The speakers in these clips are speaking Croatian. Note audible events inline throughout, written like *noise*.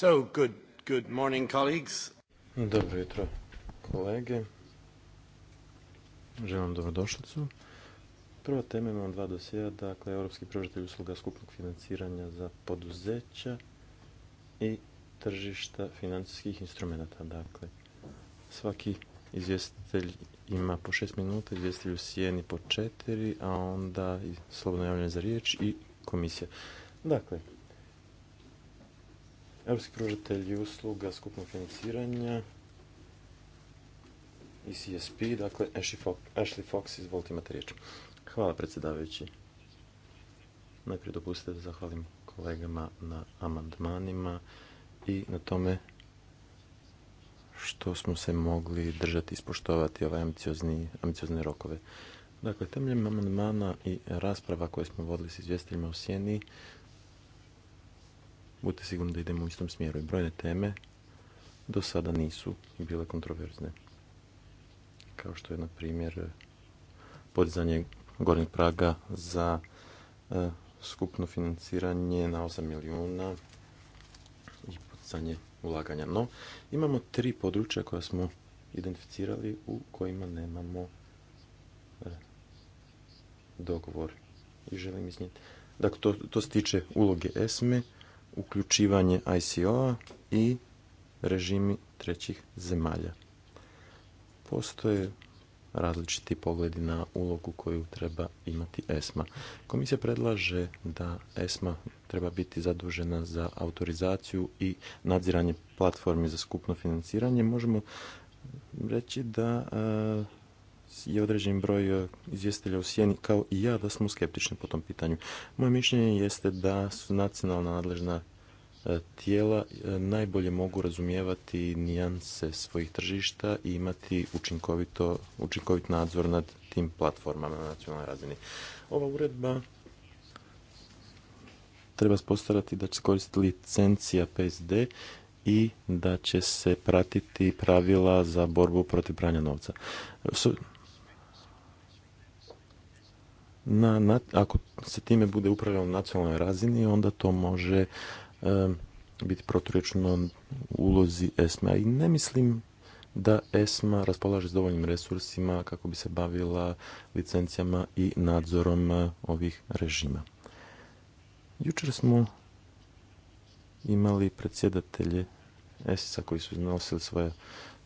So, good, good morning, Dobro jutro, kolege. Želim vam dobrodošlicu. Prva tema imamo dva dosija, dakle, Europski pružatelj usluga skupnog financiranja za poduzeća i tržišta financijskih instrumenta. Dakle, svaki izvjestitelj ima po šest minuta, izvjestitelj u sjeni po četiri, a onda slobodno javljanje za riječ i komisija. Dakle, Europski pružatelji usluga skupnog financiranja CSP, dakle Ashley Fox, izvolite imate riječ. Hvala predsjedavajući. Najprije dopustite da zahvalim kolegama na amandmanima i na tome što smo se mogli držati i ispoštovati ove ambiciozne rokove. Dakle, temeljem amandmana i rasprava koje smo vodili s izvjestiteljima u Sjeni, budite sigurni da idemo u istom smjeru. I brojne teme do sada nisu bile kontroverzne. Kao što je, na primjer, podizanje gornjeg praga za e, skupno financiranje na 8 milijuna i poticanje ulaganja. No, imamo tri područja koja smo identificirali u kojima nemamo e, dogovor i želim iznijeti. Dakle, to, to se tiče uloge ESME, uključivanje ICO-a i režimi trećih zemalja. Postoje različiti pogledi na ulogu koju treba imati ESMA. Komisija predlaže da ESMA treba biti zadužena za autorizaciju i nadziranje platformi za skupno financiranje. Možemo reći da e, je određen broj e, izvjestitelja u sjeni kao i ja da smo skeptični po tom pitanju. Moje mišljenje jeste da su nacionalna nadležna e, tijela e, najbolje mogu razumijevati nijanse svojih tržišta i imati učinkovit nadzor nad tim platformama na nacionalnoj razini. Ova uredba treba spostarati da će se koristiti licencija PSD i da će se pratiti pravila za borbu protiv pranja novca na, na, ako se time bude upravljalo na nacionalnoj razini, onda to može biti proturječno ulozi ESMA. I ne mislim da ESMA raspolaže s dovoljnim resursima kako bi se bavila licencijama i nadzorom e, ovih režima. Jučer smo imali predsjedatelje esca koji su iznosili svoje,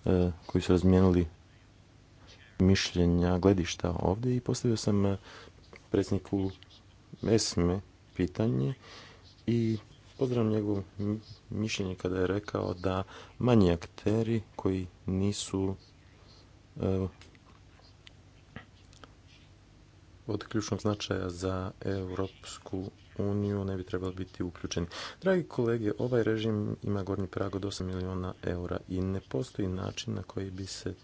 e, koji su razmijenili mišljenja, gledišta ovdje i postavio sam e, predsjedniku Esme pitanje i pozdravljam njegovo mišljenje kada je rekao da manji akteri koji nisu e, od ključnog značaja za Europsku uniju ne bi trebali biti uključeni. Dragi kolege, ovaj režim ima gornji prag od 8 miliona eura i ne postoji način na koji bi se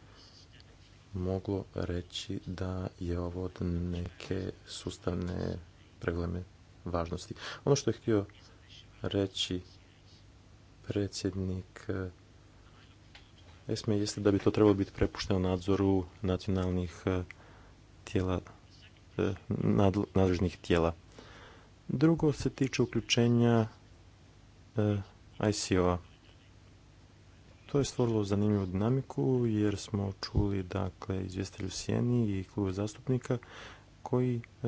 moglo reći da je ovo od neke sustavne pregleme važnosti. Ono što je htio reći predsjednik ESME jeste da bi to trebalo biti prepušteno nadzoru nacionalnih e, tijela, e, nadležnih tijela. Drugo se tiče uključenja e, ICO-a. To je stvorilo zanimljivu dinamiku jer smo čuli dakle izvjestelju Sjeni i klubu zastupnika koji e,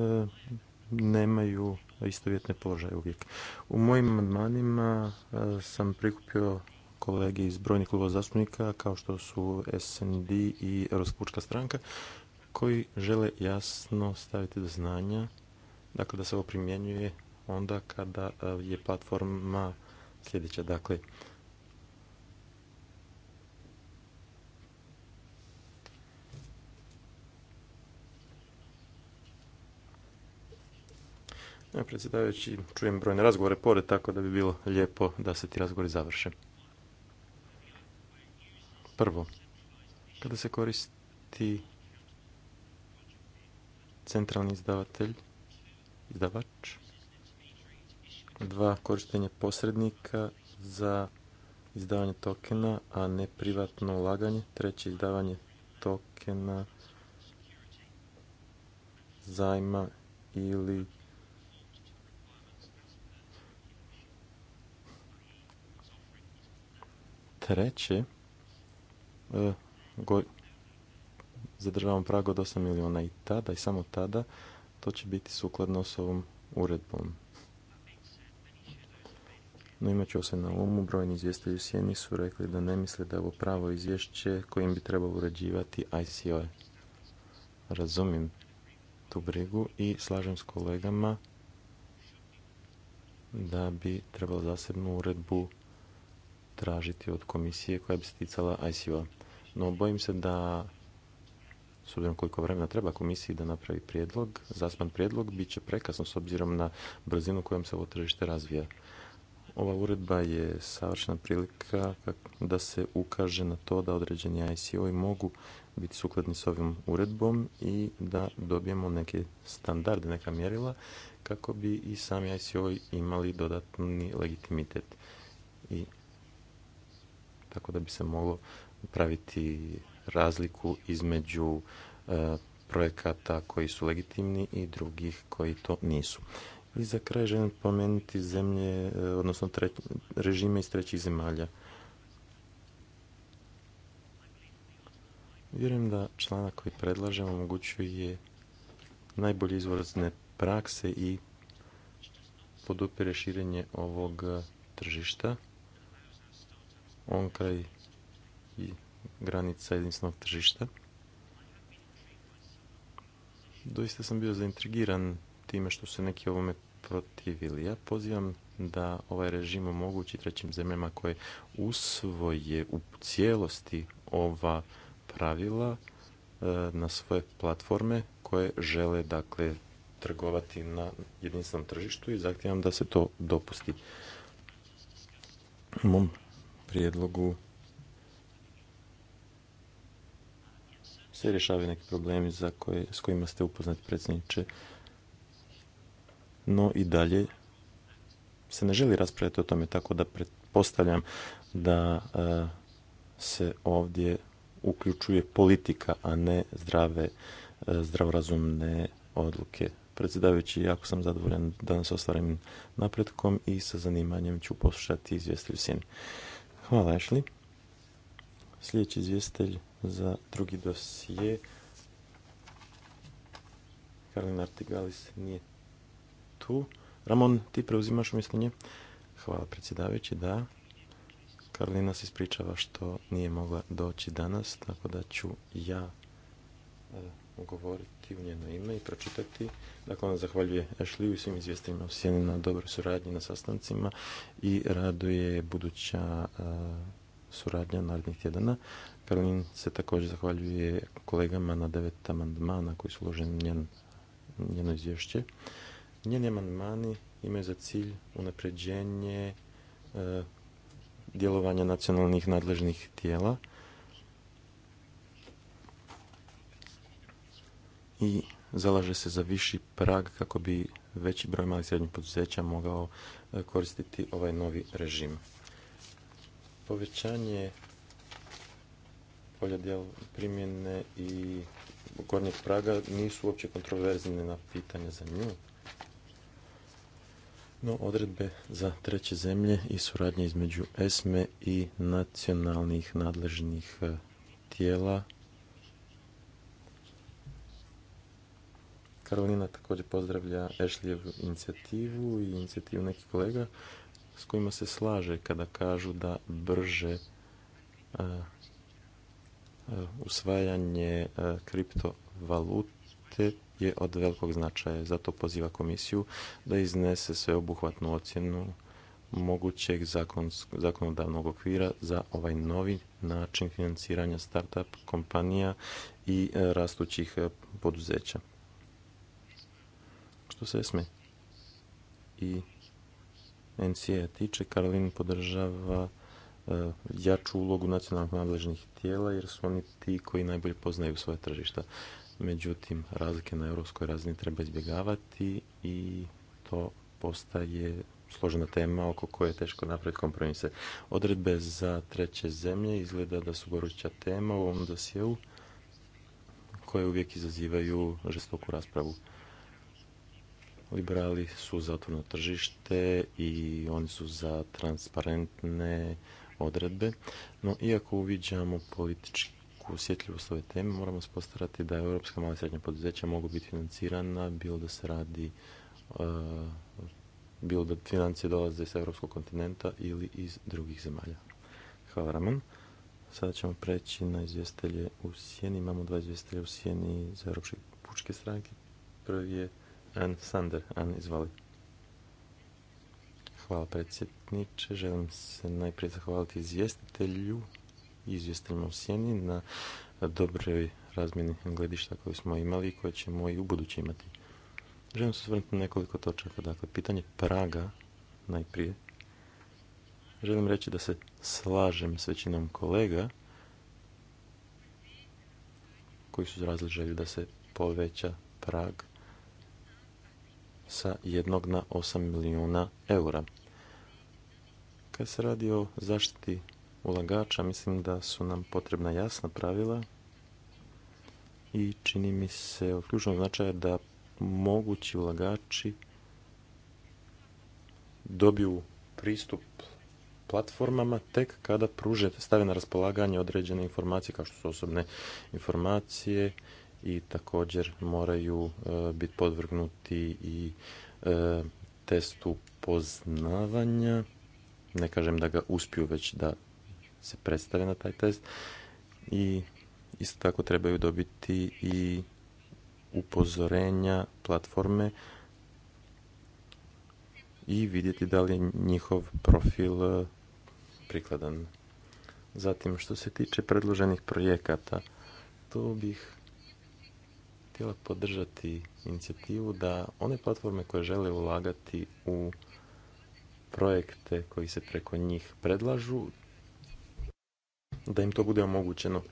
nemaju istovjetne položaje uvijek. U mojim amandmanima e, sam prikupio kolege iz brojnih kluba zastupnika kao što su SND i Europska pučka stranka koji žele jasno staviti do znanja dakle da se ovo primjenjuje onda kada e, je platforma sljedeća. Dakle, Ja, predsjedavajući, čujem brojne razgovore pored, tako da bi bilo lijepo da se ti razgovori završe. Prvo, kada se koristi centralni izdavatelj, izdavač, dva, korištenje posrednika za izdavanje tokena, a ne privatno ulaganje, treće, izdavanje tokena, zajma ili Treće, e, zadržavam prag od 8 milijuna i tada i samo tada to će biti sukladno s ovom uredbom. No imat ću se na umu, brojni izvjestitelji u Sjeni su rekli da ne misle da je ovo pravo izvješće kojim bi trebalo uređivati ICO. -e. tu brigu i slažem s kolegama da bi trebalo zasebnu uredbu tražiti od komisije koja bi se ticala ICO-a. No, bojim se da, s obzirom koliko vremena treba komisiji da napravi prijedlog, zasman prijedlog, bit će prekasno s obzirom na brzinu kojom se ovo tržište razvija. Ova uredba je savršena prilika da se ukaže na to da određeni ICO-i mogu biti sukladni s ovim uredbom i da dobijemo neke standarde, neka mjerila kako bi i sami ICO imali dodatni legitimitet. I tako da bi se moglo praviti razliku između e, projekata koji su legitimni i drugih koji to nisu. I za kraj želim pomenuti zemlje, e, odnosno režime iz trećih zemalja. Vjerujem da članak koji predlažem omogućuje najbolje izvorazne prakse i podupire širenje ovog e, tržišta on kraj i granica jedinstvenog tržišta. Doista sam bio zaintrigiran time što su neki ovome protivili. Ja pozivam da ovaj režim omogući trećim zemljama koje usvoje u cijelosti ova pravila e, na svoje platforme koje žele dakle trgovati na jedinstvenom tržištu i zahtijevam da se to dopusti. mom prijedlogu se rješavaju neki problemi za koje, s kojima ste upoznati predsjedniče. No i dalje se ne želi raspravljati o tome tako da pretpostavljam da e, se ovdje uključuje politika, a ne zdrave, e, zdravorazumne odluke. Predsjedavajući, jako sam zadovoljan danas ostvarenim napretkom i sa zanimanjem ću poslušati izvijestljiv Sjeni. Hvala, Ashley. Sljedeći izvjestitelj za drugi dosije. Karolina Artigalis nije tu. Ramon, ti preuzimaš mišljenje? Hvala predsjedavajući, da. Karolina se ispričava što nije mogla doći danas, tako da ću ja e, govoriti u njeno ime i pročitati. Dakle, ona zahvaljuje Ashley i svim izvjestima u Sjeni na dobroj suradnji na sastancima i raduje buduća eh, suradnja narednih tjedana. Karolin se također zahvaljuje kolegama na devet amandmana koji su uloženi njen, njeno izvješće. Njeni amandmani imaju za cilj unapređenje eh, djelovanja nacionalnih nadležnih tijela i zalaže se za viši prag kako bi veći broj malih srednjih poduzeća mogao e, koristiti ovaj novi režim. Povećanje polja primjene i gornjeg praga nisu uopće kontroverzine na pitanje za nju. No, odredbe za treće zemlje i suradnje između ESME i nacionalnih nadležnih e, tijela Karolina također pozdravlja Ešlijevu inicijativu i inicijativu nekih kolega s kojima se slaže kada kažu da brže usvajanje kriptovalute je od velikog značaja. Zato poziva komisiju da iznese sveobuhvatnu ocjenu mogućeg zakonodavnog okvira za ovaj novi način financiranja startup kompanija i rastućih poduzeća što se sme i NCA tiče, Karolin podržava e, jaču ulogu nacionalnih nadležnih tijela jer su oni ti koji najbolje poznaju svoje tržišta. Međutim, razlike na europskoj razini treba izbjegavati i to postaje složena tema oko koje je teško napraviti kompromise. Odredbe za treće zemlje izgleda da su goruća tema u ovom dosjeu koje uvijek izazivaju žestoku raspravu. Liberali su za otvoreno tržište i oni su za transparentne odredbe, no iako uviđamo političku osjetljivost ove teme, moramo postarati da europska mala i srednja poduzeća mogu biti financirana, bilo da se radi, eh, bilo da financije dolaze iz europskog kontinenta ili iz drugih zemalja. Hvala Raman. Sada ćemo preći na izvjestelje u sjeni. Imamo dva izvjestelja u sjeni za europske pučke stranke. Prvi je Sander, izvali. Hvala predsjedniče. Želim se najprije zahvaliti izvjestitelju izvjestiteljima u Sjeni na dobroj razmjeni gledišta koju smo imali i koje ćemo i u budući imati. Želim se osvrnuti na nekoliko točaka. Dakle, pitanje praga najprije. Želim reći da se slažem s većinom kolega koji su izrazili želju da se poveća prag sa jednog na 8 milijuna eura. Kad se radi o zaštiti ulagača, mislim da su nam potrebna jasna pravila i čini mi se od ključnog značaja da mogući ulagači dobiju pristup platformama tek kada pruže, stave na raspolaganje određene informacije kao što su osobne informacije i također moraju e, biti podvrgnuti i e, testu poznavanja. Ne kažem da ga uspiju, već da se predstave na taj test. I isto tako trebaju dobiti i upozorenja platforme i vidjeti da li je njihov profil e, prikladan. Zatim, što se tiče predloženih projekata, to bih htjela podržati inicijativu da one platforme koje žele ulagati u projekte koji se preko njih predlažu, da im to bude omogućeno.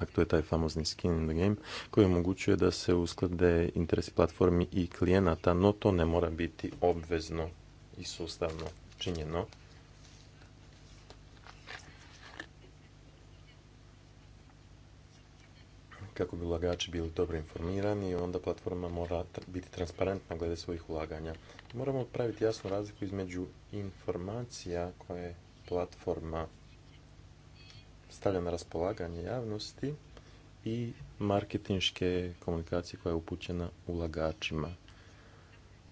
Dakle, to je taj famozni skin in the game koji omogućuje da se usklade interesi platformi i klijenata, no to ne mora biti obvezno i sustavno činjeno. kako bi ulagači bili dobro informirani, onda platforma mora biti transparentna glede svojih ulaganja. Moramo praviti jasnu razliku između informacija koje platforma stavlja na raspolaganje javnosti i marketinške komunikacije koja je upućena ulagačima,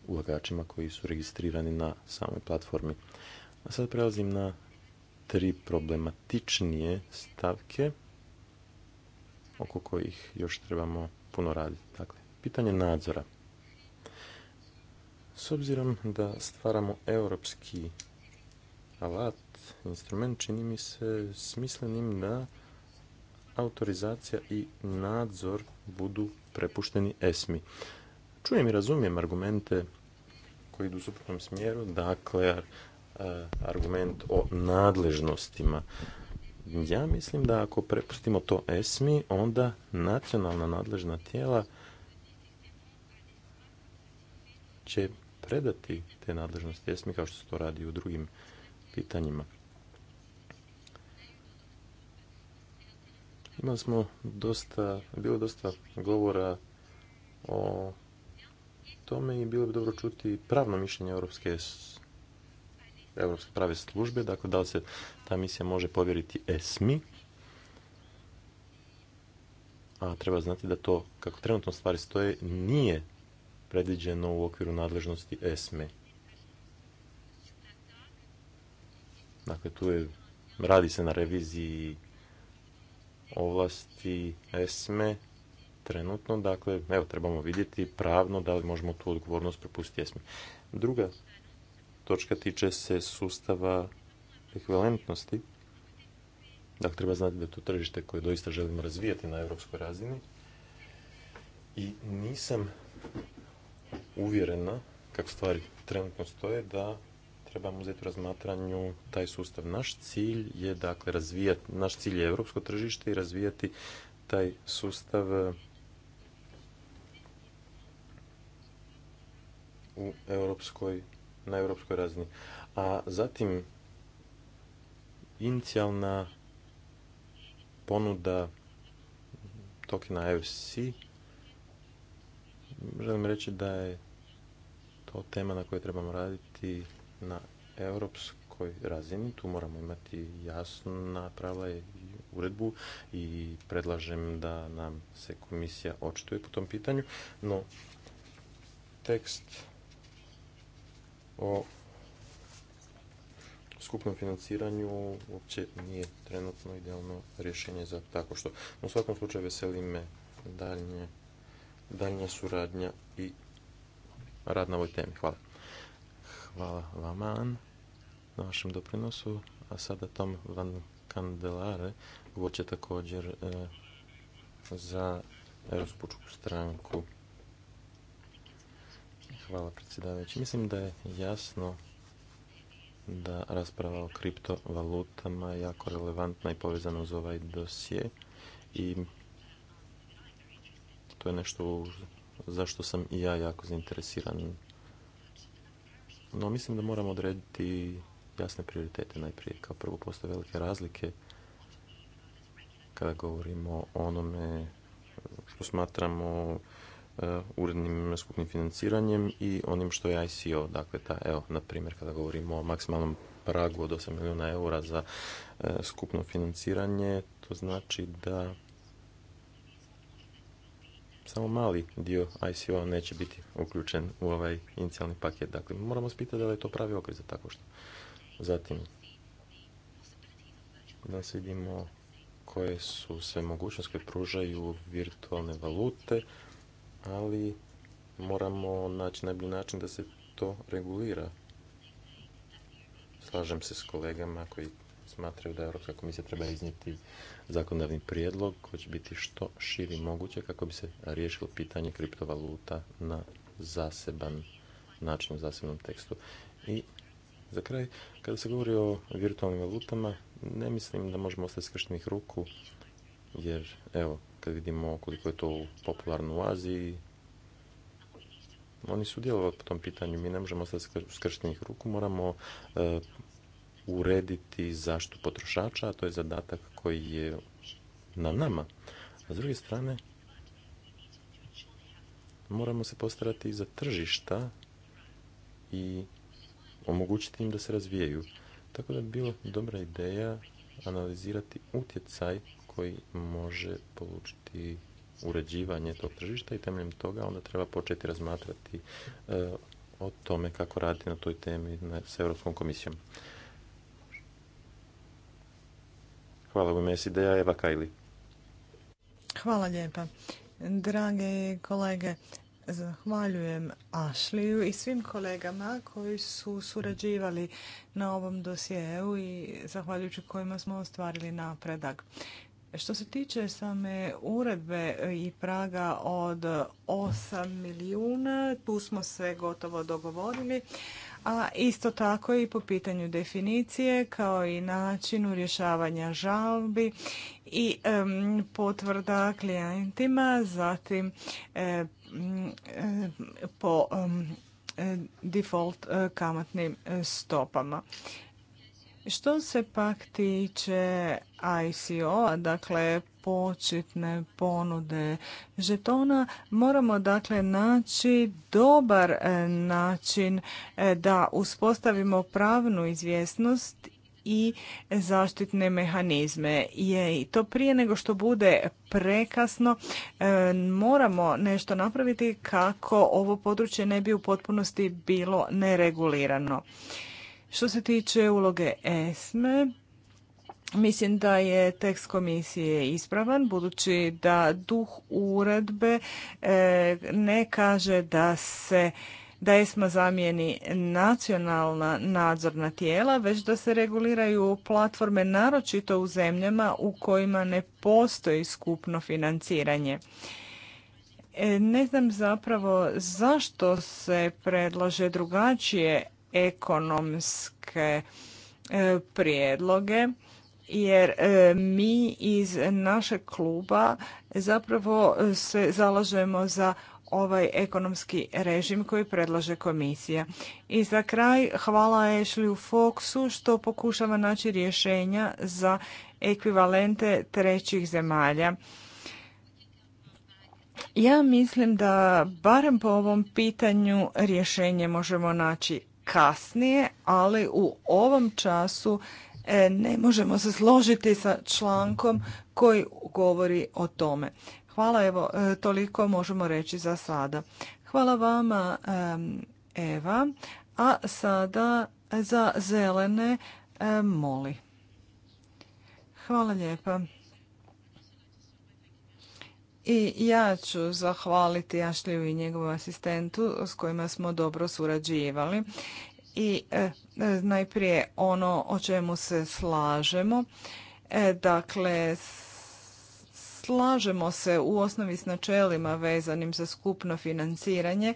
ulagačima koji su registrirani na samoj platformi. A sad prelazim na tri problematičnije stavke oko kojih još trebamo puno raditi. Dakle, pitanje nadzora. S obzirom da stvaramo europski alat, instrument, čini mi se smislenim da autorizacija i nadzor budu prepušteni ESMI. Čujem i razumijem argumente koji idu u suprotnom smjeru, dakle, argument o nadležnostima. Ja mislim da ako prepustimo to ESMI, onda nacionalna nadležna tijela će predati te nadležnosti ESMI kao što se to radi u drugim pitanjima. Imali smo dosta, bilo dosta govora o tome i bilo bi dobro čuti pravno mišljenje Europske Europske prave službe, dakle da li se ta misija može povjeriti ESMI, a treba znati da to, kako trenutno stvari stoje, nije predviđeno u okviru nadležnosti ESME. Dakle, tu je, radi se na reviziji ovlasti ESME trenutno, dakle, evo, trebamo vidjeti pravno da li možemo tu odgovornost prepustiti ESMI. Druga točka tiče se sustava ekvivalentnosti. Dakle, treba znati da je to tržište koje doista želimo razvijati na europskoj razini. I nisam uvjerena, kako stvari trenutno stoje, da trebamo uzeti u razmatranju taj sustav. Naš cilj je, dakle, razvijati, naš cilj je europsko tržište i razvijati taj sustav e, u europskoj na europskoj razini. A zatim inicijalna ponuda tokena EFC želim reći da je to tema na kojoj trebamo raditi na europskoj razini. Tu moramo imati jasna pravila i uredbu i predlažem da nam se komisija očituje po tom pitanju. No, tekst o skupnom financiranju uopće nije trenutno idealno rješenje za tako što. U svakom slučaju veseli me daljnja suradnja i rad na ovoj temi. Hvala. Hvala vama na vašem doprinosu. A sada Tom Van Kandelare govorit također e, za Europsku stranku. Hvala predsjedavajući. Mislim da je jasno da rasprava o kriptovalutama je jako relevantna i povezana uz ovaj dosje i to je nešto zašto sam i ja jako zainteresiran. No mislim da moramo odrediti jasne prioritete najprije. Kao prvo postoje velike razlike kada govorimo o onome što smatramo E, urednim skupnim financiranjem i onim što je ICO. Dakle, ta, evo, na primjer, kada govorimo o maksimalnom pragu od 8 milijuna eura za e, skupno financiranje, to znači da samo mali dio ICO neće biti uključen u ovaj inicijalni paket. Dakle, moramo spitati da li je to pravi okvir za tako što. Zatim, da vidimo koje su sve mogućnosti koje pružaju virtualne valute ali moramo naći najbolji način da se to regulira. Slažem se s kolegama koji smatraju da Europska komisija treba iznijeti zakonodavni prijedlog koji će biti što širi moguće kako bi se riješilo pitanje kriptovaluta na zaseban način u zasebnom tekstu. I za kraj, kada se govori o virtualnim valutama, ne mislim da možemo ostati skrštenih ruku, jer evo, kad vidimo koliko je to popularno u Aziji, oni su djelovali po tom pitanju. Mi ne možemo sad skrštenih ruku, moramo e, urediti zaštu potrošača, a to je zadatak koji je na nama. A s druge strane, moramo se postarati za tržišta i omogućiti im da se razvijaju. Tako da bi bila dobra ideja analizirati utjecaj koji može polučiti uređivanje tog tržišta i temeljem toga onda treba početi razmatrati eh, o tome kako raditi na toj temi s Europskom komisijom. Hvala u mesi ideja. Eva Kajli. Hvala lijepa. Drage kolege, zahvaljujem Ašliju i svim kolegama koji su surađivali na ovom dosjeu i zahvaljujući kojima smo ostvarili napredak. Što se tiče same uredbe i praga od 8 milijuna, tu smo sve gotovo dogovorili, a isto tako i po pitanju definicije kao i načinu rješavanja žalbi i potvrda klijentima, zatim po default eh, kamatnim eh, stopama. Što se pak tiče ICO, dakle početne ponude žetona, moramo dakle naći dobar e, način e, da uspostavimo pravnu izvjesnost i zaštitne mehanizme. I to prije nego što bude prekasno e, moramo nešto napraviti kako ovo područje ne bi u potpunosti bilo neregulirano. Što se tiče uloge ESME, Mislim da je tekst komisije ispravan, budući da duh uredbe e, ne kaže da se da ESMA zamijeni nacionalna nadzorna tijela, već da se reguliraju platforme naročito u zemljama u kojima ne postoji skupno financiranje. E, ne znam zapravo zašto se predlaže drugačije ekonomske e, prijedloge jer e, mi iz našeg kluba zapravo se zalažemo za ovaj ekonomski režim koji predlaže komisija. I za kraj hvala Ashley Foxu što pokušava naći rješenja za ekvivalente trećih zemalja. Ja mislim da barem po ovom pitanju rješenje možemo naći kasnije, ali u ovom času e, ne možemo se složiti sa člankom koji govori o tome. Hvala, evo, e, toliko možemo reći za sada. Hvala vama, Eva. A sada za zelene moli. Hvala lijepa. I ja ću zahvaliti Ašliju i njegovu asistentu s kojima smo dobro surađivali. I e, e, najprije ono o čemu se slažemo, e, Dakle, dakle Slažemo se u osnovi s načelima vezanim za skupno financiranje,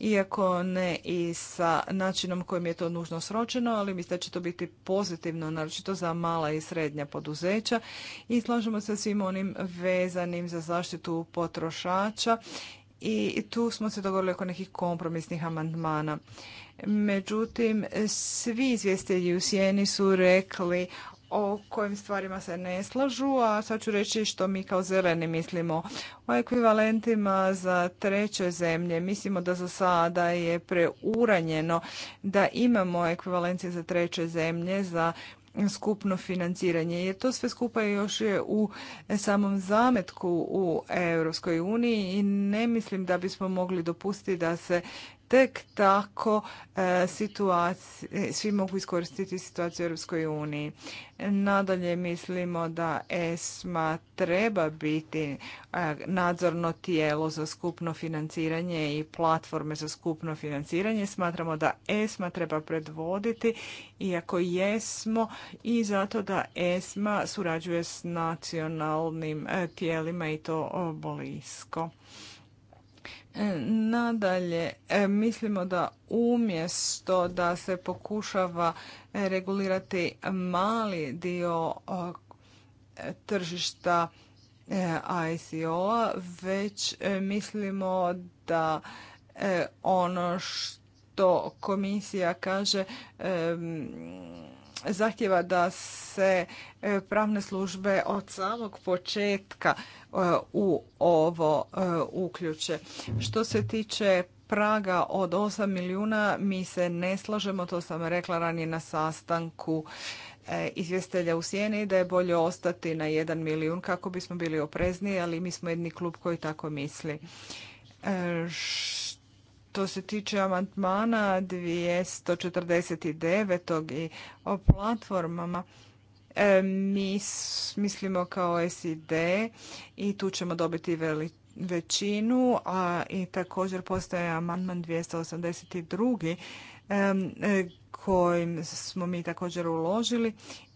iako ne i sa načinom kojim je to nužno sročeno, ali mislim da će to biti pozitivno, naročito za mala i srednja poduzeća. I slažemo se svim onim vezanim za zaštitu potrošača i tu smo se dogovorili oko nekih kompromisnih amandmana. Međutim, svi izvjestelji u Sjeni su rekli o kojim stvarima se ne slažu, a sad ću reći što mi kao zeleni mislimo. O ekvivalentima za treće zemlje mislimo da za sada je preuranjeno da imamo ekvivalencije za treće zemlje za skupno financiranje jer to sve skupa još je u samom zametku u Europskoj uniji i ne mislim da bismo mogli dopustiti da se tek tako e, svi mogu iskoristiti situaciju u uniji. Nadalje mislimo da ESMA treba biti e, nadzorno tijelo za skupno financiranje i platforme za skupno financiranje. Smatramo da ESMA treba predvoditi, iako jesmo, i zato da ESMA surađuje s nacionalnim e, tijelima i to blisko. E, nadalje, e, mislimo da umjesto da se pokušava e, regulirati mali dio tržišta ICO-a, već mislimo da ono što komisija kaže zahtjeva da se pravne službe od samog početka u ovo e, uključe. Što se tiče praga od 8 milijuna mi se ne slažemo, to sam rekla ranije na sastanku e, izvjestelja u sjeni da je bolje ostati na 1 milijun kako bismo bili oprezniji, ali mi smo jedni klub koji tako misli. E, to se tiče amandmana 249. i o platformama, E, mi mislimo kao SID i tu ćemo dobiti većinu, a i također postoje amandman 282. E, kojim smo mi također uložili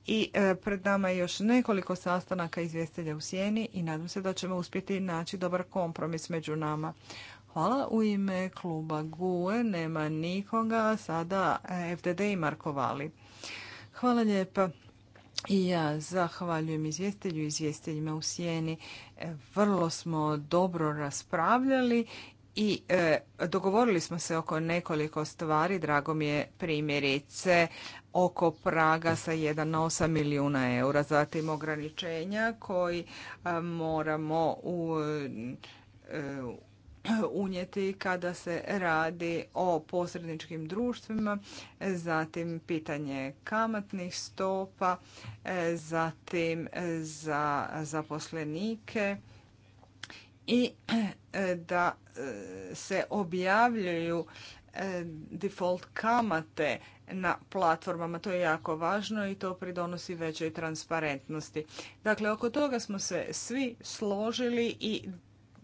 i e, pred nama je još nekoliko sastanaka izvjestelja u Sjeni i nadam se da ćemo uspjeti naći dobar kompromis među nama. Hvala. U ime kluba GUE nema nikoga, sada FDD i Markovali. Hvala lijepa. I ja zahvaljujem izvjestelju i izvjestiteljima u Sijeni. E, vrlo smo dobro raspravljali i e, dogovorili smo se oko nekoliko stvari. Drago mi je primjerice oko praga sa 1,8 na milijuna eura. Zatim ograničenja koji e, moramo u, unijeti kada se radi o posredničkim društvima, zatim pitanje kamatnih stopa, zatim za zaposlenike i da se objavljuju e, default kamate na platformama. To je jako važno i to pridonosi većoj transparentnosti. Dakle, oko toga smo se svi složili i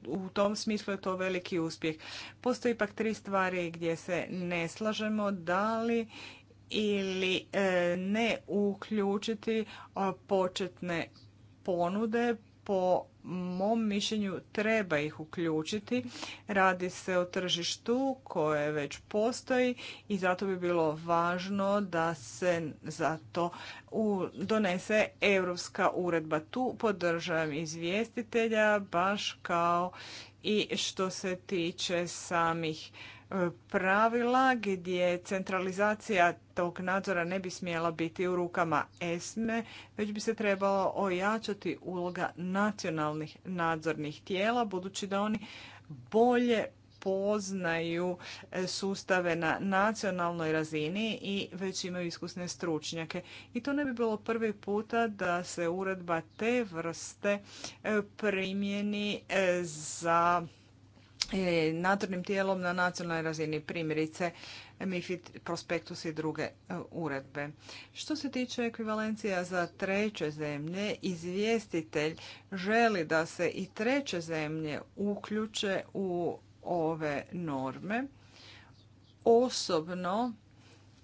u tom smislu je to veliki uspjeh. Postoji ipak tri stvari gdje se ne slažemo. Da li ili e, ne uključiti e, početne ponude po mom mišljenju treba ih uključiti. Radi se o tržištu koje već postoji i zato bi bilo važno da se zato donese europska uredba. Tu podržavam izvjestitelja baš kao i što se tiče samih pravila gdje centralizacija tog nadzora ne bi smjela biti u rukama ESME, već bi se trebalo ojačati uloga nacionalnih nadzornih tijela, budući da oni bolje poznaju e, sustave na nacionalnoj razini i već imaju iskusne stručnjake. I to ne bi bilo prvi puta da se uredba te vrste e, primjeni e, za E, nadzornim tijelom na nacionalnoj razini, primjerice MIFID, prospektus i druge e, uredbe. Što se tiče ekvivalencija za treće zemlje, izvjestitelj želi da se i treće zemlje uključe u ove norme. Osobno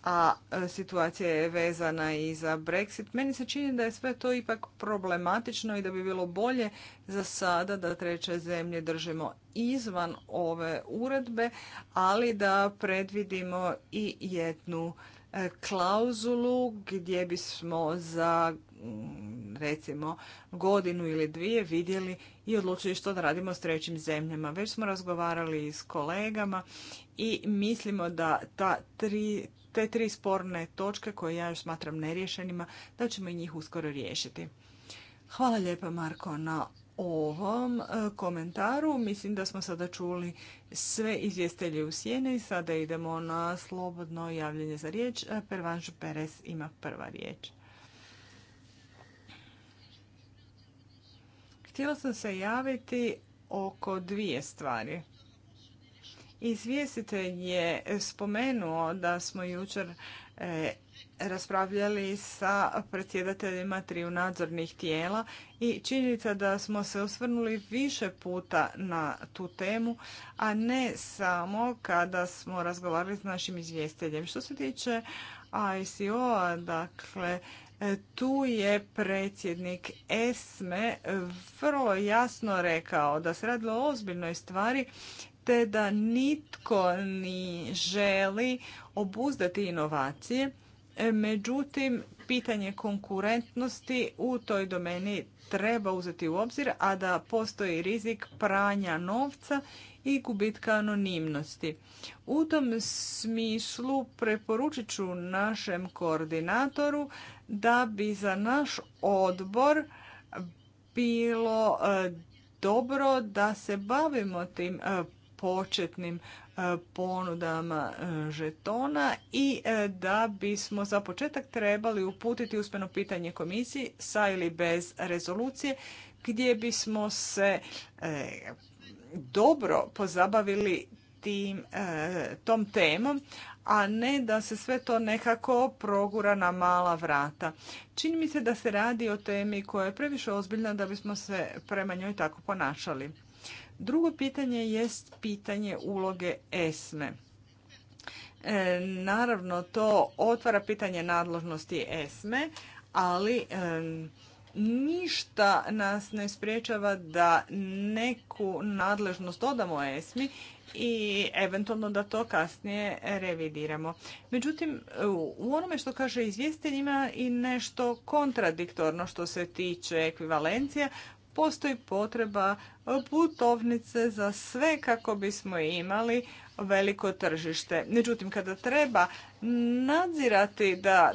a e, situacija je vezana i za Brexit. Meni se čini da je sve to ipak problematično i da bi bilo bolje za sada da treće zemlje držimo izvan ove uredbe, ali da predvidimo i jednu e, klauzulu gdje bismo za mm, recimo godinu ili dvije vidjeli i odlučili što da radimo s trećim zemljama. Već smo razgovarali s kolegama i mislimo da ta tri, te tri sporne točke koje ja još smatram neriješenima, da ćemo i njih uskoro riješiti. Hvala lijepa Marko na ovom e, komentaru. Mislim da smo sada čuli sve izvjestelje u sjeni. Sada idemo na slobodno javljanje za riječ. E, Pervanš Perez ima prva riječ. Htjela sam se javiti oko dvije stvari. Izvjestitelj je spomenuo da smo jučer e, raspravljali sa predsjedateljima triju nadzornih tijela i činjenica da smo se osvrnuli više puta na tu temu, a ne samo kada smo razgovarali s našim izvjestiteljem. Što se tiče ICO-a, dakle, e, tu je predsjednik ESME vrlo jasno rekao da se radilo o ozbiljnoj stvari te da nitko ni želi obuzdati inovacije. E, međutim, pitanje konkurentnosti u toj domeni treba uzeti u obzir, a da postoji rizik pranja novca i gubitka anonimnosti. U tom smislu preporučit ću našem koordinatoru da bi za naš odbor bilo e, dobro da se bavimo tim e, početnim e, ponudama e, žetona i e, da bismo za početak trebali uputiti uspjeno pitanje komisiji sa ili bez rezolucije gdje bismo se dobro pozabavili tim, tom temom, a ne da se sve to nekako progura na mala vrata. Čini mi se da se radi o temi koja je previše ozbiljna da bismo se prema njoj tako ponašali. Drugo pitanje jest pitanje uloge ESME. E, naravno, to otvara pitanje nadložnosti ESME, ali e, ništa nas ne spriječava da neku nadležnost odamo ESMI i eventualno da to kasnije revidiramo. Međutim, u onome što kaže izvjestitelj ima i nešto kontradiktorno što se tiče ekvivalencija, postoji potreba putovnice za sve kako bismo imali veliko tržište. Međutim, kada treba nadzirati da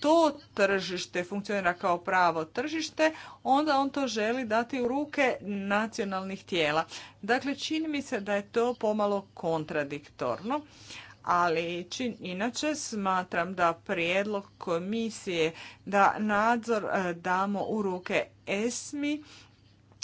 to tržište funkcionira kao pravo tržište, onda on to želi dati u ruke nacionalnih tijela. Dakle, čini mi se da je to pomalo kontradiktorno, ali inače smatram da prijedlog komisije da nadzor e, damo u ruke ESMI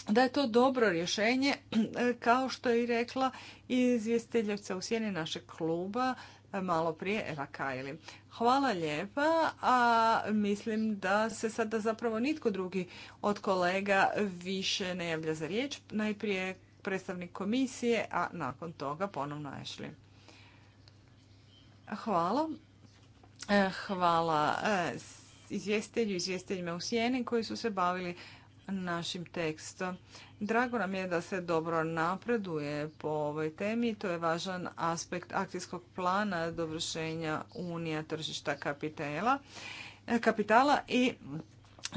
da je to dobro rješenje, *clears throat* kao što je i rekla izvjestiteljica u sjeni našeg kluba eh, malo prije Eva Kajli. Hvala lijepa, a mislim da se sada zapravo nitko drugi od kolega više ne javlja za riječ. Najprije predstavnik komisije, a nakon toga ponovno Ashley. Hvala. Eh, hvala eh, izvjestelju, izvjesteljima u sjeni koji su se bavili našim tekstom. Drago nam je da se dobro napreduje po ovoj temi. To je važan aspekt akcijskog plana dovršenja Unija tržišta kapitala. kapitala I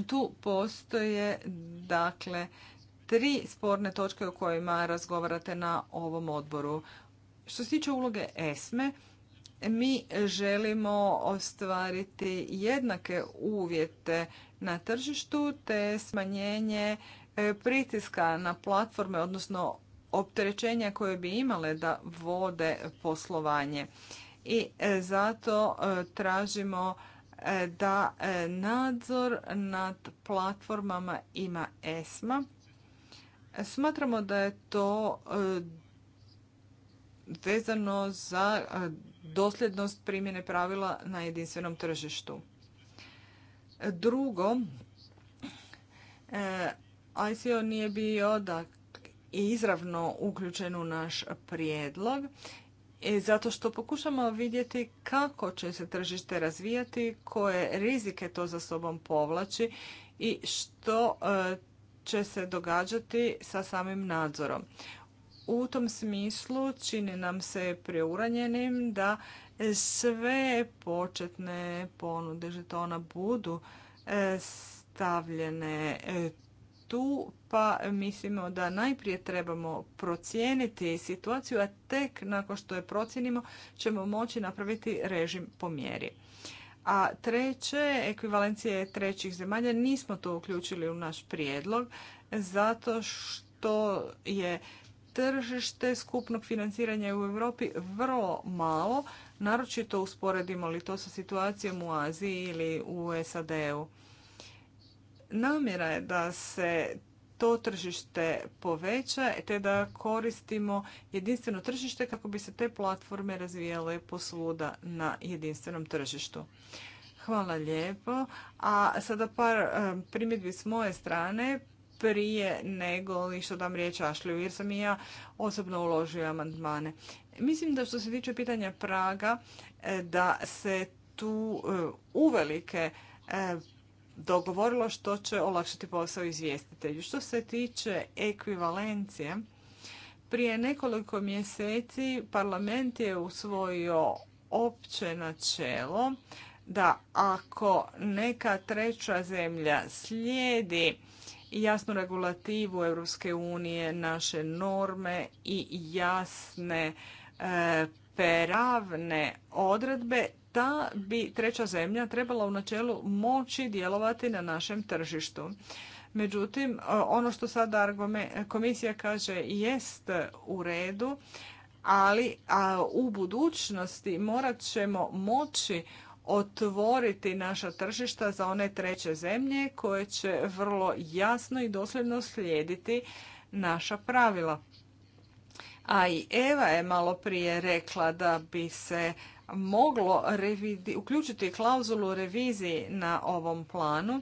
tu postoje dakle tri sporne točke o kojima razgovarate na ovom odboru. Što se tiče uloge ESME, mi želimo ostvariti jednake uvjete na tržištu te smanjenje e, pritiska na platforme, odnosno opterećenja koje bi imale da vode poslovanje. I e, zato e, tražimo da nadzor nad platformama ima ESMA. Smatramo da je to vezano za dosljednost primjene pravila na jedinstvenom tržištu. Drugo, e, ICO nije bio da izravno uključen u naš prijedlog e, zato što pokušamo vidjeti kako će se tržište razvijati, koje rizike to za sobom povlači i što e, će se događati sa samim nadzorom. U tom smislu čini nam se preuranjenim da sve početne ponude žetona budu e, stavljene e, tu, pa mislimo da najprije trebamo procijeniti situaciju, a tek nakon što je procijenimo ćemo moći napraviti režim po mjeri. A treće, ekvivalencije trećih zemalja, nismo to uključili u naš prijedlog, zato što je tržište skupnog financiranja u Europi vrlo malo, naročito usporedimo li to sa situacijom u Aziji ili u SAD-u. Namjera je da se to tržište poveća te da koristimo jedinstveno tržište kako bi se te platforme razvijale posvuda na jedinstvenom tržištu. Hvala lijepo. A sada par eh, primjedbi s moje strane prije nego li što dam riječ Ašliju, jer sam i ja osobno uložio amandmane. Mislim da što se tiče pitanja Praga, e, da se tu e, uvelike e, dogovorilo što će olakšati posao izvjestitelju. Što se tiče ekvivalencije, prije nekoliko mjeseci parlament je usvojio opće načelo da ako neka treća zemlja slijedi jasnu regulativu Europske unije, naše norme i jasne pravne odredbe, ta bi treća zemlja trebala u načelu moći djelovati na našem tržištu. Međutim, ono što sada komisija kaže jest u redu, ali u budućnosti morat ćemo moći otvoriti naša tržišta za one treće zemlje koje će vrlo jasno i dosljedno slijediti naša pravila a i Eva je malo prije rekla da bi se moglo revidi, uključiti klauzulu reviziji na ovom planu,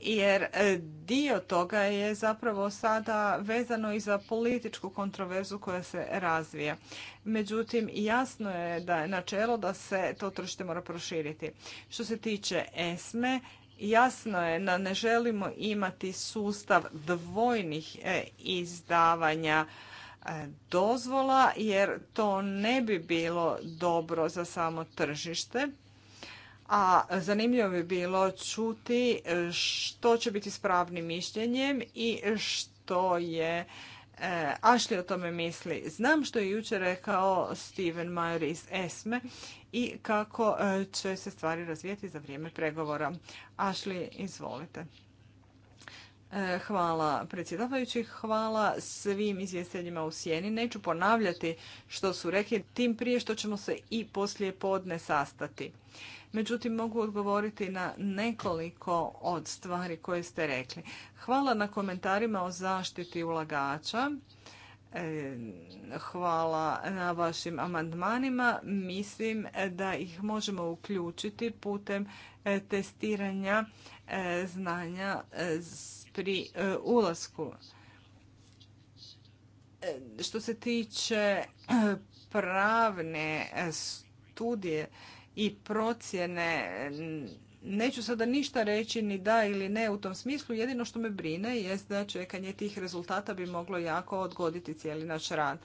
jer e, dio toga je zapravo sada vezano i za političku kontroverzu koja se razvija. Međutim, jasno je da je načelo da se to tržište mora proširiti. Što se tiče ESME, jasno je da ne želimo imati sustav dvojnih e, izdavanja E, dozvola jer to ne bi bilo dobro za samo tržište. A zanimljivo bi bilo čuti e, što će biti s pravnim mišljenjem i što je e, Ashley o tome misli. Znam što je jučer rekao Steven Mayer iz ESME i kako će se stvari razvijeti za vrijeme pregovora. Ashley, izvolite. E, hvala predsjedavajući, hvala svim izvjestiteljima u Sjeni. Neću ponavljati što su rekli, tim prije što ćemo se i poslije podne sastati. Međutim, mogu odgovoriti na nekoliko od stvari koje ste rekli. Hvala na komentarima o zaštiti ulagača. E, hvala na vašim amandmanima. Mislim da ih možemo uključiti putem e, testiranja znanja s pri e, ulasku. E, što se tiče e, pravne studije i procjene, neću sada ništa reći ni da ili ne u tom smislu. Jedino što me brine je da čekanje tih rezultata bi moglo jako odgoditi cijeli naš rad.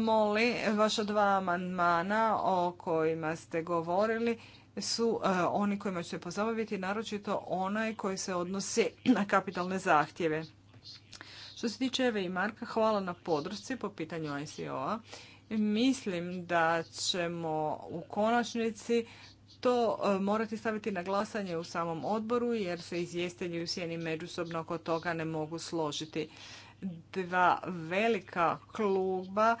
Moli, vaša dva amandmana o kojima ste govorili, su e, oni kojima će se pozabaviti, naročito onaj koji se odnosi na kapitalne zahtjeve. Što se tiče Eve i Marka, hvala na podršci po pitanju ICO-a. Mislim da ćemo u konačnici to e, morati staviti na glasanje u samom odboru jer se izvjestelji u sjeni međusobno oko toga ne mogu složiti. Dva velika kluba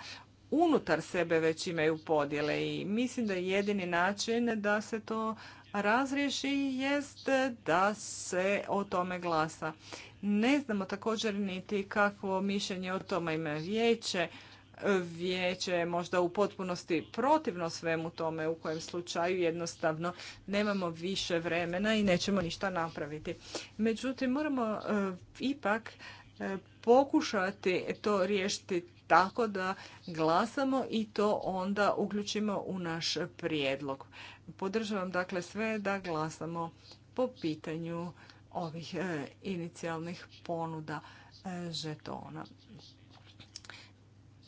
unutar sebe već imaju podjele i mislim da je jedini način da se to razriješi jest da se o tome glasa. Ne znamo također niti kakvo mišljenje o tome ima vijeće. Vijeće je možda u potpunosti protivno svemu tome u kojem slučaju jednostavno nemamo više vremena i nećemo ništa napraviti. Međutim, moramo e, ipak e, pokušati to riješiti tako da glasamo i to onda uključimo u naš prijedlog. Podržavam dakle sve da glasamo po pitanju ovih e, inicijalnih ponuda e, žetona.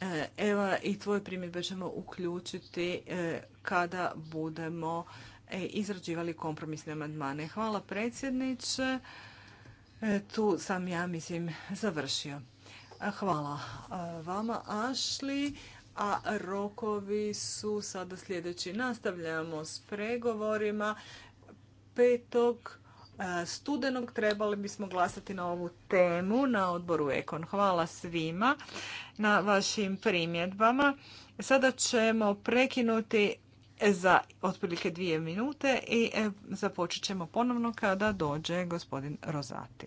E, Evo i tvoje primjedbe ćemo uključiti kada budemo izrađivali kompromisne amandmane. Hvala predsjedniče. Tu sam ja mislim završio. Hvala e, vama, Ašli. A rokovi su sada sljedeći. Nastavljamo s pregovorima. Petog e, studenog trebali bismo glasati na ovu temu na odboru Ekon. Hvala svima na vašim primjedbama. Sada ćemo prekinuti za otprilike dvije minute i e, započet ćemo ponovno kada dođe gospodin Rozati.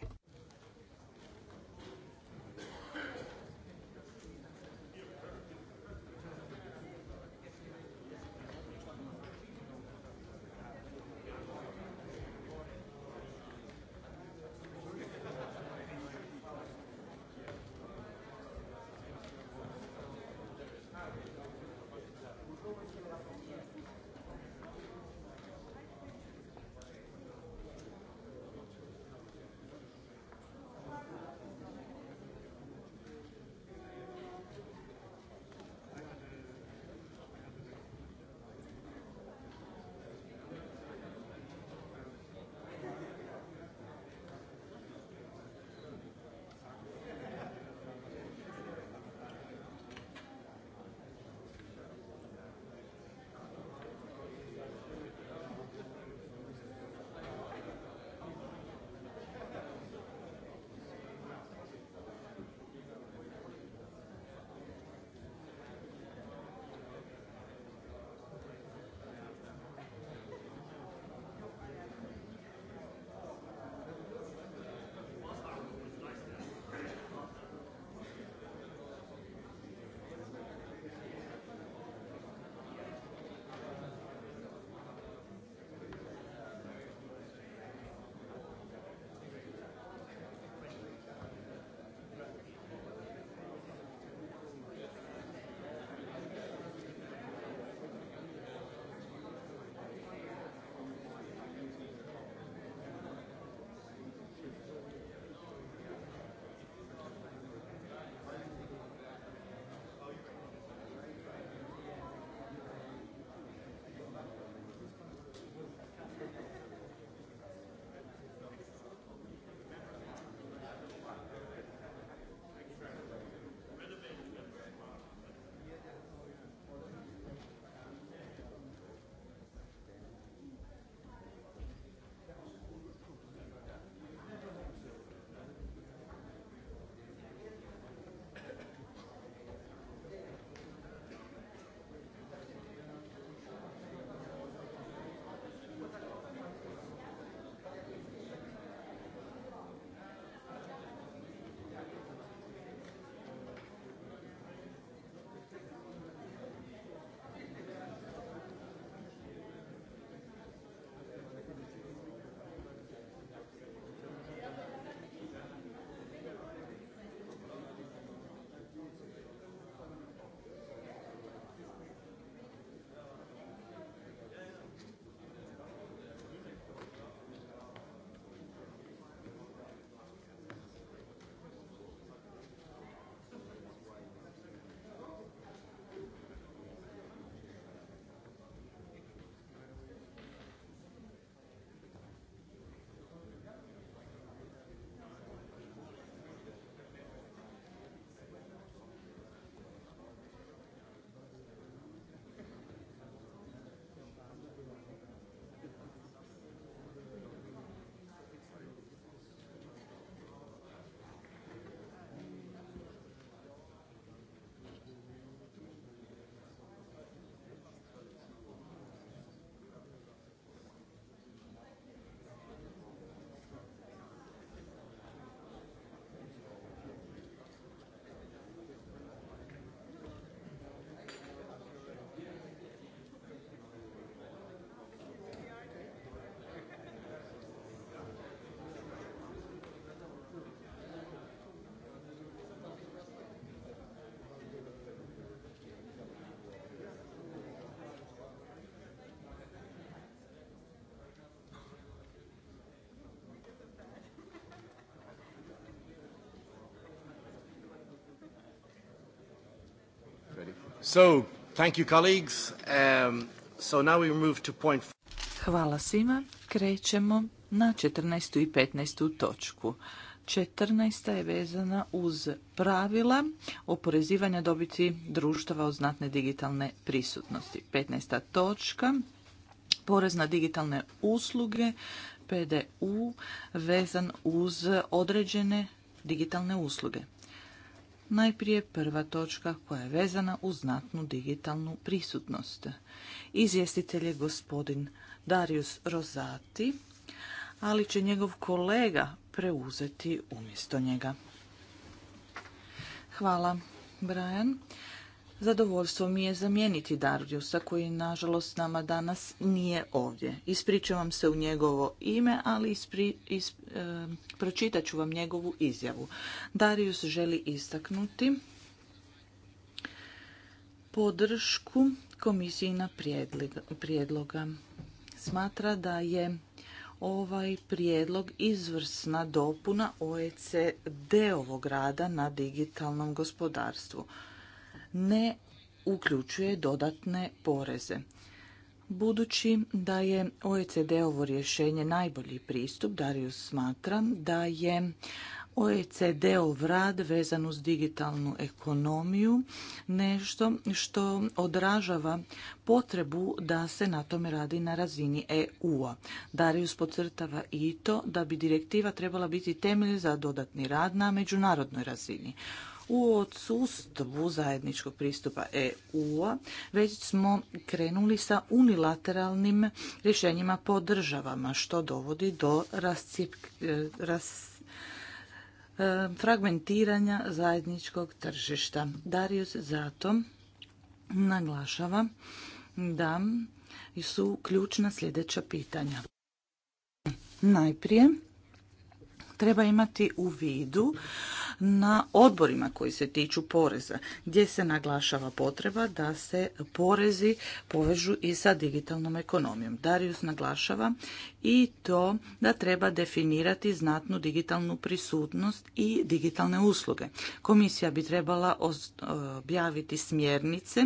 Hvala svima. Krećemo na 14. i 15. točku. 14. je vezana uz pravila oporezivanja dobiti društava od znatne digitalne prisutnosti. 15. točka, porez na digitalne usluge, PDU, vezan uz određene digitalne usluge. Najprije prva točka koja je vezana uz znatnu digitalnu prisutnost. Izvjestitelj je gospodin Darius Rozati, ali će njegov kolega preuzeti umjesto njega. Hvala, Brian. Zadovoljstvo mi je zamijeniti Darjusa koji nažalost nama danas nije ovdje. Ispričavam se u njegovo ime, ali ispri, e, pročitat ću vam njegovu izjavu. Darius želi istaknuti podršku komisijina prijedloga. Smatra da je ovaj prijedlog izvrsna dopuna OECD-ovog rada na digitalnom gospodarstvu ne uključuje dodatne poreze. Budući da je OECD-ovo rješenje najbolji pristup, Darius smatra da je OECD-ov rad vezan uz digitalnu ekonomiju nešto što odražava potrebu da se na tome radi na razini EU-a. Darius podcrtava i to da bi direktiva trebala biti temelj za dodatni rad na međunarodnoj razini. U odsustvu zajedničkog pristupa EU-a već smo krenuli sa unilateralnim rješenjima po državama, što dovodi do e, e, fragmentiranja zajedničkog tržišta. Darius zato naglašava da su ključna sljedeća pitanja. Najprije treba imati u vidu na odborima koji se tiču poreza, gdje se naglašava potreba da se porezi povežu i sa digitalnom ekonomijom. Darius naglašava i to da treba definirati znatnu digitalnu prisutnost i digitalne usluge. Komisija bi trebala objaviti smjernice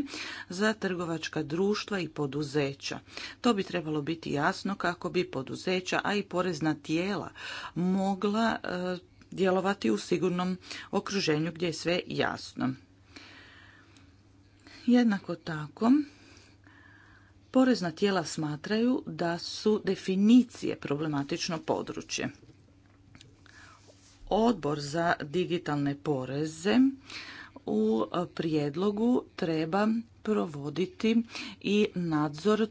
za trgovačka društva i poduzeća. To bi trebalo biti jasno kako bi poduzeća, a i porezna tijela mogla e, djelovati u sigurnom okruženju gdje je sve jasno. Jednako tako, porezna tijela smatraju da su definicije problematično područje. Odbor za digitalne poreze u prijedlogu treba provoditi i nadzor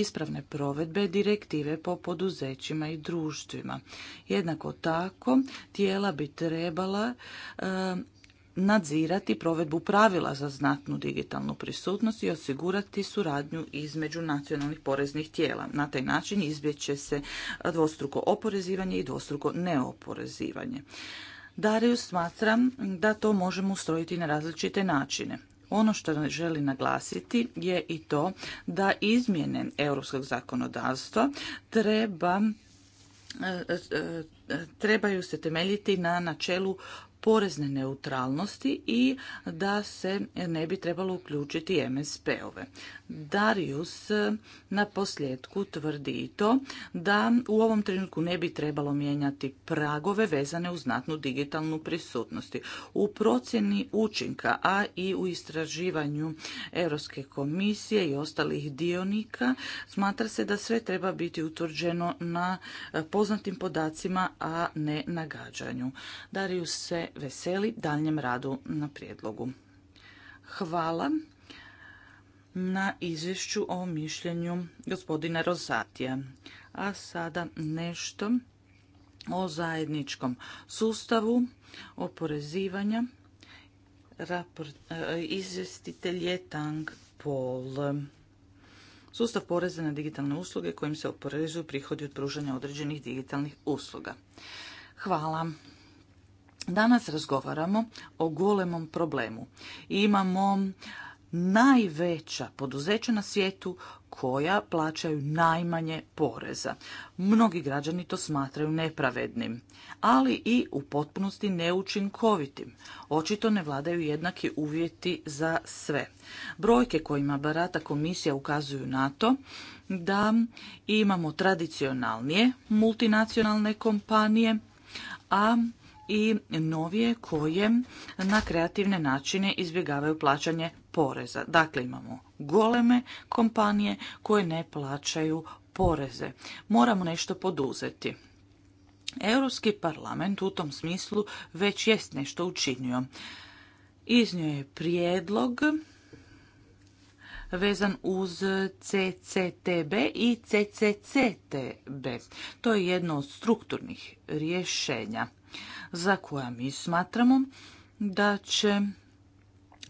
ispravne provedbe direktive po poduzećima i društvima. Jednako tako tijela bi trebala e, nadzirati provedbu pravila za znatnu digitalnu prisutnost i osigurati suradnju između nacionalnih poreznih tijela. Na taj način izbjeće se dvostruko oporezivanje i dvostruko neoporezivanje. Dariju smatram da to možemo ustrojiti na različite načine. Ono što želim naglasiti je i to da izmjene europskog zakonodavstva treba trebaju se temeljiti na načelu porezne neutralnosti i da se ne bi trebalo uključiti MSP-ove. Darius eh, na posljedku tvrdi i to da u ovom trenutku ne bi trebalo mijenjati pragove vezane uz znatnu digitalnu prisutnosti. U procjeni učinka, a i u istraživanju Europske komisije i ostalih dionika smatra se da sve treba biti utvrđeno na eh, poznatim podacima, a ne na gađanju. Darius se veseli daljnjem radu na prijedlogu. Hvala na izvješću o mišljenju gospodina Rosatija. A sada nešto o zajedničkom sustavu oporezivanja. E, izvjestitelj je Tang Pol. Sustav poreza na digitalne usluge kojim se oporezuju prihodi od pružanja određenih digitalnih usluga. Hvala. Danas razgovaramo o golemom problemu. Imamo najveća poduzeća na svijetu koja plaćaju najmanje poreza. Mnogi građani to smatraju nepravednim, ali i u potpunosti neučinkovitim. Očito ne vladaju jednaki uvjeti za sve. Brojke kojima barata komisija ukazuju na to da imamo tradicionalnije multinacionalne kompanije, a i novije koje na kreativne načine izbjegavaju plaćanje poreza. Dakle, imamo goleme kompanije koje ne plaćaju poreze. Moramo nešto poduzeti. Europski parlament u tom smislu već jest nešto učinio. Iznio je prijedlog vezan uz CCTB i CCCTB. To je jedno od strukturnih rješenja za koja mi smatramo da će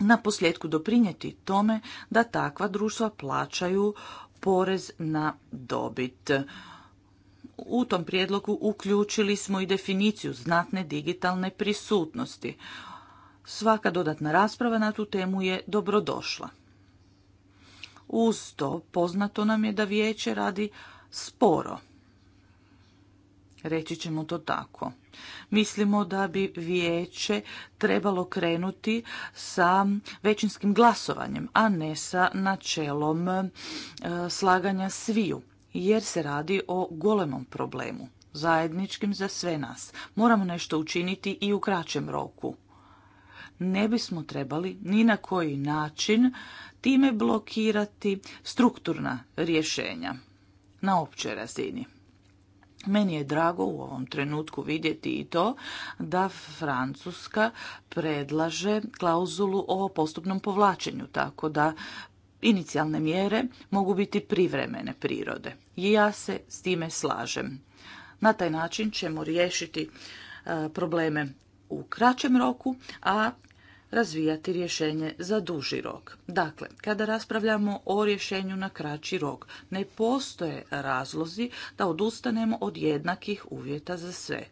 na posljedku doprinijeti tome da takva društva plaćaju porez na dobit. U tom prijedlogu uključili smo i definiciju znatne digitalne prisutnosti. Svaka dodatna rasprava na tu temu je dobrodošla. Uz to poznato nam je da vijeće radi sporo reći ćemo to tako. Mislimo da bi vijeće trebalo krenuti sa većinskim glasovanjem, a ne sa načelom e, slaganja sviju, jer se radi o golemom problemu, zajedničkim za sve nas. Moramo nešto učiniti i u kraćem roku. Ne bismo trebali ni na koji način time blokirati strukturna rješenja na općoj razini. Meni je drago u ovom trenutku vidjeti i to da Francuska predlaže klauzulu o postupnom povlačenju, tako da inicijalne mjere mogu biti privremene prirode. I ja se s time slažem. Na taj način ćemo riješiti e, probleme u kraćem roku, a razvijati rješenje za duži rok. Dakle, kada raspravljamo o rješenju na kraći rok, ne postoje razlozi da odustanemo od jednakih uvjeta za sve.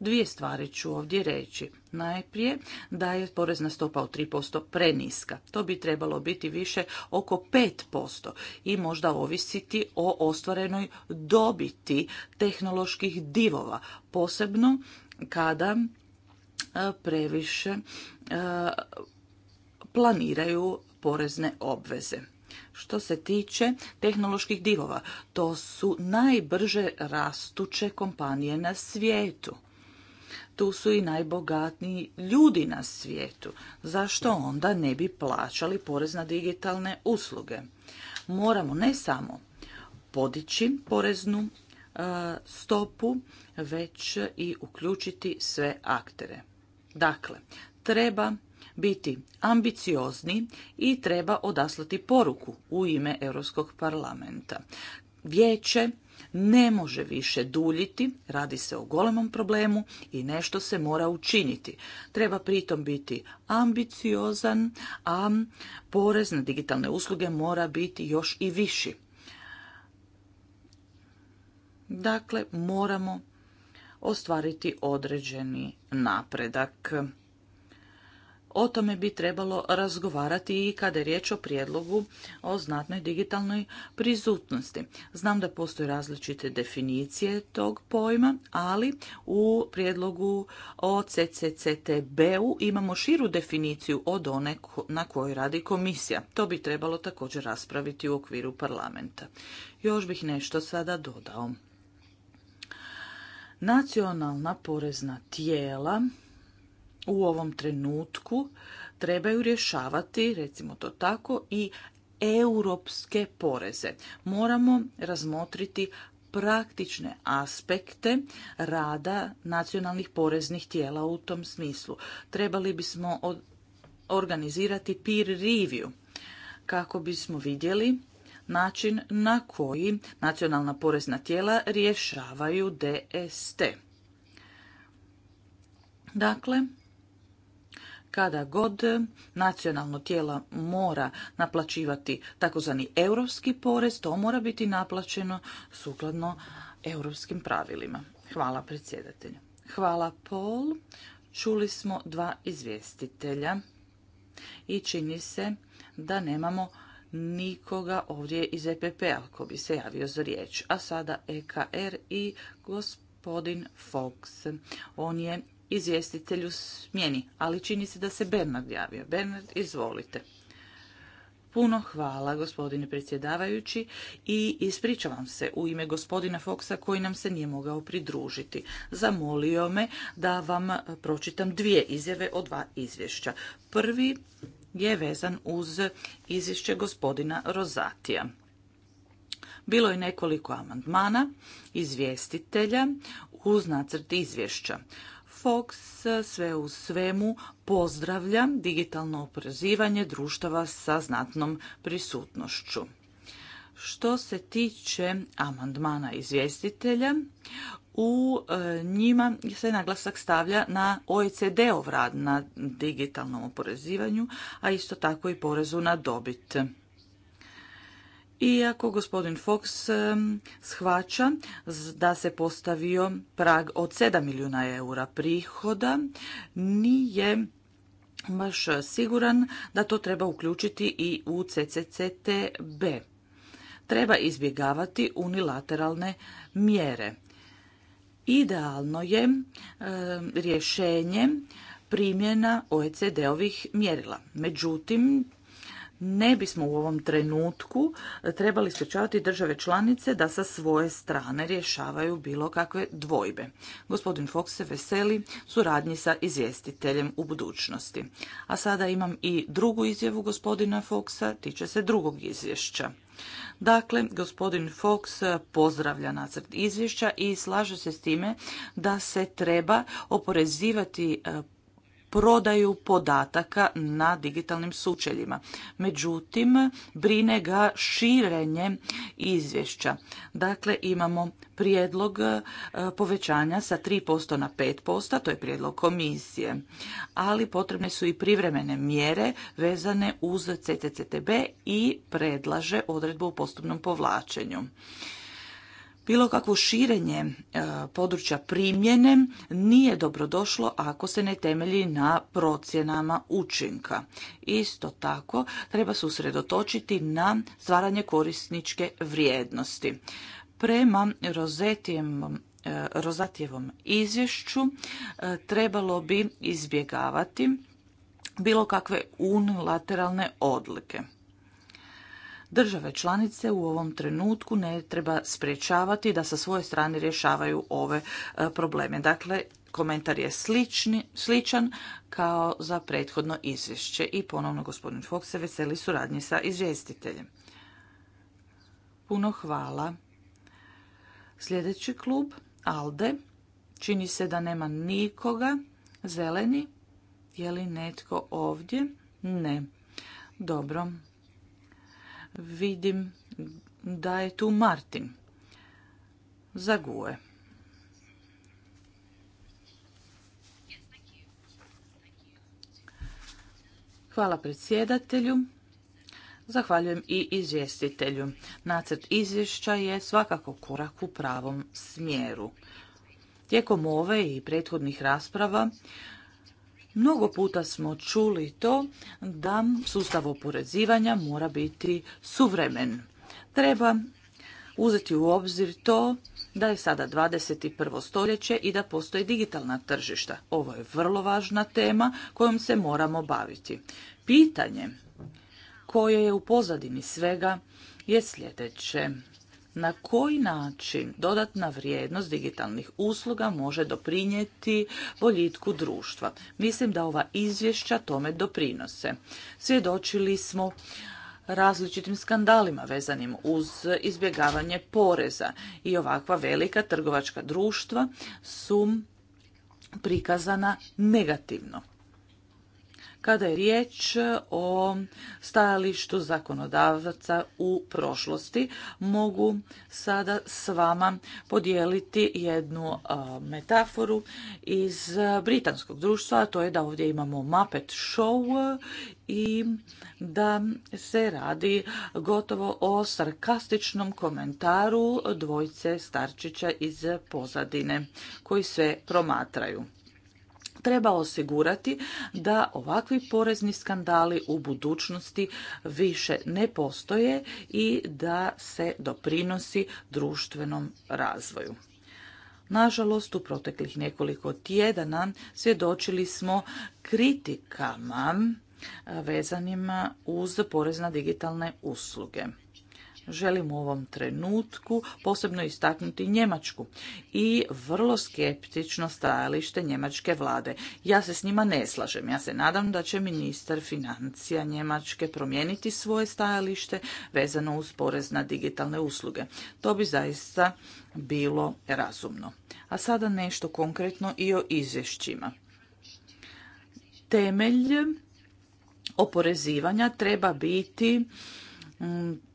Dvije stvari ću ovdje reći. Najprije da je porezna stopa od 3% preniska. To bi trebalo biti više oko 5% i možda ovisiti o ostvarenoj dobiti tehnoloških divova, posebno kada previše planiraju porezne obveze. Što se tiče tehnoloških divova, to su najbrže rastuće kompanije na svijetu. Tu su i najbogatniji ljudi na svijetu. Zašto onda ne bi plaćali porez na digitalne usluge? Moramo ne samo podići poreznu stopu, već i uključiti sve aktere. Dakle, treba biti ambiciozni i treba odaslati poruku u ime Europskog parlamenta. Vijeće ne može više duljiti, radi se o golemom problemu i nešto se mora učiniti. Treba pritom biti ambiciozan, a porez na digitalne usluge mora biti još i viši. Dakle, moramo ostvariti određeni napredak. O tome bi trebalo razgovarati i kada je riječ o prijedlogu o znatnoj digitalnoj prisutnosti. Znam da postoje različite definicije tog pojma, ali u prijedlogu o CCCTB-u imamo širu definiciju od one na kojoj radi komisija. To bi trebalo također raspraviti u okviru parlamenta. Još bih nešto sada dodao. Nacionalna porezna tijela u ovom trenutku trebaju rješavati, recimo to tako, i europske poreze. Moramo razmotriti praktične aspekte rada nacionalnih poreznih tijela u tom smislu. Trebali bismo organizirati peer review kako bismo vidjeli način na koji nacionalna porezna tijela rješavaju DST. Dakle, kada god nacionalno tijelo mora naplaćivati takozvani europski porez, to mora biti naplaćeno sukladno europskim pravilima. Hvala predsjedatelju. Hvala Paul. Čuli smo dva izvjestitelja i čini se da nemamo nikoga ovdje iz EPP-a ko bi se javio za riječ. A sada EKR i gospodin Fox. On je izvjestitelj u smjeni, ali čini se da se Bernard javio. Bernard, izvolite. Puno hvala, gospodine predsjedavajući, i ispričavam se u ime gospodina Foksa koji nam se nije mogao pridružiti. Zamolio me da vam pročitam dvije izjave o dva izvješća. Prvi je vezan uz izvješće gospodina Rozatija. Bilo je nekoliko amandmana izvjestitelja uz nacrt izvješća. Fox sve u svemu pozdravlja digitalno oprezivanje društava sa znatnom prisutnošću. Što se tiče amandmana izvjestitelja, u e, njima se naglasak stavlja na OECD-ov rad na digitalnom oporezivanju, a isto tako i porezu na dobit. Iako gospodin Fox e, shvaća da se postavio prag od 7 milijuna eura prihoda, nije baš siguran da to treba uključiti i u CCCTB. Treba izbjegavati unilateralne mjere Idealno je e, rješenje primjena OECD-ovih mjerila. Međutim, ne bismo u ovom trenutku e, trebali sprečavati države članice da sa svoje strane rješavaju bilo kakve dvojbe. Gospodin Fox se veseli suradnji sa izvjestiteljem u budućnosti. A sada imam i drugu izjavu gospodina Foxa, tiče se drugog izvješća. Dakle, gospodin Fox pozdravlja nacrt izvješća i slaže se s time da se treba oporezivati e, prodaju podataka na digitalnim sučeljima. Međutim, brine ga širenje izvješća. Dakle, imamo prijedlog e, povećanja sa 3% na 5%, to je prijedlog komisije. Ali potrebne su i privremene mjere vezane uz ctctb i predlaže odredbu o postupnom povlačenju bilo kakvo širenje e, područja primjene nije dobrodošlo ako se ne temelji na procjenama učinka. Isto tako treba se usredotočiti na stvaranje korisničke vrijednosti. Prema Rozetijem rozatjevom e, izvješću e, trebalo bi izbjegavati bilo kakve unilateralne odlike. Države članice u ovom trenutku ne treba sprječavati da sa svoje strane rješavaju ove e, probleme. Dakle, komentar je slični, sličan kao za prethodno izvješće. I ponovno gospodin Fox se veseli suradnji sa izvjestiteljem. Puno hvala. Sljedeći klub, Alde. Čini se da nema nikoga. Zeleni. Je li netko ovdje? Ne. Dobro. Vidim da je tu Martin. Zaguje. Hvala predsjedatelju. Zahvaljujem i izvjestitelju. Nacrt izvješća je svakako korak u pravom smjeru. Tijekom ove i prethodnih rasprava Mnogo puta smo čuli to da sustav oporezivanja mora biti suvremen. Treba uzeti u obzir to da je sada 21. stoljeće i da postoje digitalna tržišta. Ovo je vrlo važna tema kojom se moramo baviti. Pitanje koje je u pozadini svega je sljedeće na koji način dodatna vrijednost digitalnih usluga može doprinijeti boljitku društva. Mislim da ova izvješća tome doprinose. Svjedočili smo različitim skandalima vezanim uz izbjegavanje poreza i ovakva velika trgovačka društva su prikazana negativno kada je riječ o stajalištu zakonodavaca u prošlosti, mogu sada s vama podijeliti jednu metaforu iz britanskog društva, a to je da ovdje imamo Muppet Show i da se radi gotovo o sarkastičnom komentaru dvojce starčića iz pozadine koji se promatraju treba osigurati da ovakvi porezni skandali u budućnosti više ne postoje i da se doprinosi društvenom razvoju. Nažalost, u proteklih nekoliko tjedana svjedočili smo kritikama vezanima uz porez na digitalne usluge. Želim u ovom trenutku posebno istaknuti Njemačku i vrlo skeptično stajalište njemačke vlade. Ja se s njima ne slažem. Ja se nadam da će ministar financija Njemačke promijeniti svoje stajalište vezano uz porez na digitalne usluge. To bi zaista bilo razumno. A sada nešto konkretno i o izvješćima. Temelj oporezivanja treba biti mm,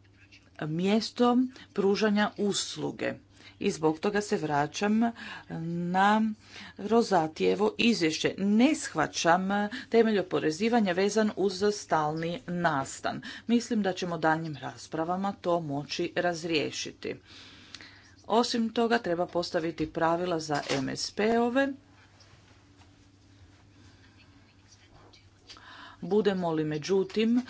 mjesto pružanja usluge. I zbog toga se vraćam na Rozatijevo izvješće. Ne shvaćam temelj oporezivanja vezan uz stalni nastan. Mislim da ćemo danjim raspravama to moći razriješiti. Osim toga treba postaviti pravila za MSP-ove. Budemo li međutim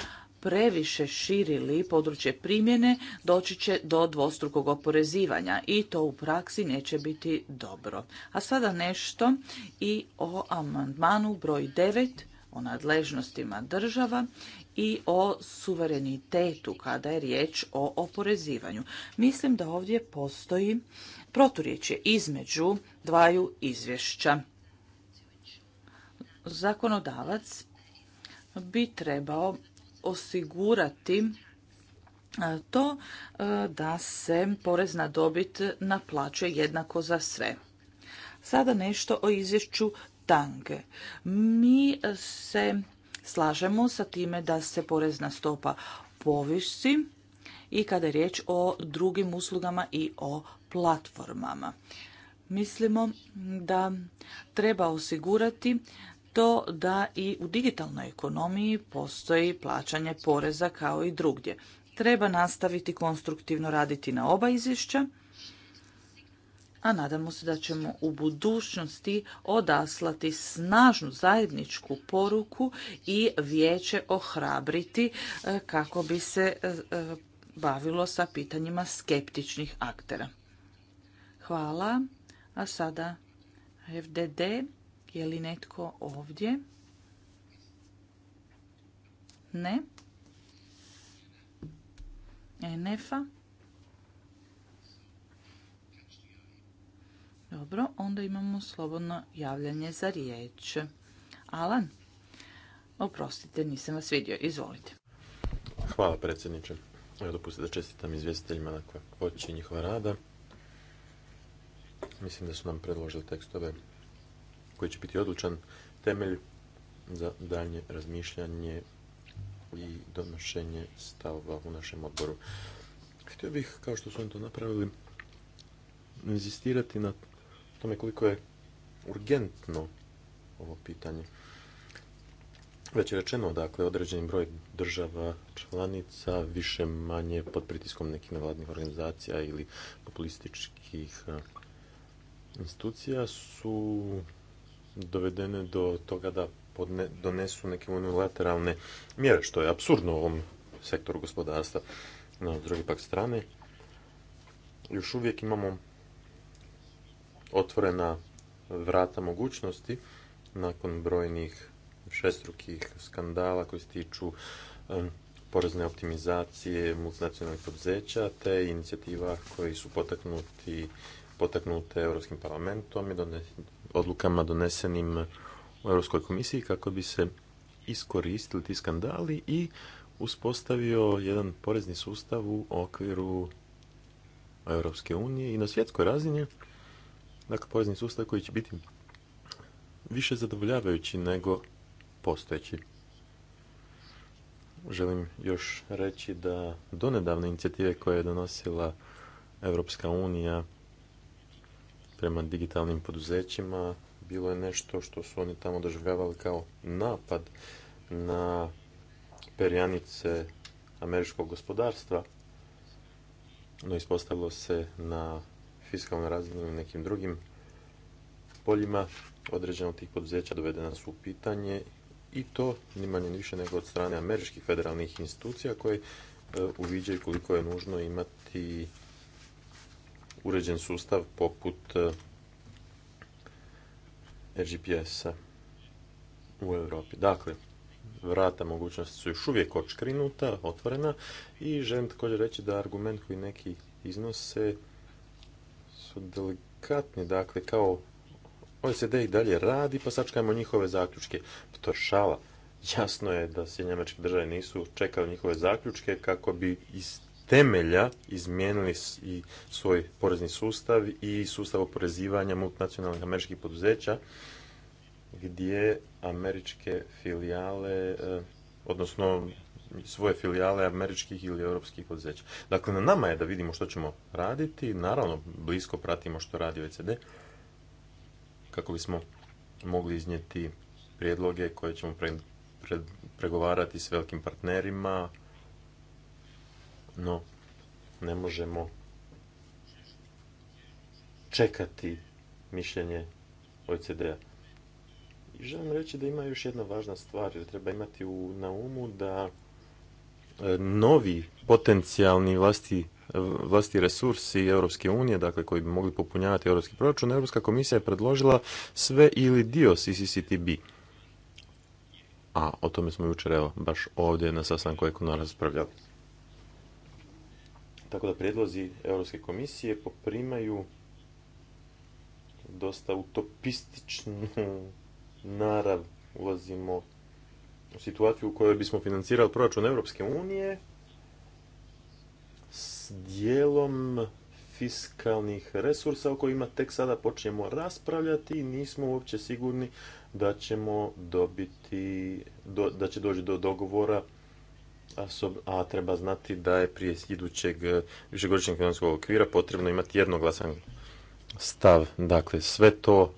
previše širili područje primjene, doći će do dvostrukog oporezivanja i to u praksi neće biti dobro. A sada nešto i o amandmanu broj 9 o nadležnostima država i o suverenitetu kada je riječ o oporezivanju. Mislim da ovdje postoji proturječje između dvaju izvješća. Zakonodavac bi trebao osigurati e, to e, da se porez na dobit naplaćuje jednako za sve. Sada nešto o izvješću Tange. Mi se slažemo sa time da se porezna stopa povisi i kada je riječ o drugim uslugama i o platformama. Mislimo da treba osigurati to da i u digitalnoj ekonomiji postoji plaćanje poreza kao i drugdje. Treba nastaviti konstruktivno raditi na oba izvješća, a nadamo se da ćemo u budućnosti odaslati snažnu zajedničku poruku i vijeće ohrabriti e, kako bi se e, e, bavilo sa pitanjima skeptičnih aktera. Hvala. A sada FDD je li netko ovdje? Ne. nf Dobro, onda imamo slobodno javljanje za riječ. Alan, oprostite, nisam vas vidio. Izvolite. Hvala predsjedniče. Evo dopustite da čestitam izvjestiteljima na oči njihova rada. Mislim da su nam predložili tekstove koji će biti odlučan temelj za daljnje razmišljanje i donošenje stavova u našem odboru. Htio bih, kao što su oni to napravili, inzistirati na tome koliko je urgentno ovo pitanje. Već je rečeno, dakle, određeni broj država članica više manje pod pritiskom nekih nevladnih organizacija ili populističkih eh, institucija su dovedene do toga da donesu neke unilateralne mjere, što je absurdno u ovom sektoru gospodarstva. Na druge pak strane, još uvijek imamo otvorena vrata mogućnosti nakon brojnih šestrukih skandala koji se tiču porezne optimizacije multinacionalnih poduzeća te inicijativa koji su potaknuti potaknute Europskim parlamentom i odlukama donesenim u Europskoj komisiji kako bi se iskoristili ti skandali i uspostavio jedan porezni sustav u okviru Europske unije i na svjetskoj razini, dakle porezni sustav koji će biti više zadovoljavajući nego postojeći. Želim još reći da donedavne inicijative koje je donosila Europska unija prema digitalnim poduzećima bilo je nešto što su oni tamo doživljavali kao napad na perjanice američkog gospodarstva, no ispostavilo se na fiskalnoj razini i nekim drugim poljima određeno tih poduzeća dovedena su u pitanje i to ni manje ni više nego od strane američkih federalnih institucija koje e, uviđaju koliko je nužno imati uređen sustav poput RGPS-a e, u Europi. Dakle, vrata mogućnosti su još uvijek očkrinuta, otvorena i želim također reći da argument koji neki iznose su delikatni, dakle kao OECD i dalje radi, pa sačkajmo njihove zaključke. to šala. Jasno je da se njemačke države nisu čekali njihove zaključke kako bi iz temelja izmijenili i svoj porezni sustav i sustav oporezivanja multinacionalnih američkih poduzeća gdje američke filijale, eh, odnosno svoje filijale američkih ili europskih poduzeća. Dakle, na nama je da vidimo što ćemo raditi. Naravno, blisko pratimo što radi OECD kako bismo mogli iznijeti prijedloge koje ćemo pregovarati s velikim partnerima, no ne možemo čekati mišljenje OECD-a. I želim reći da ima još jedna važna stvar, jer treba imati na umu da e, novi potencijalni vlasti vlasti resursi Europske unije, dakle koji bi mogli popunjavati europski proračun, Europska komisija je predložila sve ili dio CCCTB. A o tome smo jučer, evo, baš ovdje na sastanku Ekona raspravljali. Tako da prijedlozi Europske komisije poprimaju dosta utopističnu narav. Ulazimo u situaciju u kojoj bismo financirali proračun Europske unije s dijelom fiskalnih resursa o kojima tek sada počnemo raspravljati i nismo uopće sigurni da ćemo dobiti, da će doći do dogovora a treba znati da je prije idućeg e, višegodišnjeg financijskog okvira potrebno imati jednoglasan stav. Dakle, sve to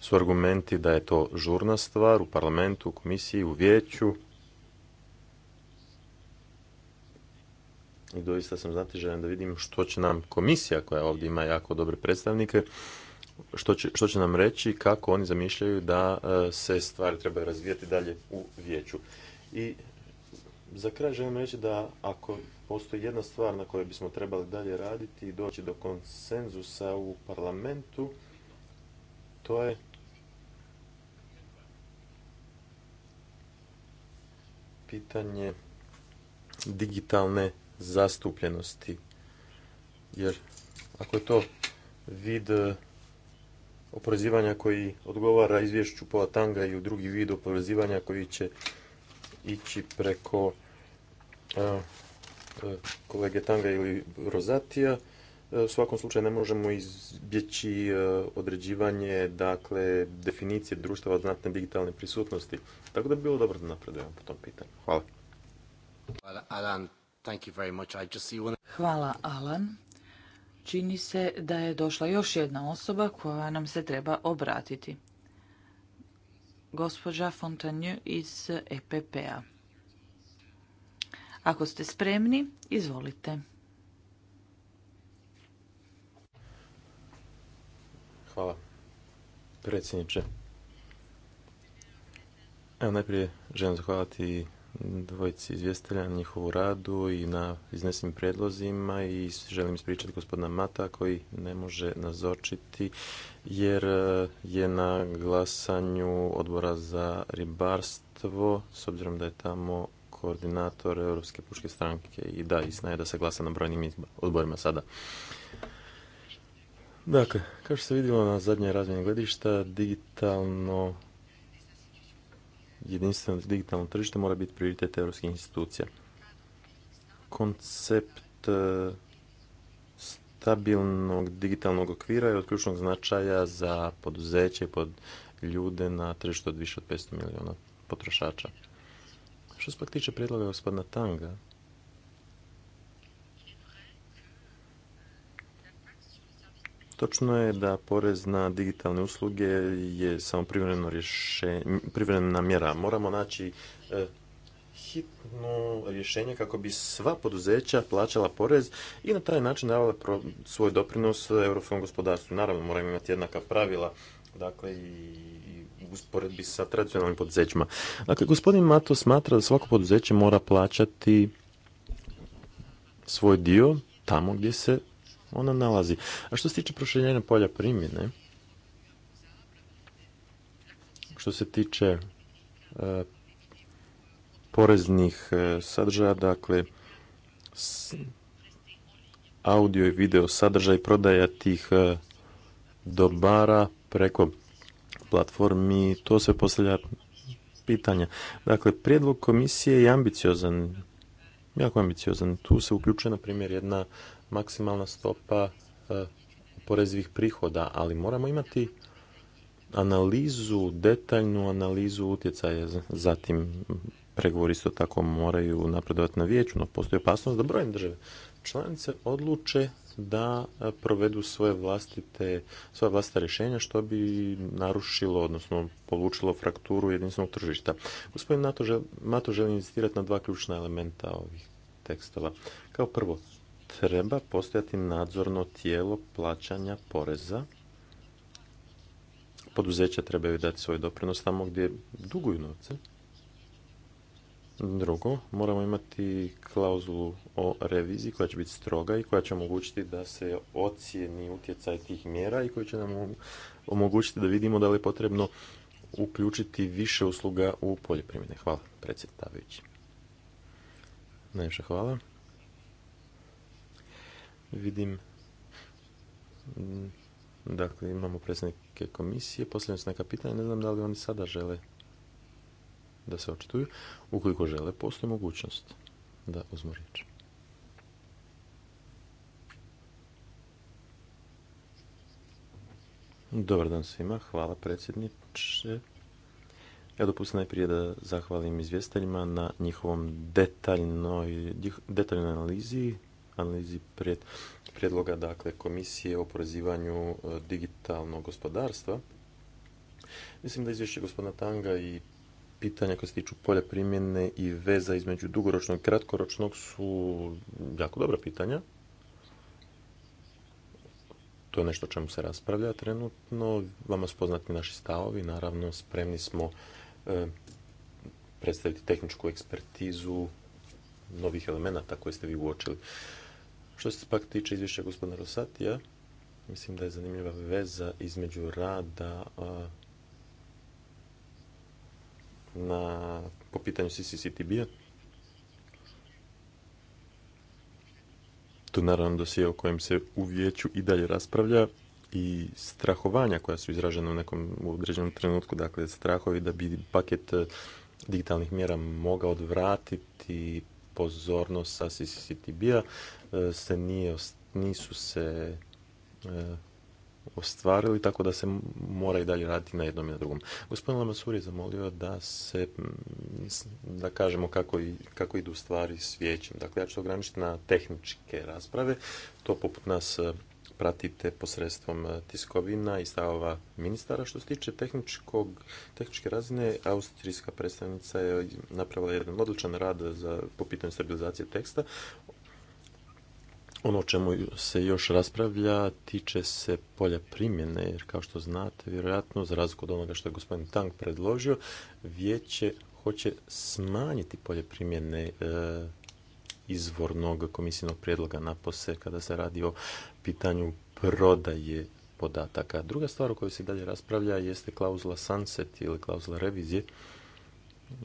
su argumenti da je to žurna stvar u parlamentu, u komisiji, u vijeću. I doista sam želim da vidim što će nam komisija, koja ovdje ima jako dobre predstavnike, što će, što će nam reći, kako oni zamišljaju da e, se stvari trebaju razvijati dalje u vijeću. I za kraj želim reći da ako postoji jedna stvar na kojoj bismo trebali dalje raditi i doći do konsenzusa u parlamentu, to je pitanje digitalne zastupljenosti. Jer ako je to vid e, oporezivanja koji odgovara izvješću Poatanga i u drugi vid oporezivanja koji će ići preko e, kolege Tanga ili Rozatija. E, u svakom slučaju ne možemo izbjeći e, određivanje dakle, definicije društava znatne digitalne prisutnosti. Tako da bi bilo dobro da napredujemo po tom pitanju. Hvala. Alan, Hvala Alan. Čini se da je došla još jedna osoba koja nam se treba obratiti gospođa Fontanje iz EPP-a. Ako ste spremni, izvolite. Hvala, predsjedniče. Evo najprije želim zahvaliti dvojici izvjestelja na njihovu radu i na iznesenim predlozima i želim ispričati gospodina Mata koji ne može nazočiti jer e, je na glasanju odbora za ribarstvo s obzirom da je tamo koordinator Europske puške stranke i da, i je da se glasa na brojnim odborima sada. Dakle, kao što se vidjelo na zadnje razmjene gledišta, digitalno jedinstveno digitalno tržište mora biti prioritet europskih institucija. Koncept e, stabilnog digitalnog okvira je od ključnog značaja za poduzeće i pod ljude na tržištu od više od 500 milijuna potrošača. Što se pak tiče prijedloga gospodina Tanga, Točno je da porez na digitalne usluge je samo privremeno rješenje, privremena mjera. Moramo naći e, hitno rješenje kako bi sva poduzeća plaćala porez i na taj način davala svoj doprinos europskom gospodarstvu. Naravno, moramo imati jednaka pravila dakle i usporedbi sa tradicionalnim poduzećima. Dakle, gospodin Mato smatra da svako poduzeće mora plaćati svoj dio tamo gdje se ona nalazi. A što se tiče proširenja polja primjene, što se tiče e, poreznih e, sadržaja, dakle audio i video sadržaj prodaja tih e, dobara preko platformi, to se postavlja pitanja. Dakle, prijedlog komisije je ambiciozan, jako ambiciozan. Tu se uključuje, na primjer, jedna maksimalna stopa e, porezivih prihoda, ali moramo imati analizu, detaljnu analizu utjecaja. Zatim pregovori isto tako moraju napredovati na vijeću, no postoji opasnost da brojne države članice odluče da e, provedu svoje vlastite, svoje vlastite rješenja što bi narušilo, odnosno polučilo frakturu jedinstvenog tržišta. Gospodin Mato želi inzistirati na dva ključna elementa ovih tekstova. Kao prvo, treba postojati nadzorno tijelo plaćanja poreza. Poduzeća trebaju dati svoj doprinos tamo gdje duguju novce. Drugo, moramo imati klauzulu o reviziji koja će biti stroga i koja će omogućiti da se ocijeni utjecaj tih mjera i koja će nam omogućiti da vidimo da li je potrebno uključiti više usluga u poljoprivredne. Hvala, predsjedavajući. Najviše hvala. Vidim, mm, dakle imamo predsjednike komisije, postavljam se neka pitanja, ne znam da li oni sada žele da se očituju. Ukoliko žele, postoji mogućnost da uzmu riječ. Dobar dan svima, hvala predsjedniče. Ja dopustim najprije da zahvalim izvjestiteljima na njihovom detaljnoj, detaljnoj analizi analizi prijedloga dakle, komisije o porazivanju e, digitalnog gospodarstva. Mislim da izvješće gospodina Tanga i pitanja koje se tiču polja primjene i veza između dugoročnog i kratkoročnog su jako dobra pitanja. To je nešto o čemu se raspravlja trenutno. Vama su poznati naši stavovi. Naravno, spremni smo e, predstaviti tehničku ekspertizu novih elemenata koje ste vi uočili. Što se pak tiče izvješća gospodina Rosatija, mislim da je zanimljiva veza između rada na, po pitanju CCCTB-a. Tu naravno dosije o kojem se u vijeću i dalje raspravlja i strahovanja koja su izražena u nekom određenom trenutku, dakle strahovi da bi paket e, digitalnih mjera mogao odvratiti pozornost sa CCTB-a e, se nije, nisu se e, ostvarili, tako da se mora i dalje raditi na jednom i na drugom. Gospodin Lamassur je zamolio da se, da kažemo kako, i, kako idu stvari s vijećem. Dakle, ja ću ograničiti na tehničke rasprave. To poput nas e, pratite posredstvom eh, tiskovina i stavova ministara. Što se tiče tehničkog, tehničke razine, austrijska predstavnica je napravila jedan odličan rad za, po pitanju stabilizacije teksta. Ono o čemu se još raspravlja tiče se polja primjene, jer kao što znate, vjerojatno, za razliku od onoga što je gospodin Tang predložio, vijeće hoće smanjiti polje primjene eh, izvornog komisijnog prijedloga napose kada se radi o pitanju prodaje podataka. Druga stvar o kojoj se dalje raspravlja jeste klauzula sunset ili klauzula revizije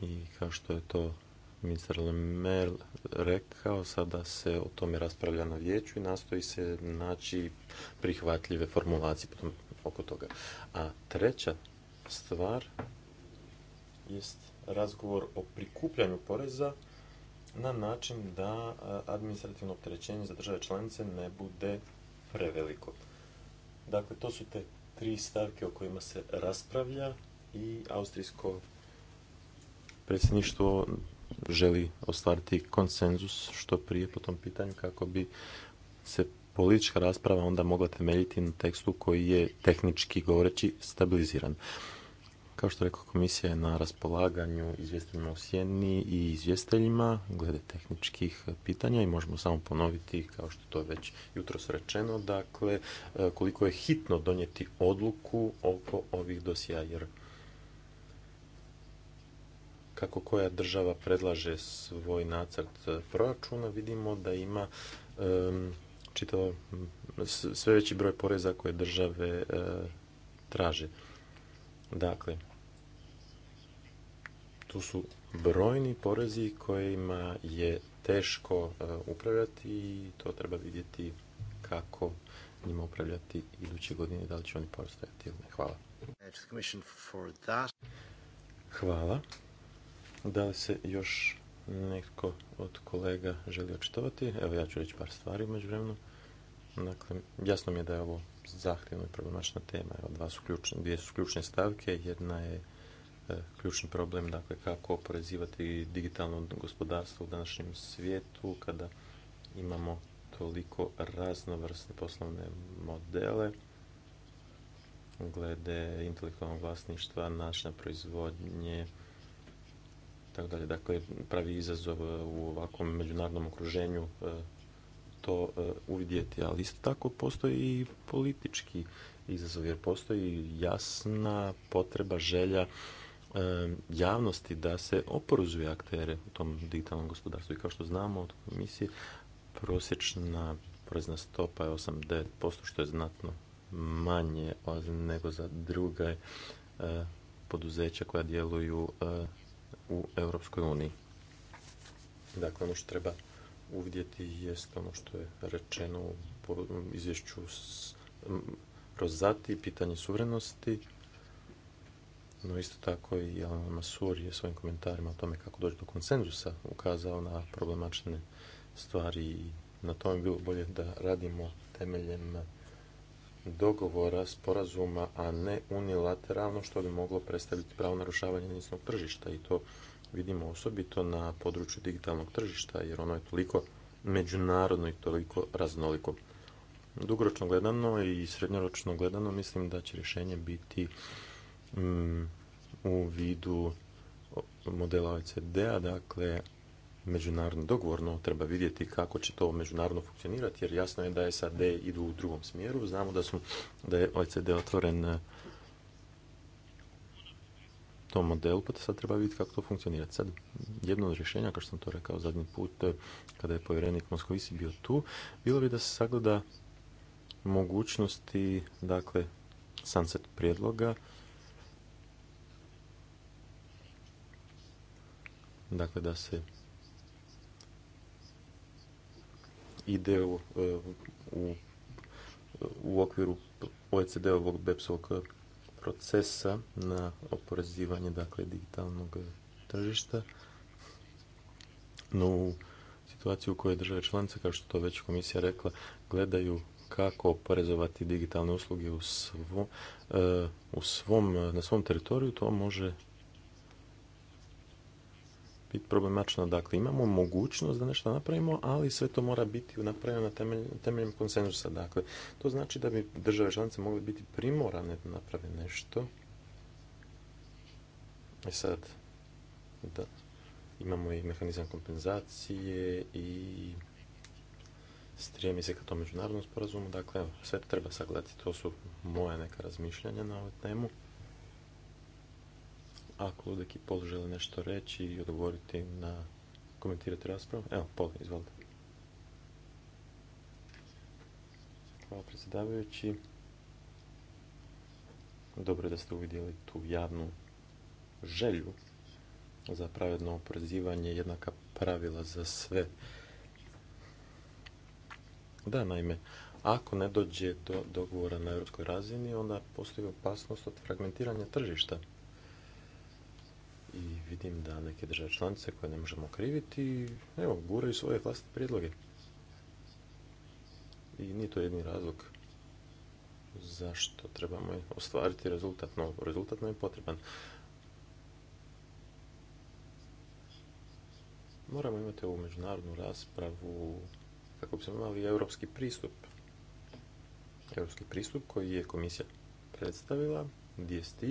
i kao što je to ministar Lemer rekao, sada se o tome raspravlja na vijeću i nastoji se naći prihvatljive formulacije potom oko toga. A treća stvar jest razgovor o prikupljanju poreza na način da administrativno opterećenje za države članice ne bude preveliko. Dakle, to su te tri stavke o kojima se raspravlja i austrijsko predsjedništvo želi ostvariti konsenzus što prije po tom pitanju kako bi se politička rasprava onda mogla temeljiti na tekstu koji je tehnički govoreći stabiliziran. Kao što rekao, komisija je na raspolaganju izvjestiteljima u Sjeni i izvjestiteljima glede tehničkih pitanja i možemo samo ponoviti, kao što to je već jutro rečeno, dakle, e, koliko je hitno donijeti odluku oko ovih dosija, jer kako koja država predlaže svoj nacrt proračuna, vidimo da ima čitavo sve veći broj poreza koje države e, traže. Dakle, tu su brojni porezi kojima je teško e, upravljati i to treba vidjeti kako njima upravljati iduće godine, da li će oni postojati ili ne. Hvala. Hvala. Da li se još neko od kolega želi očitovati? Evo ja ću reći par stvari među vremenu. Dakle, jasno mi je da je ovo zahtjevna i problemačna tema. Evo, dvije su ključne stavke. Jedna je E, ključni problem, dakle kako oporezivati digitalno gospodarstvo u današnjem svijetu kada imamo toliko raznovrsne poslovne modele glede intelektualnog vlasništva, načina proizvodnje, tako dalje. Dakle, pravi izazov e, u ovakvom međunarodnom okruženju e, to uvidjeti, ali isto tako postoji i politički izazov, jer postoji jasna potreba, želja javnosti da se oporuzuje aktere u tom digitalnom gospodarstvu. I kao što znamo od komisije, prosječna porezna stopa je 8-9%, što je znatno manje nego za druge eh, poduzeća koja djeluju eh, u Europskoj uniji. Dakle, ono što treba uvidjeti jest ono što je rečeno u izvješću Rozati, pitanje suverenosti, no isto tako i Jelena Masur je svojim komentarima o tome kako doći do konsenzusa ukazao na problematične stvari i na tome bi bilo bolje da radimo temeljem dogovora, sporazuma, a ne unilateralno što bi moglo predstaviti pravo narušavanje jedinstvenog tržišta i to vidimo osobito na području digitalnog tržišta jer ono je toliko međunarodno i toliko raznoliko. Dugoročno gledano i srednjoročno gledano mislim da će rješenje biti Mm, u vidu modela OECD-a, dakle međunarodno dogovorno treba vidjeti kako će to međunarodno funkcionirati, jer jasno je da SAD idu u drugom smjeru. Znamo da, su, da je OECD otvoren eh, tom modelu, pa sad treba vidjeti kako to funkcionira. Sad, jedno od rješenja, kao što sam to rekao zadnji put, eh, kada je povjerenik Moskovisi bio tu, bilo bi da se sagleda mogućnosti, dakle, sunset prijedloga, dakle da se ide u, e, okviru OECD-ovog beps procesa na oporezivanje dakle digitalnog tržišta. No u situaciju u kojoj države članice, kao što to već komisija rekla, gledaju kako oporezovati digitalne usluge u, e, u svom, na svom teritoriju, to može biti problematično. Dakle, imamo mogućnost da nešto napravimo, ali sve to mora biti napravljeno temelj, temeljem konsenzusa. Dakle, to znači da bi države članice mogle biti primorane da naprave nešto. I e sad, da, imamo i mehanizam kompenzacije i strijemi se ka tom međunarodnom sporazumu. Dakle, sve treba sagledati. To su moja neka razmišljanja na ovu temu ako Ludek i Pol žele nešto reći i odgovoriti na komentirati raspravu. Evo, Pol, izvolite. Hvala predsjedavajući. Dobro je da ste uvidjeli tu javnu želju za pravedno oporezivanje, jednaka pravila za sve. Da, naime, ako ne dođe do dogovora na europskoj razini, onda postoji opasnost od fragmentiranja tržišta i vidim da neke države članice koje ne možemo kriviti, evo, guraju svoje vlastite prijedloge. I nije to jedni razlog zašto trebamo ostvariti rezultat, no rezultat nam je potreban. Moramo imati ovu međunarodnu raspravu kako bismo imali europski pristup. Europski pristup koji je komisija predstavila, DST,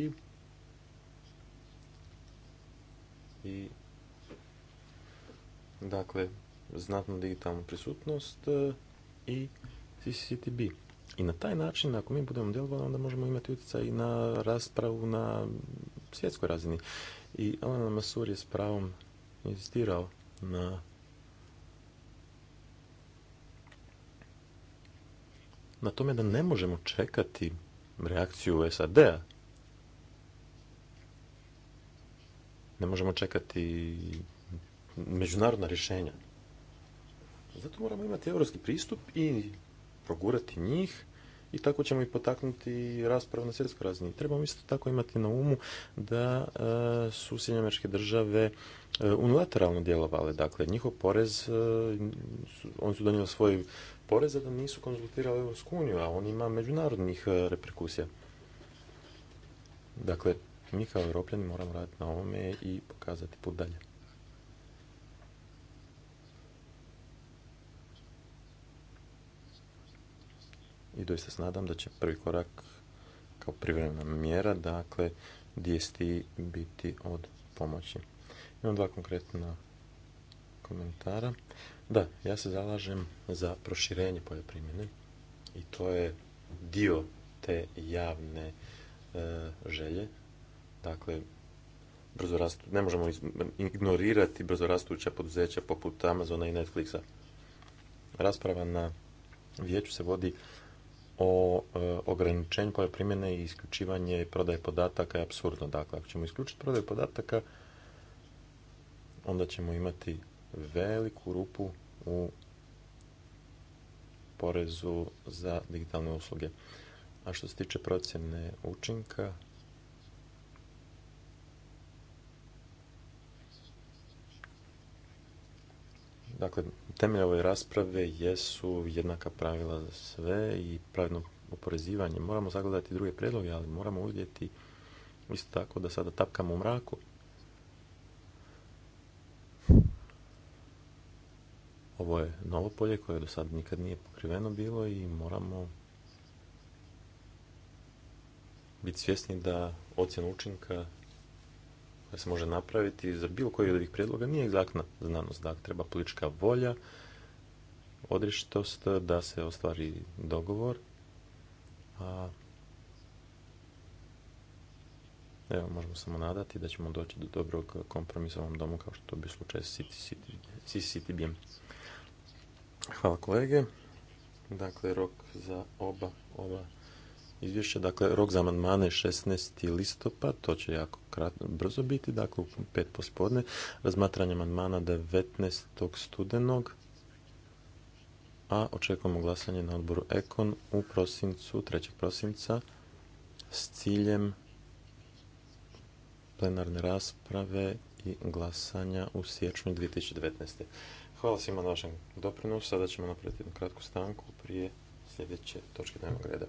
i dakle znatnu digitalnu prisutnost e, i CCTB. I na taj način, ako mi budemo djelovali, onda možemo imati utjecaj i na raspravu na svjetskoj razini. I Alana Masur je s pravom insistirao na na tome da ne možemo čekati reakciju SAD-a Ne možemo čekati međunarodna rješenja. Zato moramo imati europski pristup i progurati njih i tako ćemo i potaknuti raspravu na svjetskoj razini. Trebamo isto tako imati na umu da e, su SAD države e, unilateralno djelovale. Dakle, njihov porez, e, oni su donijeli svoj porez, da nisu konzultirali Evropsku uniju, a on ima međunarodnih reperkusija. Dakle, mi kao europljani moramo raditi na ovome i pokazati put dalje. I doista se nadam da će prvi korak kao privremena mjera, dakle, DST biti od pomoći. Imam dva konkretna komentara. Da, ja se zalažem za proširenje poljoprimjene i to je dio te javne e, želje Dakle, brzo rastu, ne možemo ignorirati brzo rastuća poduzeća poput Amazona i Netflixa. Rasprava na vijeću se vodi o e, ograničenju koje primjene i isključivanje prodaje podataka je apsurdno. Dakle, ako ćemo isključiti prodaju podataka, onda ćemo imati veliku rupu u porezu za digitalne usluge. A što se tiče procjene učinka, Dakle, temelj ove rasprave jesu jednaka pravila za sve i pravilno oporezivanje. Moramo zagledati druge predloge, ali moramo uvidjeti isto tako da sada tapkamo u mraku. Ovo je novo polje koje do sada nikad nije pokriveno bilo i moramo biti svjesni da ocjena učinka da se može napraviti za bilo koji od ovih prijedloga nije egzaktna znanost. da treba politička volja, odrištost da se ostvari dogovor. A, evo, možemo samo nadati da ćemo doći do dobrog kompromisa u ovom domu kao što to bi slučaj s cctb Hvala kolege. Dakle, rok za oba ova izvješća. Dakle, rok za amandmane je 16. listopad, to će jako kratno, brzo biti, dakle u pet pospodne. Razmatranje amandmana 19. studenog, a očekujemo glasanje na odboru Ekon u prosincu, 3. prosinca, s ciljem plenarne rasprave i glasanja u siječnju 2019. Hvala svima na vašem doprinosu. Sada ćemo napraviti jednu kratku stanku prije sljedeće točke dnevnog reda.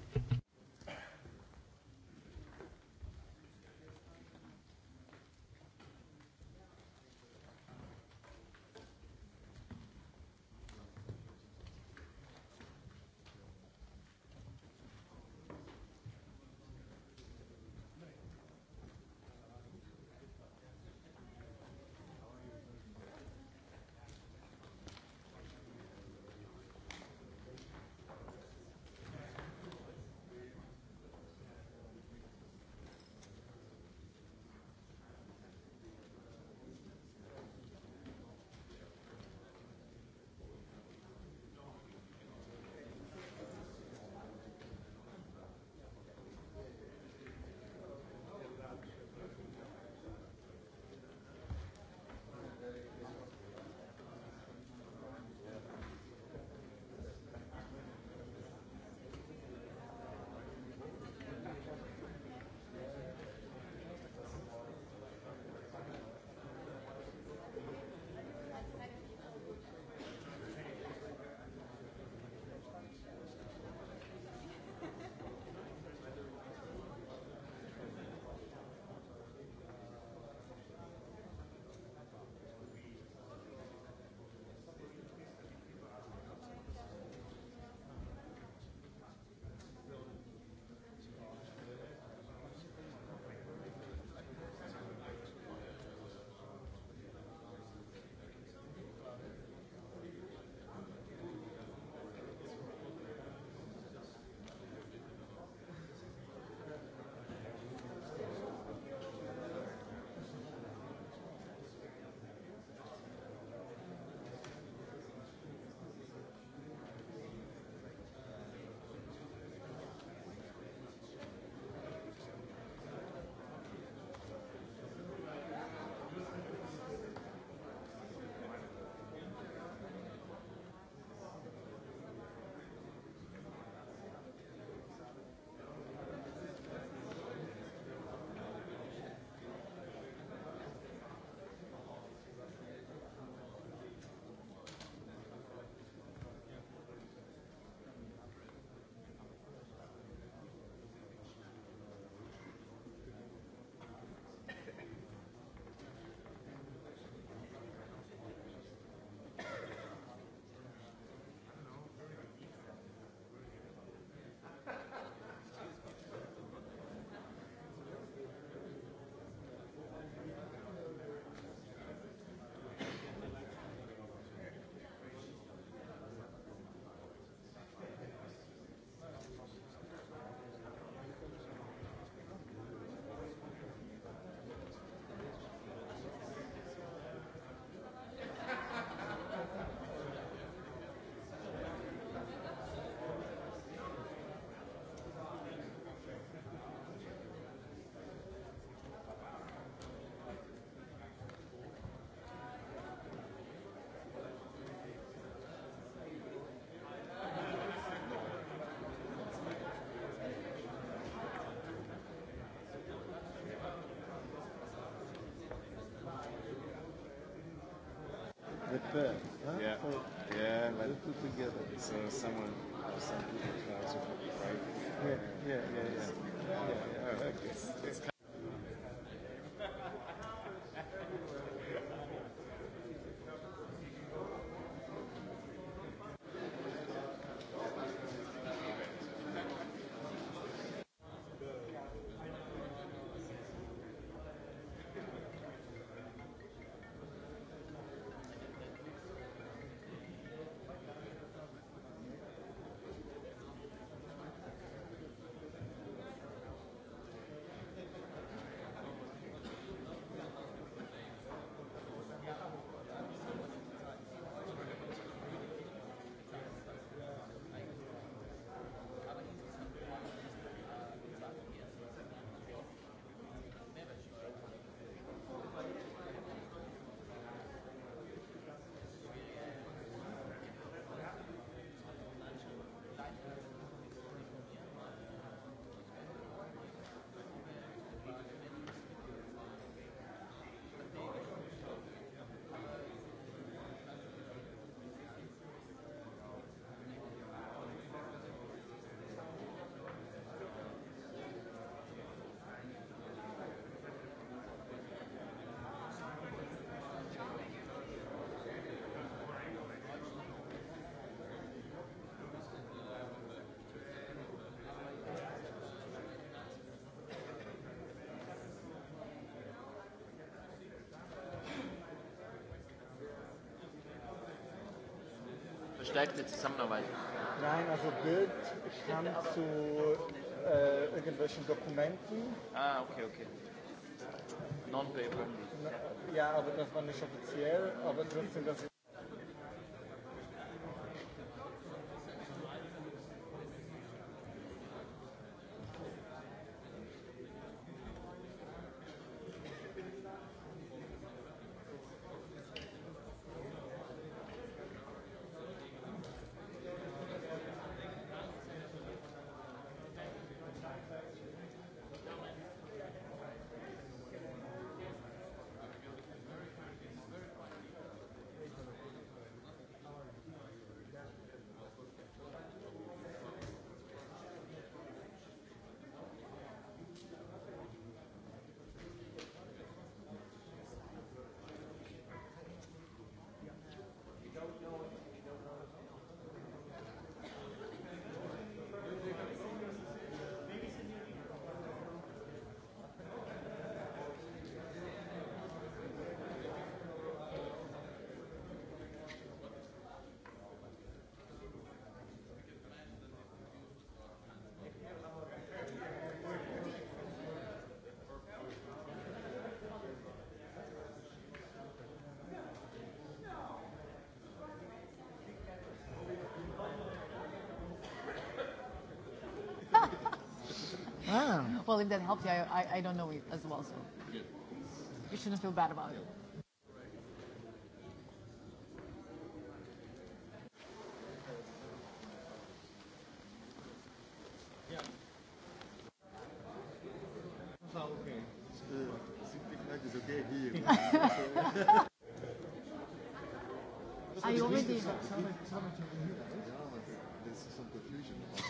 prepare. together. So someone some people Zusammenarbeit? Nein, also Bild stand zu äh, irgendwelchen Dokumenten. Ah, okay, okay. Non-paper. Ja, aber das war nicht offiziell, aber trotzdem, das Ah. *laughs* Well, if that helps you, I, I don't know it as well, so you shouldn't feel bad about it. *laughs* I already. there's some, some, some confusion about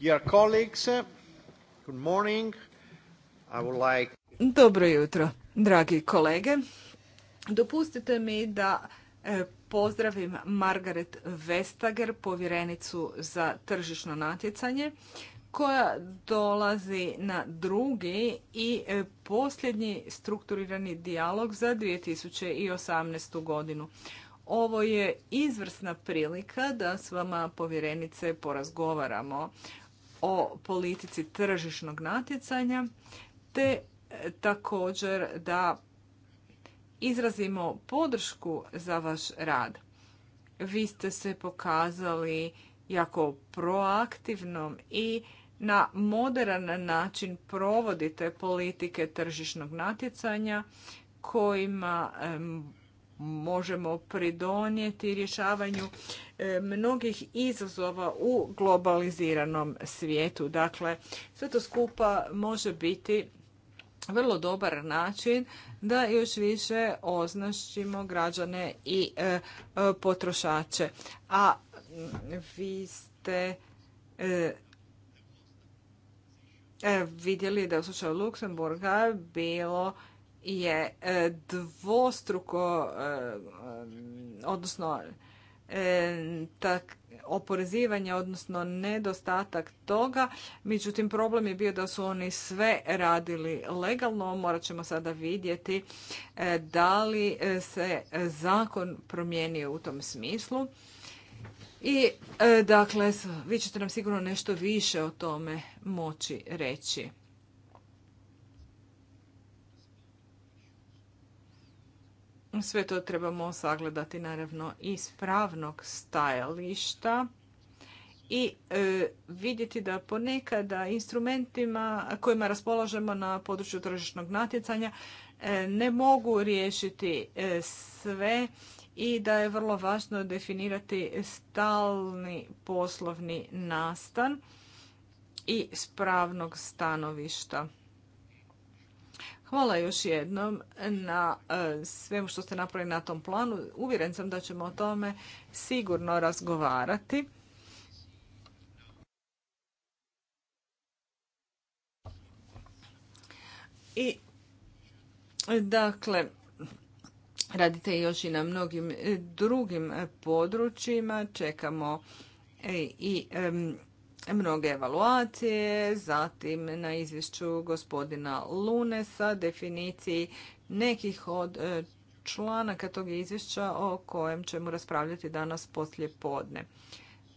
Dear colleagues, Dobro jutro, dragi kolege. Dopustite mi da e, pozdravim Margaret Vestager, povjerenicu za tržišno natjecanje, koja dolazi na drugi i e, posljednji strukturirani dijalog za 2018. godinu. Ovo je izvrsna prilika da s vama povjerenice porazgovaramo o politici tržišnog natjecanja te e, također da izrazimo podršku za vaš rad. Vi ste se pokazali jako proaktivnom i na moderan način provodite politike tržišnog natjecanja kojima možemo pridonijeti rješavanju E, mnogih izazova u globaliziranom svijetu. Dakle, sve to skupa može biti vrlo dobar način da još više označimo građane i e, e, potrošače. A vi ste vidjeli da u slučaju Luksemburga bilo je dvostruko, odnosno E, tak, oporezivanje, odnosno nedostatak toga. Međutim, problem je bio da su oni sve radili legalno. Morat ćemo sada vidjeti e, da li e, se zakon promijenio u tom smislu. I, dakle, vi ćete nam sigurno nešto više o tome moći reći. Sve to trebamo sagledati naravno iz pravnog stajališta i e, vidjeti da ponekada instrumentima kojima raspolažemo na području tržišnog natjecanja e, ne mogu riješiti e, sve i da je vrlo važno definirati stalni poslovni nastan i spravnog stanovišta. Hvala još jednom na e, svemu što ste napravili na tom planu. Uvjeren sam da ćemo o tome sigurno razgovarati. I dakle, radite još i na mnogim drugim područjima. Čekamo e, i mnoge evaluacije, zatim na izvješću gospodina Lunesa, definiciji nekih od e, članaka tog izvješća o kojem ćemo raspravljati danas poslije podne.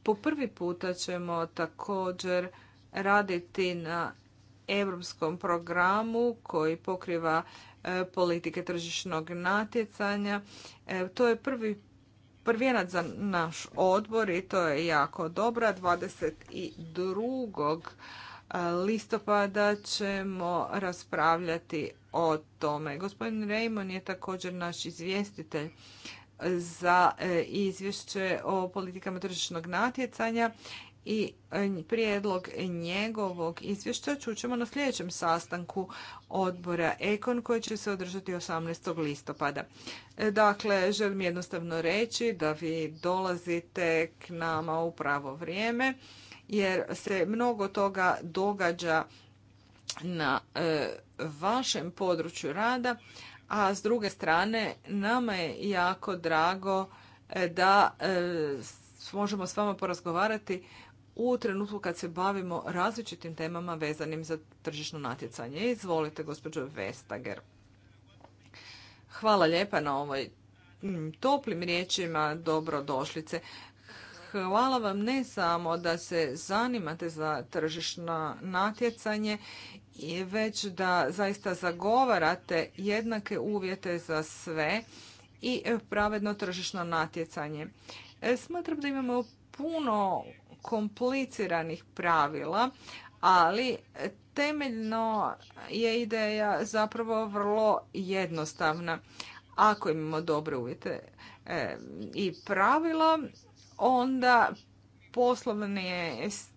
Po prvi puta ćemo također raditi na europskom programu koji pokriva e, politike tržišnog natjecanja. E, to je prvi prvijenac za naš odbor i to je jako dobra. 22. listopada ćemo raspravljati o tome. Gospodin Raymond je također naš izvjestitelj za e, izvješće o politikama tržišnog natjecanja i e, prijedlog njegovog izvješća čućemo na sljedećem sastanku odbora Ekon koji će se održati 18. listopada. E, dakle, želim jednostavno reći da vi dolazite k nama u pravo vrijeme jer se mnogo toga događa na e, vašem području rada, a s druge strane nama je jako drago da možemo s vama porazgovarati u trenutku kad se bavimo različitim temama vezanim za tržišno natjecanje. Izvolite, gospođo Vestager. Hvala lijepa na ovoj mm, toplim riječima dobrodošlice. Hvala vam ne samo da se zanimate za tržišno natjecanje, već da zaista zagovarate jednake uvjete za sve i pravedno tržišno natjecanje. E, smatram da imamo puno kompliciranih pravila, ali temeljno je ideja zapravo vrlo jednostavna. Ako imamo dobre uvjete e, i pravila, onda poslovne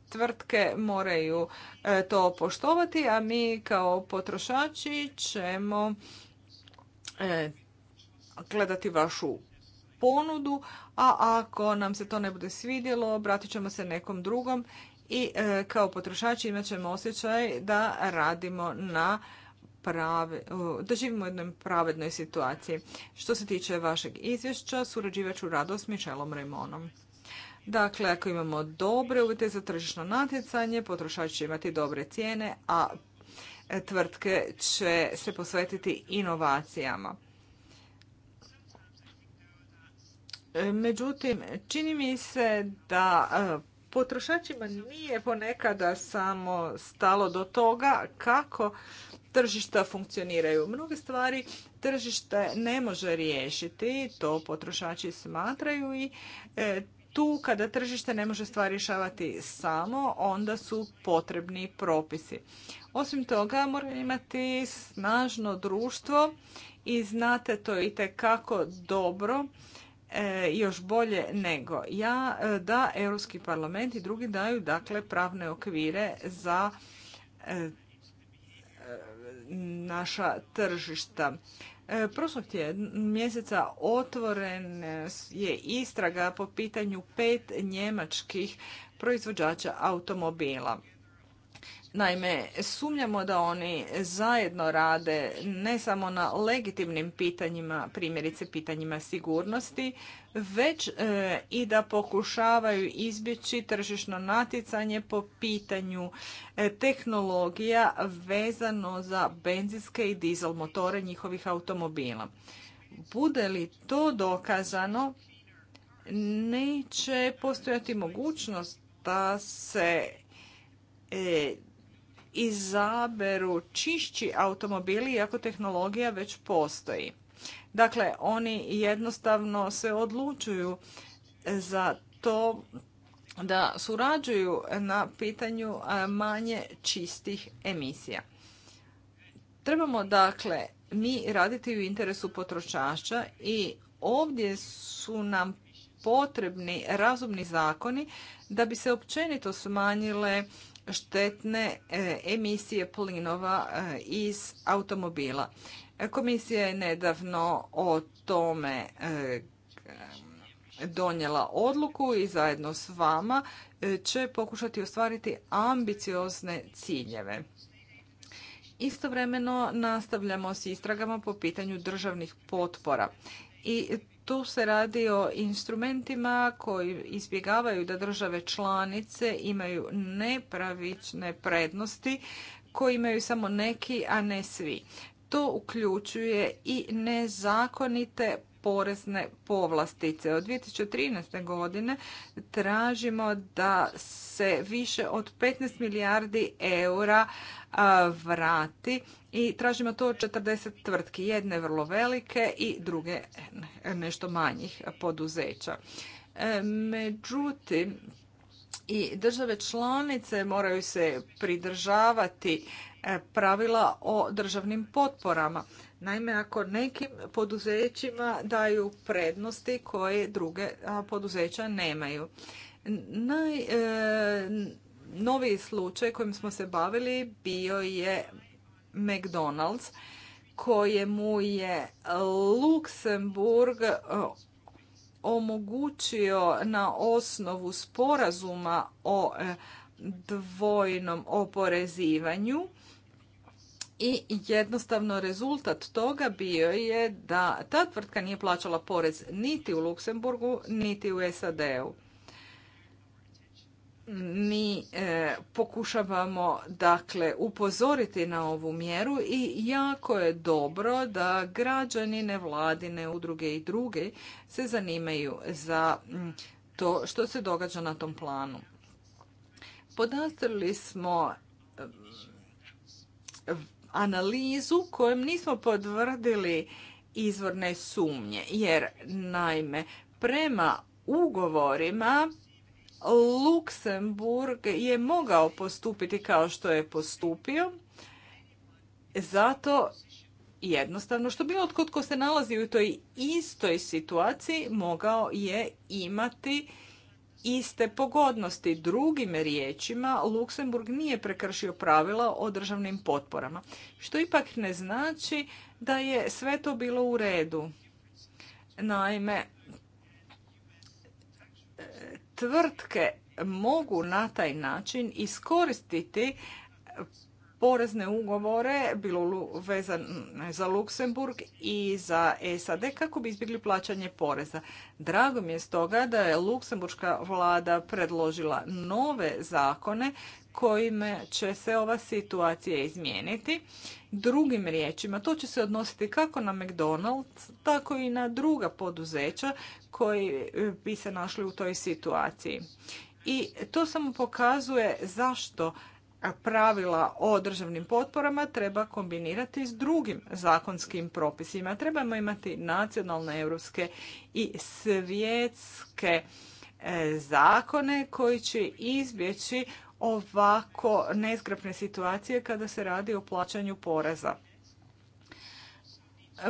tvrtke moraju e, to poštovati, a mi kao potrošači ćemo e, gledati vašu ponudu, a ako nam se to ne bude svidjelo, obratit ćemo se nekom drugom i e, kao potrošači imat ćemo osjećaj da radimo na Prave, da živimo u jednoj pravednoj situaciji. Što se tiče vašeg izvješća, surađivat ću rado s Mišelom Raimonom. Dakle, ako imamo dobre uvjete za tržišno natjecanje, potrošači će imati dobre cijene, a e, tvrtke će se posvetiti inovacijama. Međutim, čini mi se da e, potrošačima nije ponekada samo stalo do toga kako tržišta funkcioniraju. Mnoge stvari tržište ne može riješiti, to potrošači smatraju i e, tu kada tržište ne može stvari rješavati samo, onda su potrebni propisi. Osim toga, mora imati snažno društvo i znate to i kako dobro E, još bolje nego ja e, da Europski parlament i drugi daju dakle pravne okvire za e, naša tržišta. Prošlog mjeseca otvoren je istraga po pitanju pet njemačkih proizvođača automobila. Naime, sumnjamo da oni zajedno rade ne samo na legitimnim pitanjima, primjerice pitanjima sigurnosti, već e, i da pokušavaju izbjeći tržišno natjecanje po pitanju e, tehnologija vezano za benzinske i dizel motore njihovih automobila. Bude li to dokazano, neće postojati mogućnost da se e, izaberu čišći automobili iako tehnologija već postoji. Dakle, oni jednostavno se odlučuju za to da surađuju na pitanju manje čistih emisija. Trebamo dakle mi raditi u interesu potrošača i ovdje su nam potrebni razumni zakoni da bi se općenito smanjile štetne e, emisije plinova e, iz automobila. Komisija je nedavno o tome e, donijela odluku i zajedno s vama će pokušati ostvariti ambiciozne ciljeve. Istovremeno nastavljamo s istragama po pitanju državnih potpora i tu se radi o instrumentima koji izbjegavaju da države članice imaju nepravične prednosti koji imaju samo neki, a ne svi. To uključuje i nezakonite porezne povlastice. Od 2013. godine tražimo da se više od 15 milijardi eura vrati i tražimo to od 40 tvrtki, jedne vrlo velike i druge nešto manjih poduzeća. E, međutim, i države članice moraju se pridržavati E, pravila o državnim potporama. Naime, ako nekim poduzećima daju prednosti koje druge poduzeća nemaju. Naj, e, slučaj kojim smo se bavili bio je McDonald's kojemu je Luksemburg e, omogućio na osnovu sporazuma o e, dvojnom oporezivanju i jednostavno rezultat toga bio je da ta tvrtka nije plaćala porez niti u Luksemburgu, niti u SAD-u. Mi e, pokušavamo dakle upozoriti na ovu mjeru i jako je dobro da građani, nevladine, udruge i druge se zanimaju za mm, to što se događa na tom planu. Podastrili smo mm, analizu kojom nismo podvrdili izvorne sumnje. Jer, naime, prema ugovorima Luksemburg je mogao postupiti kao što je postupio, zato jednostavno što bilo tko se nalazi u toj istoj situaciji mogao je imati iste pogodnosti. Drugim riječima, Luksemburg nije prekršio pravila o državnim potporama, što ipak ne znači da je sve to bilo u redu. Naime, tvrtke mogu na taj način iskoristiti porezne ugovore, bilo vezan za Luksemburg i za SAD, kako bi izbjegli plaćanje poreza. Drago mi je stoga da je luksemburška vlada predložila nove zakone kojime će se ova situacija izmijeniti. Drugim riječima, to će se odnositi kako na McDonald's, tako i na druga poduzeća koji e, bi se našli u toj situaciji. I to samo pokazuje zašto pravila o državnim potporama treba kombinirati s drugim zakonskim propisima. Trebamo imati nacionalne, europske i svjetske e, zakone koji će izbjeći ovako nezgrapne situacije kada se radi o plaćanju poreza.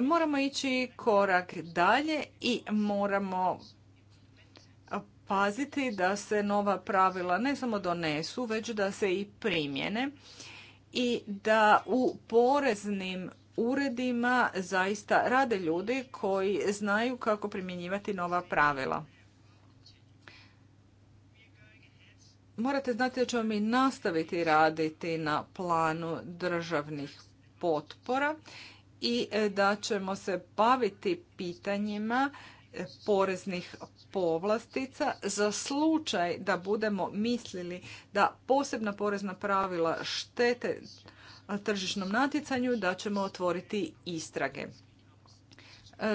Moramo ići korak dalje i moramo paziti da se nova pravila ne samo donesu, već da se i primjene i da u poreznim uredima zaista rade ljudi koji znaju kako primjenjivati nova pravila. Morate znati da ćemo mi nastaviti raditi na planu državnih potpora i da ćemo se baviti pitanjima poreznih povlastica za slučaj da budemo mislili da posebna porezna pravila štete tržišnom natjecanju da ćemo otvoriti istrage.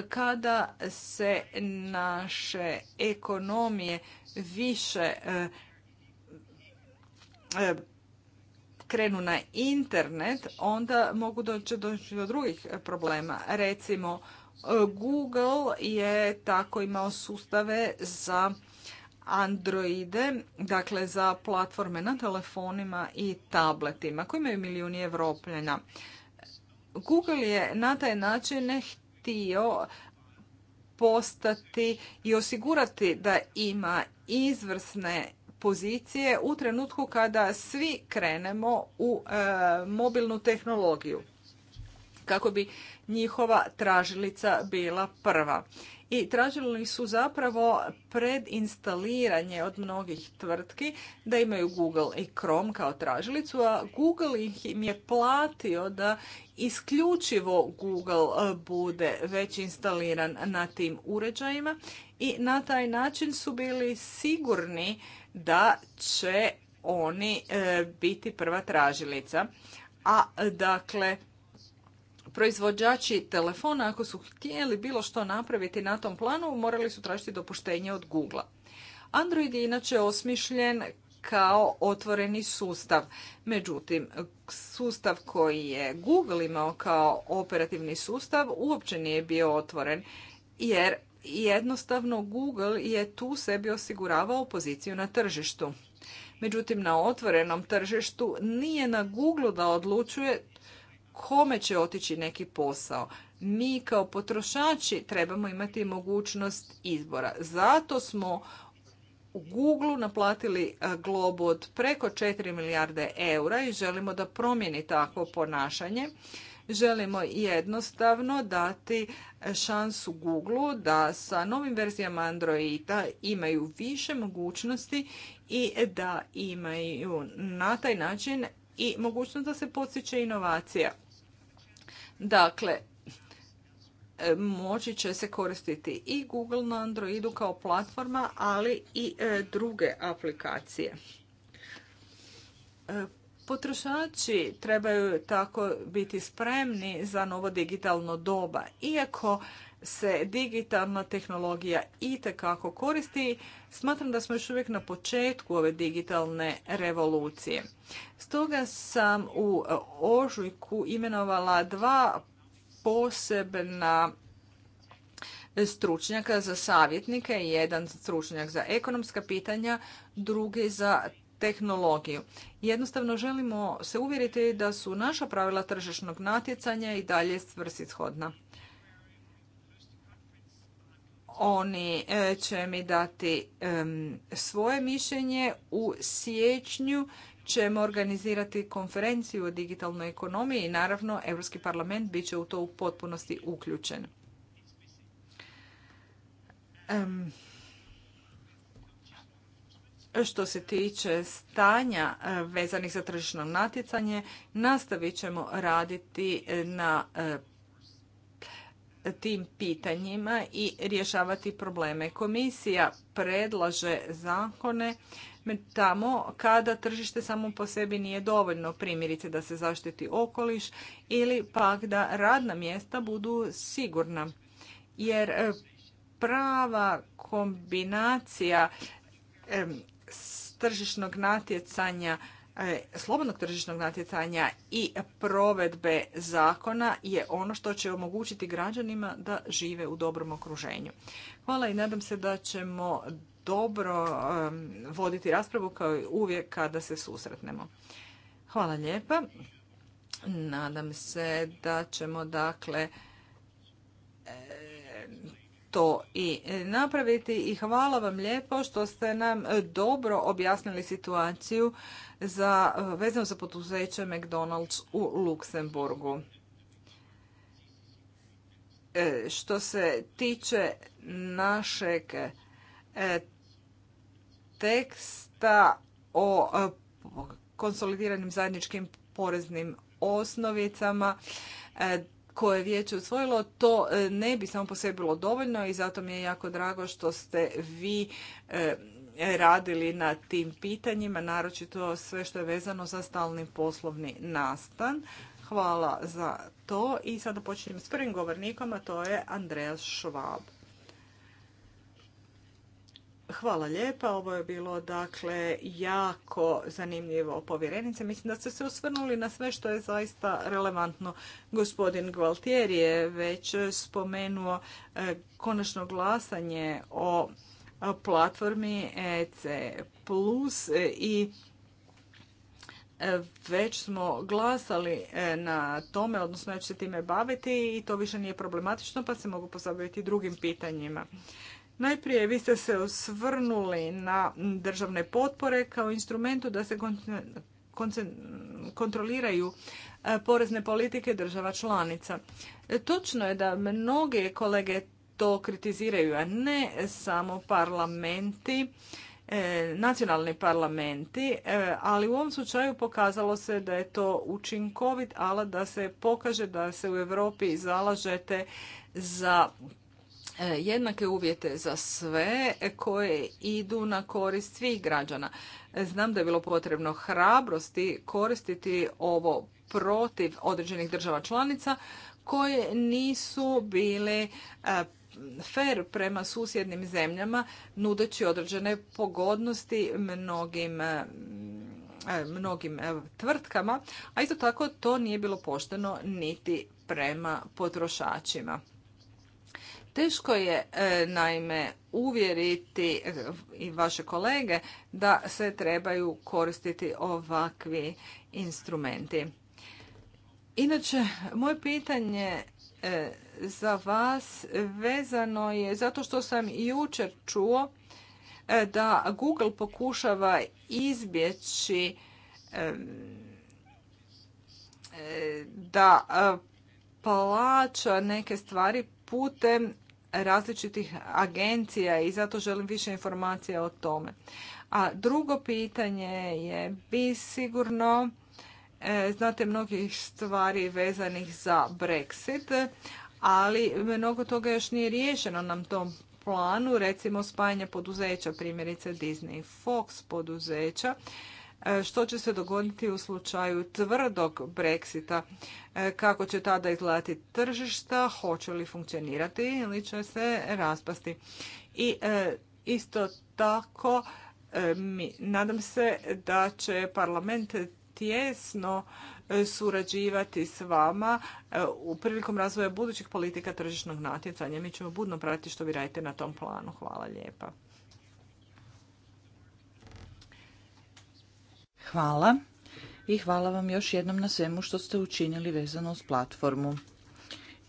Kada se naše ekonomije više e, e, krenu na internet, onda mogu doći do drugih problema. Recimo, Google je tako imao sustave za Androide, dakle za platforme na telefonima i tabletima koji imaju milijuni evropljena. Google je na taj način htio postati i osigurati da ima izvrsne pozicije u trenutku kada svi krenemo u e, mobilnu tehnologiju kako bi njihova tražilica bila prva. I tražili su zapravo predinstaliranje od mnogih tvrtki da imaju Google i Chrome kao tražilicu, a Google ih im je platio da isključivo Google e, bude već instaliran na tim uređajima i na taj način su bili sigurni da će oni e, biti prva tražilica. A dakle, proizvođači telefona ako su htjeli bilo što napraviti na tom planu morali su tražiti dopuštenje od Google. Android je inače osmišljen kao otvoreni sustav. Međutim, sustav koji je Google imao kao operativni sustav uopće nije bio otvoren jer jednostavno Google je tu sebi osiguravao poziciju na tržištu. Međutim, na otvorenom tržištu nije na Google da odlučuje kome će otići neki posao. Mi kao potrošači trebamo imati mogućnost izbora. Zato smo u Google naplatili globu od preko 4 milijarde eura i želimo da promijeni takvo ponašanje. Želimo jednostavno dati šansu Google da sa novim verzijama Androida imaju više mogućnosti i da imaju na taj način i mogućnost da se podsjeće inovacija. Dakle, e, moći će se koristiti i Google na Androidu kao platforma, ali i e, druge aplikacije. E, potrošači trebaju tako biti spremni za novo digitalno doba, iako se digitalna tehnologija itekako koristi, smatram da smo još uvijek na početku ove digitalne revolucije. Stoga sam u ožujku imenovala dva posebna stručnjaka za savjetnike, jedan stručnjak za ekonomska pitanja, drugi za tehnologiju. Jednostavno želimo se uvjeriti da su naša pravila tržišnog natjecanja i dalje svrsishodna. Oni e, će mi dati svoje mišljenje. U siječnju ćemo organizirati konferenciju o digitalnoj ekonomiji i naravno Europski parlament bit će u to u potpunosti uključen. Što se tiče stanja e, vezanih za tržišno natjecanje, nastavit ćemo raditi e, na tim pitanjima i rješavati probleme. Komisija predlaže zakone tamo kada tržište samo po sebi nije dovoljno, primjerice da se zaštiti okoliš ili pak da radna mjesta budu sigurna. Jer e, prava kombinacija tržišnog natjecanja E, slobodnog tržišnog natjecanja i provedbe zakona je ono što će omogućiti građanima da žive u dobrom okruženju. Hvala i nadam se da ćemo dobro voditi raspravu kao i uvijek kada se susretnemo. Hvala lijepa. Nadam se da ćemo dakle to i napraviti i hvala vam lijepo što ste nam dobro objasnili situaciju za, vezano za poduzeće McDonald's u Luksemburgu. E, što se tiče našeg e, teksta o e, konsolidiranim zajedničkim poreznim osnovicama, koje je vijeće usvojilo, to e, ne bi samo po sebi bilo dovoljno i zato mi je jako drago što ste vi e, radili na tim pitanjima, naročito sve što je vezano za stalni poslovni nastan. Hvala za to i sada počinjem s prvim govornikom, a to je Andreas Schwab. Hvala lijepa. Ovo je bilo dakle jako zanimljivo povjerenice. Mislim da ste se osvrnuli na sve što je zaista relevantno. Gospodin Gvaltier je već spomenuo e, konačno glasanje o platformi EC Plus i e, već smo glasali e, na tome, odnosno ja ću se time baviti i to više nije problematično pa se mogu pozabaviti drugim pitanjima. Najprije vi ste se osvrnuli na državne potpore kao instrumentu da se kontroliraju e, porezne politike država članica. E, točno je da mnoge kolege to kritiziraju, a ne samo parlamenti, e, nacionalni parlamenti, ali u ovom slučaju pokazalo se da je to učinkovit alat da se pokaže da se u Europi zalažete za E, jednake uvjete za sve koje idu na korist svih građana. E, znam da je bilo potrebno hrabrosti koristiti ovo protiv određenih država članica koje nisu bile e, fer prema susjednim zemljama nudeći određene pogodnosti mnogim mnogim tvrtkama, a isto tako to nije bilo pošteno niti prema potrošačima. Teško je e, naime uvjeriti e, i vaše kolege da se trebaju koristiti ovakvi instrumenti. Inače, moje pitanje e, za vas vezano je zato što sam jučer čuo da Google pokušava izbjeći da plaća neke stvari putem različitih agencija i zato želim više informacija o tome. A drugo pitanje je, vi sigurno e, znate mnogih stvari vezanih za Brexit, ali mnogo toga još nije riješeno nam tom planu, recimo spajanje poduzeća, primjerice Disney Fox poduzeća, E, što će se dogoditi u slučaju tvrdog breksita? E, kako će tada izgledati tržišta, hoće li funkcionirati ili će se raspasti. I e, isto tako, nadam se da će parlament tjesno surađivati s vama u prilikom razvoja budućih politika tržišnog natjecanja. Mi ćemo budno pratiti što vi radite na tom planu. Hvala lijepa. Hvala i hvala vam još jednom na svemu što ste učinili vezano uz platformu.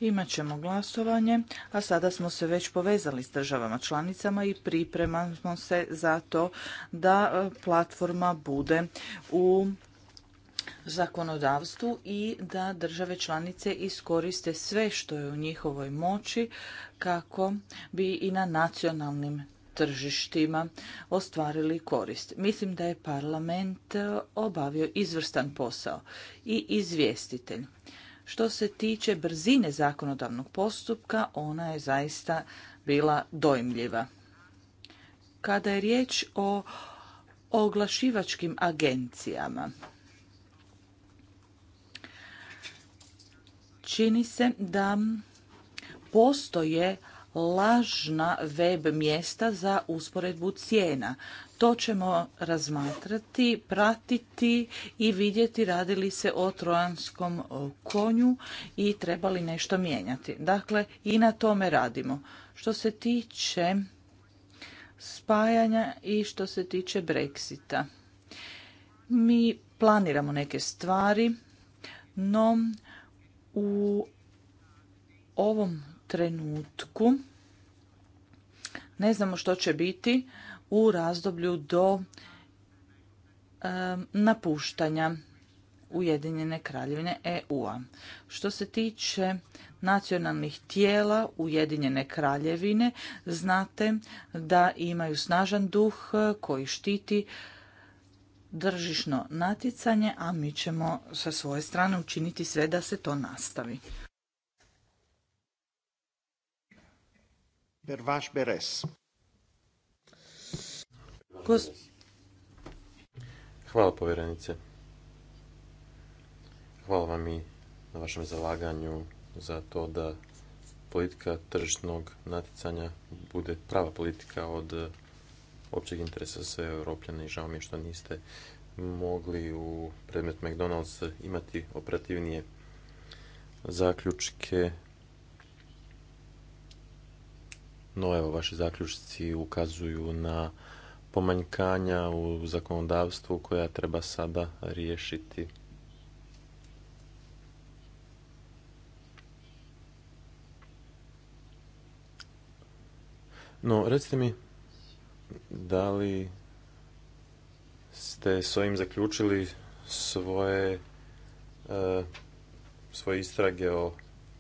Imat ćemo glasovanje, a sada smo se već povezali s državama članicama i pripremamo se za to da e, platforma bude u zakonodavstvu i da države članice iskoriste sve što je u njihovoj moći kako bi i na nacionalnim tržištima ostvarili korist. Mislim da je parlament e, obavio izvrstan posao i izvjestitelj. Što se tiče brzine zakonodavnog postupka, ona je zaista bila dojmljiva. Kada je riječ o oglašivačkim agencijama, čini se da postoje lažna web mjesta za usporedbu cijena. To ćemo razmatrati, pratiti i vidjeti radi li se o trojanskom konju i treba li nešto mijenjati. Dakle, i na tome radimo. Što se tiče spajanja i što se tiče Brexita. Mi planiramo neke stvari, no u ovom trenutku ne znamo što će biti u razdoblju do napuštanja Ujedinjene kraljevine EU-a. Što se tiče nacionalnih tijela Ujedinjene kraljevine, znate da imaju snažan duh koji štiti držišno naticanje, a mi ćemo sa svoje strane učiniti sve da se to nastavi. Beres. Hvala povjerenice. Hvala vam i na vašem zalaganju za to da politika tržišnog natjecanja bude prava politika od općeg interesa za sve europljane i žao mi je što niste mogli u predmet McDonald's imati operativnije zaključke no evo vaši zaključci ukazuju na pomanjkanja u zakonodavstvu koja treba sada riješiti. No, recite mi, da li ste s ovim zaključili svoje, e, svoje istrage o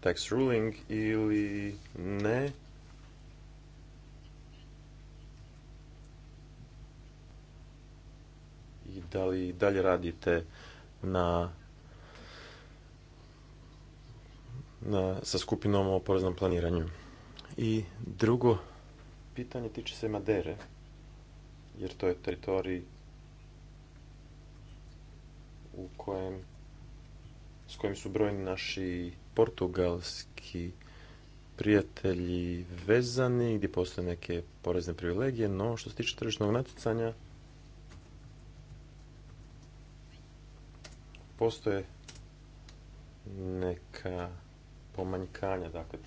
tax ruling ili ne? da li dalje radite na, na sa skupinom o poreznom planiranju. I drugo pitanje tiče se Madere, jer to je teritorij u kojem, s kojim su brojni naši portugalski prijatelji vezani, gdje postoje neke porezne privilegije, no što se tiče tržišnog natjecanja, postoje neka pomanjkanja, dakle,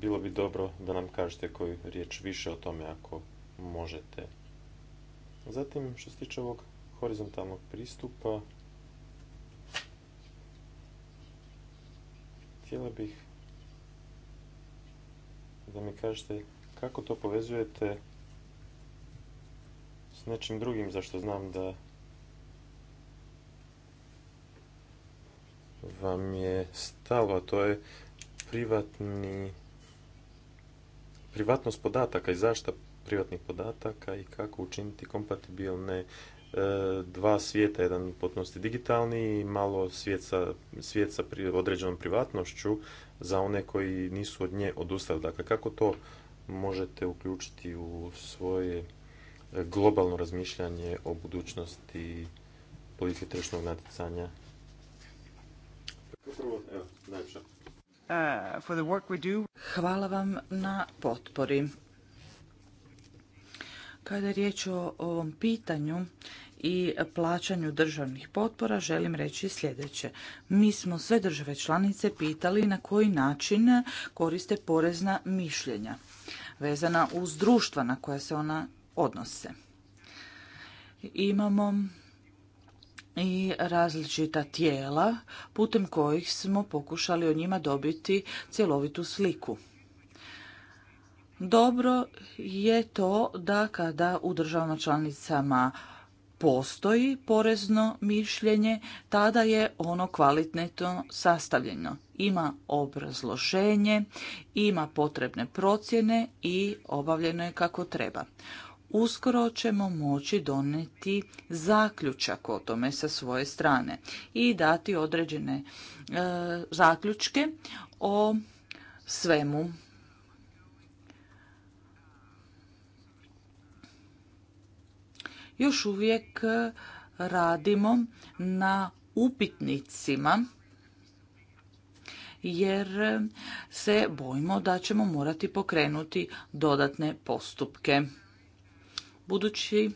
bilo bi dobro da nam kažete koju riječ više o tome ako možete. Zatim, što se tiče ovog horizontalnog pristupa, htjela bih da mi kažete kako to povezujete s nečim drugim, zašto znam da vam je stalo, a to je privatni privatnost podataka i zašta privatnih podataka i kako učiniti kompatibilne e, dva svijeta, jedan potpunosti digitalni i malo svijet sa, svijet određenom privatnošću za one koji nisu od nje odustali. Dakle, kako to možete uključiti u svoje e, globalno razmišljanje o budućnosti politike tržišnog natjecanja Uh, Hvala vam na potpori. Kada je riječ o ovom pitanju i plaćanju državnih potpora, želim reći sljedeće. Mi smo sve države članice pitali na koji način koriste porezna mišljenja vezana uz društva na koja se ona odnose. Imamo i različita tijela putem kojih smo pokušali o njima dobiti cjelovitu sliku. Dobro je to da kada u državama članicama postoji porezno mišljenje, tada je ono kvalitetno sastavljeno. Ima obrazloženje, ima potrebne procjene i obavljeno je kako treba uskoro ćemo moći doneti zaključak o tome sa svoje strane i dati određene e, zaključke o svemu. Još uvijek radimo na upitnicima jer se bojimo da ćemo morati pokrenuti dodatne postupke budući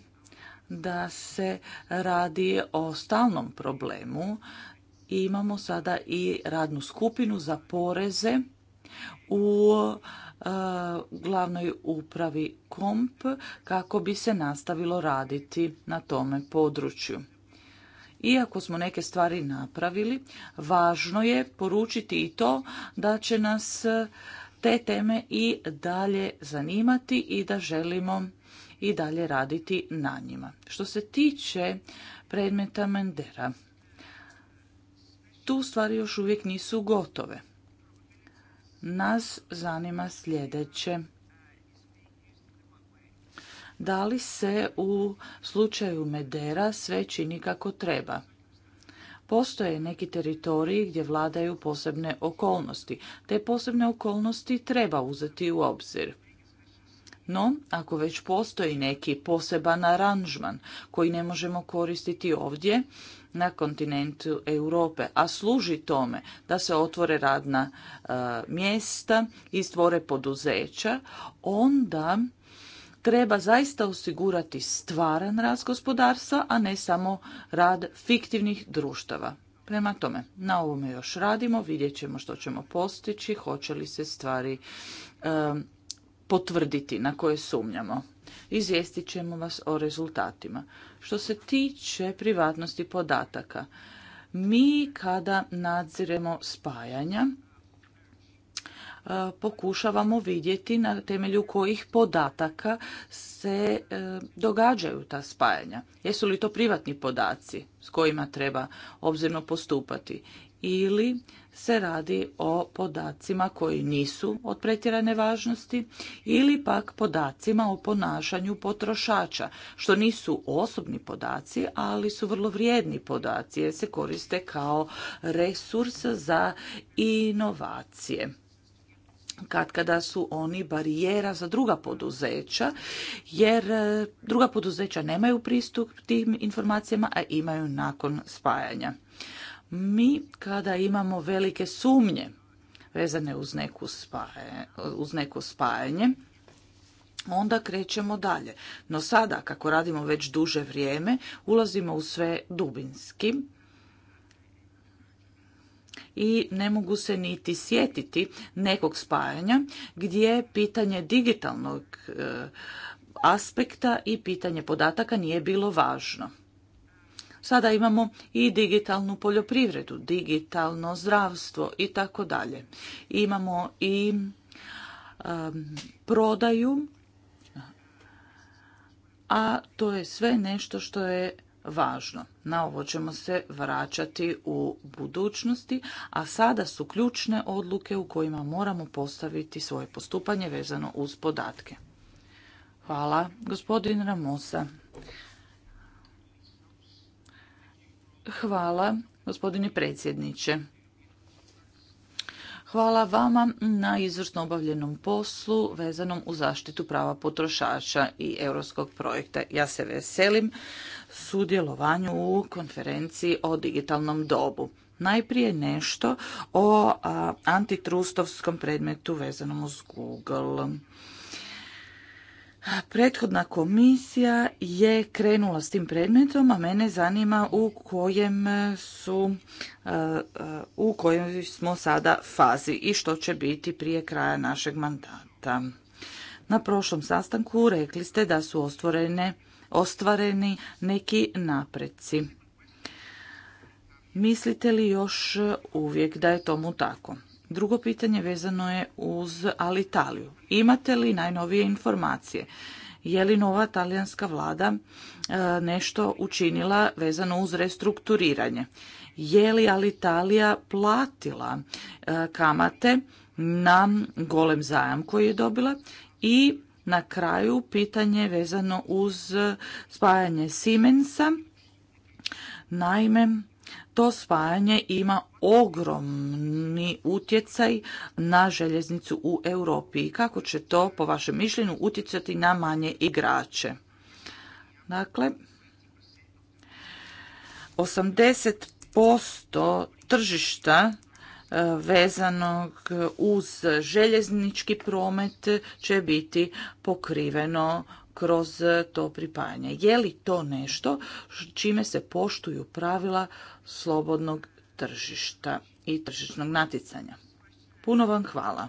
da se radi o stalnom problemu imamo sada i radnu skupinu za poreze u e, glavnoj upravi KOMP kako bi se nastavilo raditi na tome području. Iako smo neke stvari napravili, važno je poručiti i to da će nas te teme i dalje zanimati i da želimo i dalje raditi na njima. Što se tiče predmeta Mendera, tu stvari još uvijek nisu gotove. Nas zanima sljedeće. Da li se u slučaju Medera sve čini kako treba? Postoje neki teritoriji gdje vladaju posebne okolnosti. Te posebne okolnosti treba uzeti u obzir. No, ako već postoji neki poseban aranžman koji ne možemo koristiti ovdje na kontinentu Europe, a služi tome da se otvore radna e, mjesta i stvore poduzeća, onda treba zaista osigurati stvaran rast gospodarstva, a ne samo rad fiktivnih društava. Prema tome, na ovome još radimo, vidjet ćemo što ćemo postići, hoće li se stvari e, potvrditi na koje sumnjamo. Izvijestit ćemo vas o rezultatima. Što se tiče privatnosti podataka, mi kada nadziremo spajanja, e, pokušavamo vidjeti na temelju kojih podataka se e, događaju ta spajanja. Jesu li to privatni podaci s kojima treba obzirno postupati ili se radi o podacima koji nisu od pretjerane važnosti ili pak podacima o ponašanju potrošača, što nisu osobni podaci, ali su vrlo vrijedni podaci jer se koriste kao resurs za inovacije kad kada su oni barijera za druga poduzeća, jer e, druga poduzeća nemaju pristup tim informacijama, a imaju nakon spajanja mi kada imamo velike sumnje vezane uz neko spajanje, spajanje onda krećemo dalje. No sada, kako radimo već duže vrijeme, ulazimo u sve dubinski i ne mogu se niti sjetiti nekog spajanja gdje pitanje digitalnog e, aspekta i pitanje podataka nije bilo važno. Sada imamo i digitalnu poljoprivredu, digitalno zdravstvo i tako dalje. Imamo i prodaju, a to je sve nešto što je važno. Na ovo ćemo se vraćati u budućnosti, a sada su ključne odluke u kojima moramo postaviti svoje postupanje vezano uz podatke. Hvala, gospodin Ramosa. Hvala, gospodine predsjedniče. Hvala vama na izvrsno obavljenom poslu vezanom u zaštitu prava potrošača i europskog projekta. Ja se veselim sudjelovanju u konferenciji o digitalnom dobu. Najprije nešto o antitrustovskom predmetu vezanom uz Google. Prethodna komisija je krenula s tim predmetom, a mene zanima u kojem su e, e, u kojoj smo sada fazi i što će biti prije kraja našeg mandata. Na prošlom sastanku rekli ste da su ostvorene, ostvareni neki napreci. Mislite li još uvijek da je tomu tako? Drugo pitanje vezano je uz Alitaliju. Imate li najnovije informacije? Je li nova talijanska vlada e, nešto učinila vezano uz restrukturiranje? Je li Alitalija platila e, kamate na golem zajam koji je dobila? I na kraju pitanje vezano uz spajanje Siemensa. Naime, to spajanje ima ogromni utjecaj na željeznicu u Europi i kako će to, po vašem mišljenju, utjecati na manje igrače. Dakle, 80% tržišta e, vezanog uz željeznički promet će biti pokriveno kroz to pripajanje. Je li to nešto čime se poštuju pravila slobodnog tržišta i tržišnog natjecanja. Puno vam hvala.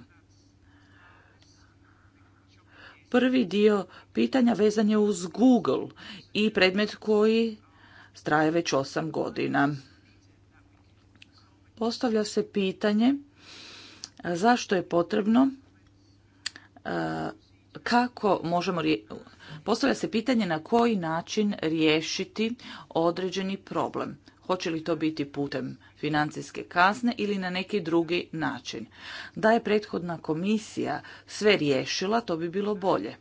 Prvi dio pitanja vezan je uz Google i predmet koji straje već osam godina. Postavlja se pitanje zašto je potrebno kako možemo postavlja se pitanje na koji način riješiti određeni problem hoće li to biti putem financijske kazne ili na neki drugi način. Da je prethodna komisija sve riješila, to bi bilo bolje.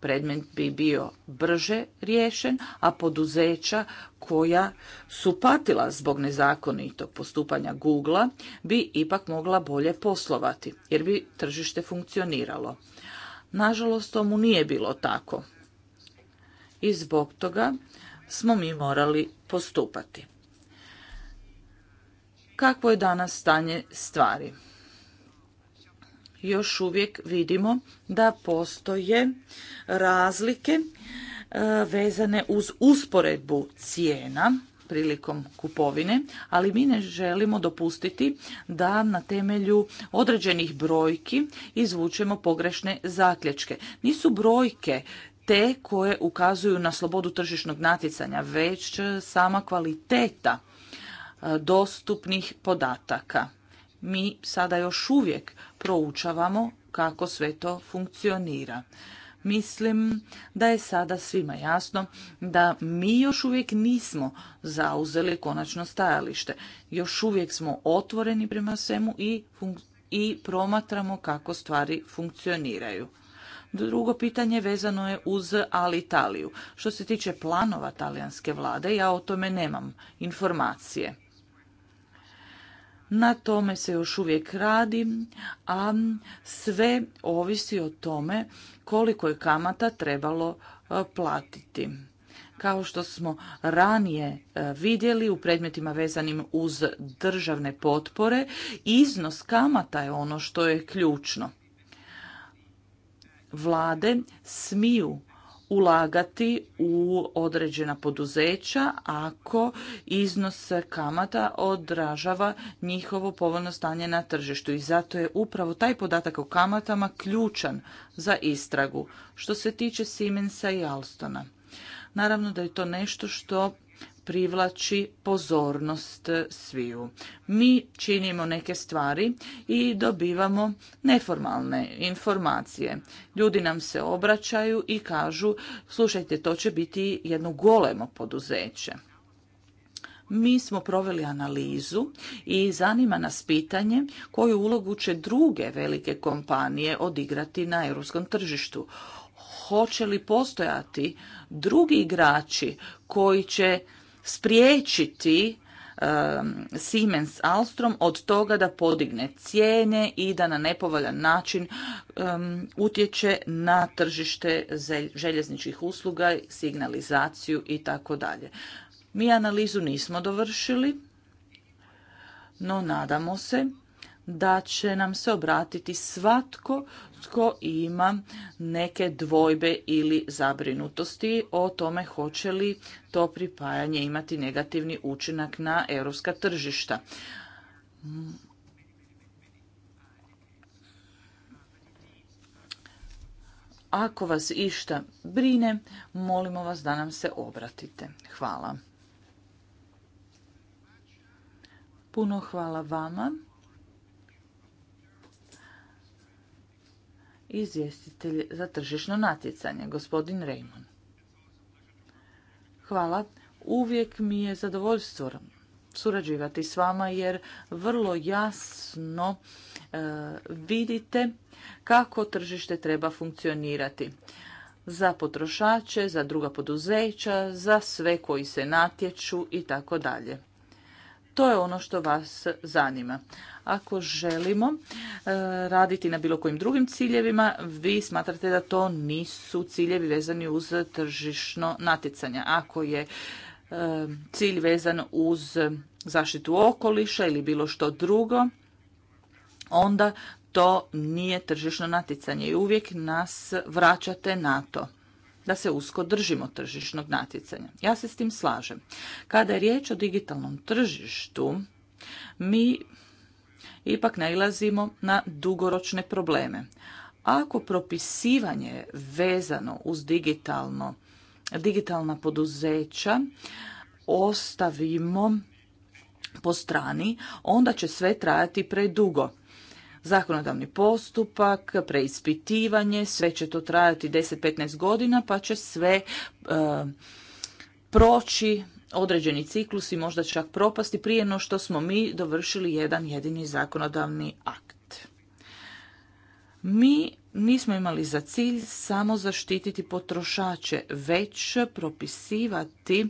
Predmet bi bio brže riješen, a poduzeća koja su patila zbog nezakonitog postupanja Google bi ipak mogla bolje poslovati jer bi tržište funkcioniralo. Nažalost, tomu nije bilo tako. I zbog toga smo mi morali postupati kakvo je danas stanje stvari. Još uvijek vidimo da postoje razlike e, vezane uz usporedbu cijena prilikom kupovine, ali mi ne želimo dopustiti da na temelju određenih brojki izvučemo pogrešne zaključke. Nisu brojke te koje ukazuju na slobodu tržišnog natjecanja, već sama kvaliteta E, dostupnih podataka. Mi sada još uvijek proučavamo kako sve to funkcionira. Mislim da je sada svima jasno da mi još uvijek nismo zauzeli konačno stajalište. Još uvijek smo otvoreni prema svemu i, i promatramo kako stvari funkcioniraju. Drugo pitanje vezano je uz Alitaliju. Što se tiče planova talijanske vlade, ja o tome nemam informacije. Na tome se još uvijek radi, a sve ovisi o tome koliko je kamata trebalo e, platiti. Kao što smo ranije e, vidjeli u predmetima vezanim uz državne potpore, iznos kamata je ono što je ključno. Vlade smiju ulagati u određena poduzeća ako iznos kamata odražava njihovo povoljno stanje na tržištu i zato je upravo taj podatak o kamatama ključan za istragu. Što se tiče Siemensa i Alstona, naravno da je to nešto što privlači pozornost sviju. Mi činimo neke stvari i dobivamo neformalne informacije. Ljudi nam se obraćaju i kažu slušajte to će biti jedno golemo poduzeće. Mi smo proveli analizu i zanima nas pitanje koju ulogu će druge velike kompanije odigrati na europskom tržištu hoće li postojati drugi igrači koji će spriječiti um, Siemens Alstrom od toga da podigne cijene i da na nepovoljan način um, utječe na tržište željezničkih usluga, signalizaciju i tako dalje. Mi analizu nismo dovršili, no nadamo se da će nam se obratiti svatko tko ima neke dvojbe ili zabrinutosti o tome hoće li to pripajanje imati negativni učinak na europska tržišta. Ako vas išta brine, molimo vas da nam se obratite. Hvala. Puno hvala vama. izvjestitelj za tržišno natjecanje, gospodin Raymond. Hvala. Uvijek mi je zadovoljstvo surađivati s vama jer vrlo jasno e, vidite kako tržište treba funkcionirati za potrošače, za druga poduzeća, za sve koji se natječu i tako dalje. To je ono što vas zanima. Ako želimo e, raditi na bilo kojim drugim ciljevima, vi smatrate da to nisu ciljevi vezani uz tržišno natjecanje. Ako je e, cilj vezan uz zaštitu okoliša ili bilo što drugo, onda to nije tržišno natjecanje i uvijek nas vraćate na to da se usko držimo tržišnog natjecanja. Ja se s tim slažem. Kada je riječ o digitalnom tržištu, mi ipak nailazimo na dugoročne probleme. Ako propisivanje vezano uz digitalno, digitalna poduzeća ostavimo po strani, onda će sve trajati predugo zakonodavni postupak, preispitivanje, sve će to trajati 10-15 godina pa će sve e, proći određeni ciklus i možda čak propasti prije no što smo mi dovršili jedan jedini zakonodavni akt. Mi nismo imali za cilj samo zaštititi potrošače, već propisivati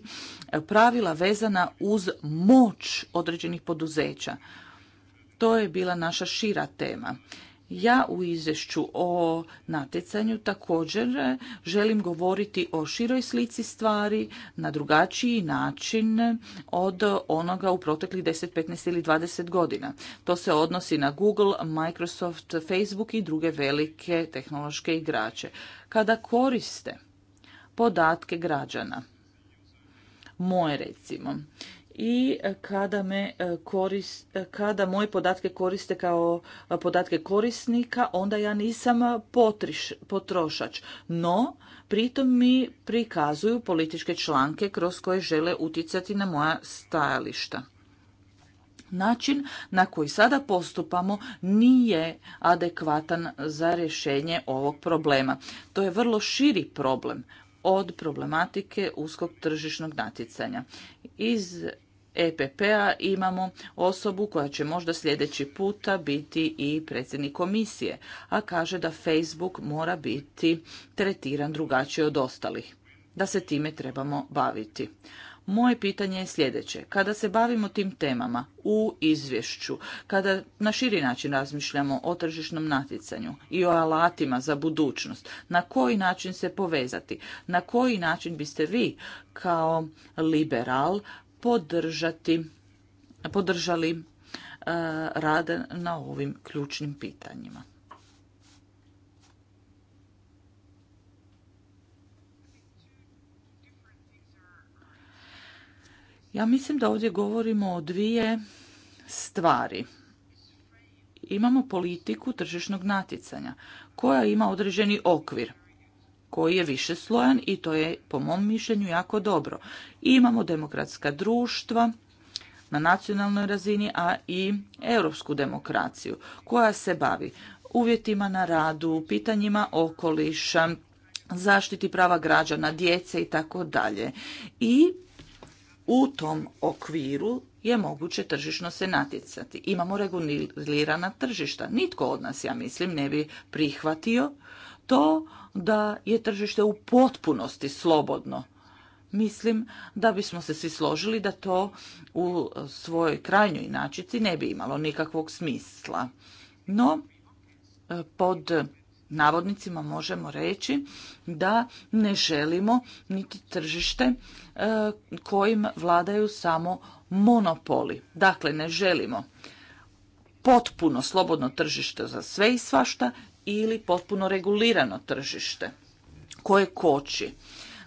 pravila vezana uz moć određenih poduzeća. To je bila naša šira tema. Ja u izvješću o natjecanju također želim govoriti o široj slici stvari na drugačiji način od onoga u proteklih 10, 15 ili 20 godina. To se odnosi na Google, Microsoft, Facebook i druge velike tehnološke igrače. Kada koriste podatke građana, moje recimo, i kada, me e, koris, e, kada moje podatke koriste kao e, podatke korisnika, onda ja nisam potriš, potrošač. No, pritom mi prikazuju političke članke kroz koje žele utjecati na moja stajališta. Način na koji sada postupamo nije adekvatan za rješenje ovog problema. To je vrlo širi problem od problematike uskog tržišnog natjecanja. Iz EPP-a imamo osobu koja će možda sljedeći puta biti i predsjednik komisije, a kaže da Facebook mora biti tretiran drugačije od ostalih, da se time trebamo baviti. Moje pitanje je sljedeće. Kada se bavimo tim temama u izvješću, kada na širi način razmišljamo o tržišnom natjecanju i o alatima za budućnost, na koji način se povezati, na koji način biste vi kao liberal podržati, podržali e, rade na ovim ključnim pitanjima. Ja mislim da ovdje govorimo o dvije stvari. Imamo politiku tržišnog natjecanja koja ima određeni okvir koji je više slojan i to je po mom mišljenju jako dobro. imamo demokratska društva na nacionalnoj razini, a i europsku demokraciju koja se bavi uvjetima na radu, pitanjima okoliša, zaštiti prava građana, djece i tako dalje. I u tom okviru je moguće tržišno se natjecati. Imamo regulirana tržišta. Nitko od nas, ja mislim, ne bi prihvatio to da je tržište u potpunosti slobodno. Mislim da bismo se svi složili da to u svojoj krajnjoj inačici ne bi imalo nikakvog smisla. No, pod navodnicima možemo reći da ne želimo niti tržište e, kojim vladaju samo monopoli. Dakle, ne želimo potpuno slobodno tržište za sve i svašta, ili potpuno regulirano tržište koje koči.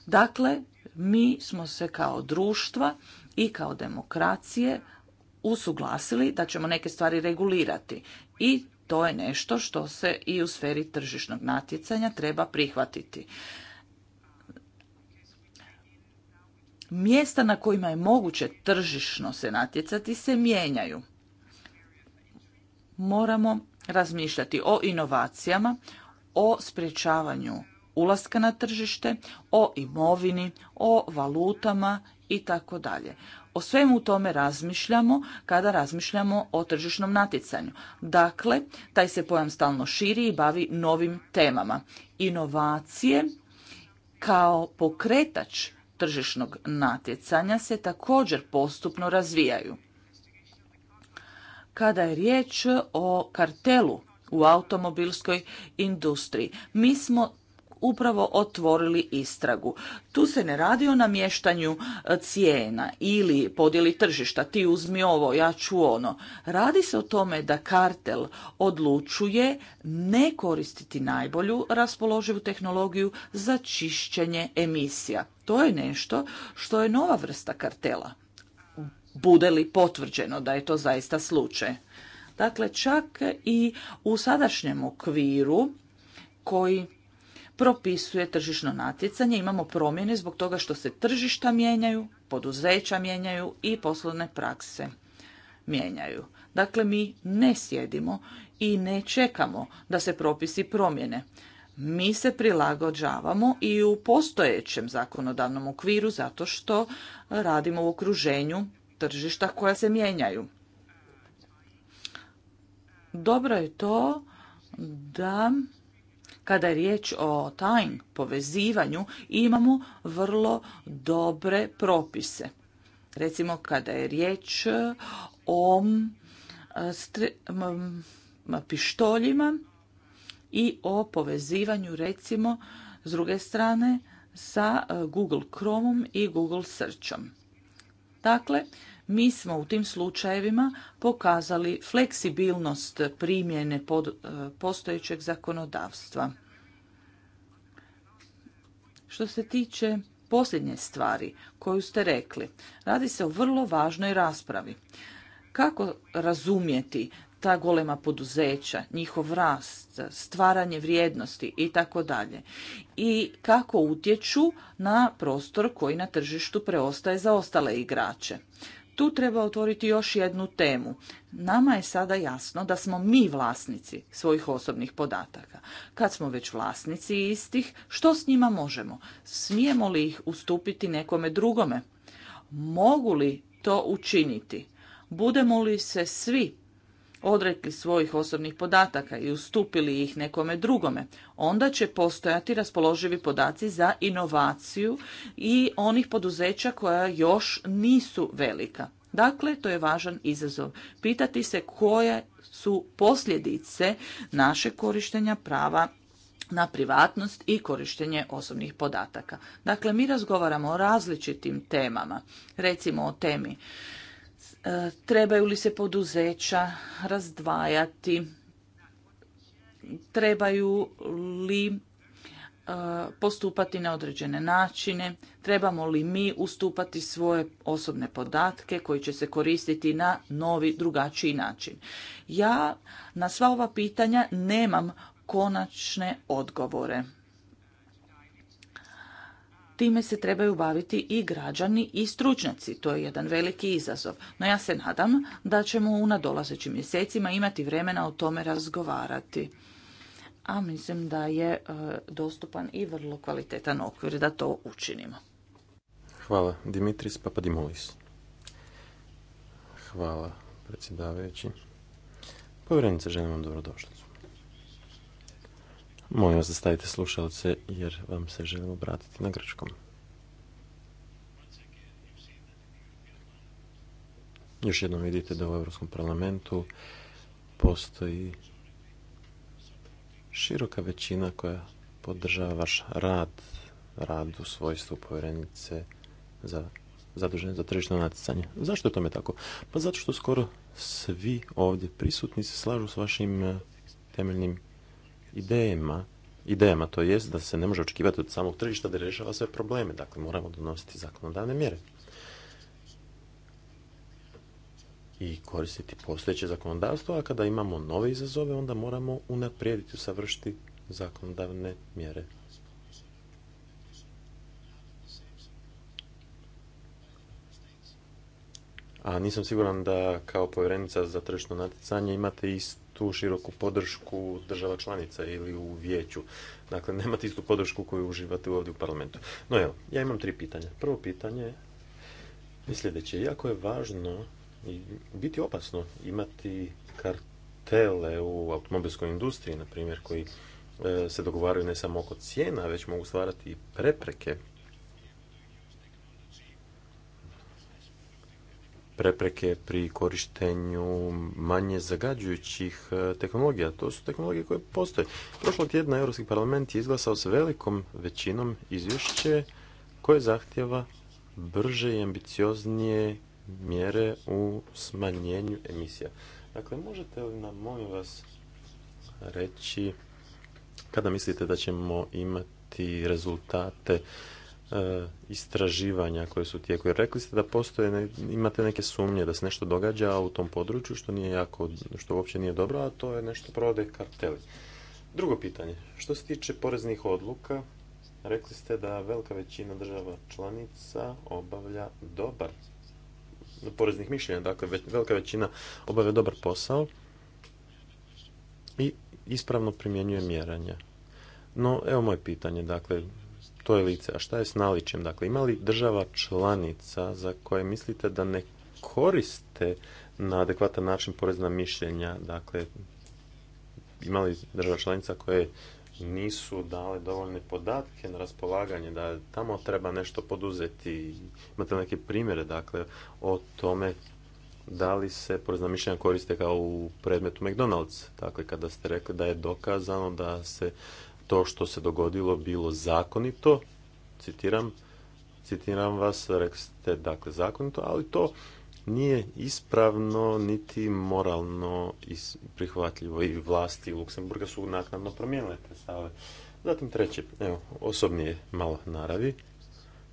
Dakle, mi smo se kao društva i kao demokracije usuglasili da ćemo neke stvari regulirati i to je nešto što se i u sferi tržišnog natjecanja treba prihvatiti. Mjesta na kojima je moguće tržišno se natjecati se mijenjaju. Moramo razmišljati o inovacijama, o sprječavanju ulaska na tržište, o imovini, o valutama i tako dalje. O svemu tome razmišljamo kada razmišljamo o tržišnom natjecanju. Dakle, taj se pojam stalno širi i bavi novim temama. Inovacije kao pokretač tržišnog natjecanja se također postupno razvijaju kada je riječ o kartelu u automobilskoj industriji. Mi smo upravo otvorili istragu. Tu se ne radi o namještanju e, cijena ili podjeli tržišta, ti uzmi ovo, ja ću ono. Radi se o tome da kartel odlučuje ne koristiti najbolju raspoloživu tehnologiju za čišćenje emisija. To je nešto što je nova vrsta kartela bude li potvrđeno da je to zaista slučaj. Dakle, čak i u sadašnjem okviru koji propisuje tržišno natjecanje, imamo promjene zbog toga što se tržišta mijenjaju, poduzeća mijenjaju i poslovne prakse mijenjaju. Dakle, mi ne sjedimo i ne čekamo da se propisi promjene. Mi se prilagođavamo i u postojećem zakonodavnom okviru zato što radimo u okruženju tržišta koja se mijenjaju. Dobro je to da kada je riječ o tajn povezivanju imamo vrlo dobre propise. Recimo kada je riječ o e, pištoljima i o povezivanju recimo s druge strane sa e, Google Chromeom i Google Searchom. Dakle, mi smo u tim slučajevima pokazali fleksibilnost primjene e, postojećeg zakonodavstva. Što se tiče posljednje stvari koju ste rekli, radi se o vrlo važnoj raspravi. Kako razumjeti ta golema poduzeća, njihov rast, stvaranje vrijednosti i tako dalje. I kako utječu na prostor koji na tržištu preostaje za ostale igrače. Tu treba otvoriti još jednu temu. Nama je sada jasno da smo mi vlasnici svojih osobnih podataka. Kad smo već vlasnici istih, što s njima možemo? Smijemo li ih ustupiti nekome drugome? Mogu li to učiniti? Budemo li se svi odrekli svojih osobnih podataka i ustupili ih nekome drugome, onda će postojati raspoloživi podaci za inovaciju i onih poduzeća koja još nisu velika. Dakle, to je važan izazov. Pitati se koje su posljedice naše korištenja prava na privatnost i korištenje osobnih podataka. Dakle, mi razgovaramo o različitim temama. Recimo o temi E, trebaju li se poduzeća razdvajati, trebaju li e, postupati na određene načine, trebamo li mi ustupati svoje osobne podatke koji će se koristiti na novi, drugačiji način. Ja na sva ova pitanja nemam konačne odgovore time se trebaju baviti i građani i stručnjaci. To je jedan veliki izazov. No ja se nadam da ćemo u nadolazećim mjesecima imati vremena o tome razgovarati. A mislim da je e, dostupan i vrlo kvalitetan okvir da to učinimo. Hvala. Dimitris Papadimolis. Hvala, predsjedavajući. Povjerenica želim vam dobrodošli. Molim vas da stavite slušalce jer vam se želim obratiti na grčkom. Još jednom vidite da u Europskom parlamentu postoji široka većina koja podržava vaš rad, rad u svojstvu povjerenice za zadužene za tržišno natjecanje. Zašto je tome tako? Pa zato što skoro svi ovdje prisutni se slažu s vašim eh, temeljnim idejama, idejama to jest da se ne može očekivati od samog tržišta da rješava sve probleme. Dakle, moramo donositi zakonodavne mjere. i koristiti postojeće zakonodavstvo, a kada imamo nove izazove, onda moramo unaprijediti, savršiti zakonodavne mjere. A nisam siguran da kao povjerenica za tržišno natjecanje imate ist tu široku podršku država članica ili u vijeću. Dakle, nemate istu podršku koju uživate ovdje u parlamentu. No evo, ja imam tri pitanja. Prvo pitanje je sljedeće. Jako je važno i biti opasno imati kartele u automobilskoj industriji, na primjer, koji e, se dogovaraju ne samo oko cijena, već mogu stvarati i prepreke prepreke pri korištenju manje zagađujućih e, tehnologija. To su tehnologije koje postoje. Prošlog tjedna Europski parlament je izglasao s velikom većinom izvješće koje zahtjeva brže i ambicioznije mjere u smanjenju emisija. Dakle, možete li nam, molim vas, reći kada mislite da ćemo imati rezultate E, istraživanja koje su tijeku. Jer rekli ste da postoje, imate neke sumnje da se nešto događa u tom području što nije jako, što uopće nije dobro, a to je nešto provode karteli. Drugo pitanje, što se tiče poreznih odluka, rekli ste da velika većina država članica obavlja dobar poreznih mišljenja, dakle velika većina obavlja dobar posao i ispravno primjenjuje mjeranja. No, evo moje pitanje, dakle, to je lice. A šta je s naličjem? Dakle, ima li država članica za koje mislite da ne koriste na adekvatan način porezna mišljenja? Dakle, ima li država članica koje nisu dale dovoljne podatke na raspolaganje, da tamo treba nešto poduzeti. Imate neke primjere, dakle, o tome da li se porezna mišljenja koriste kao u predmetu McDonald's, dakle, kada ste rekli da je dokazano da se to što se dogodilo bilo zakonito, citiram, citiram vas, rekli ste dakle zakonito, ali to nije ispravno niti moralno prihvatljivo i vlasti Luksemburga su naknadno promijenile te stave. Zatim treće, evo, osobnije malo naravi.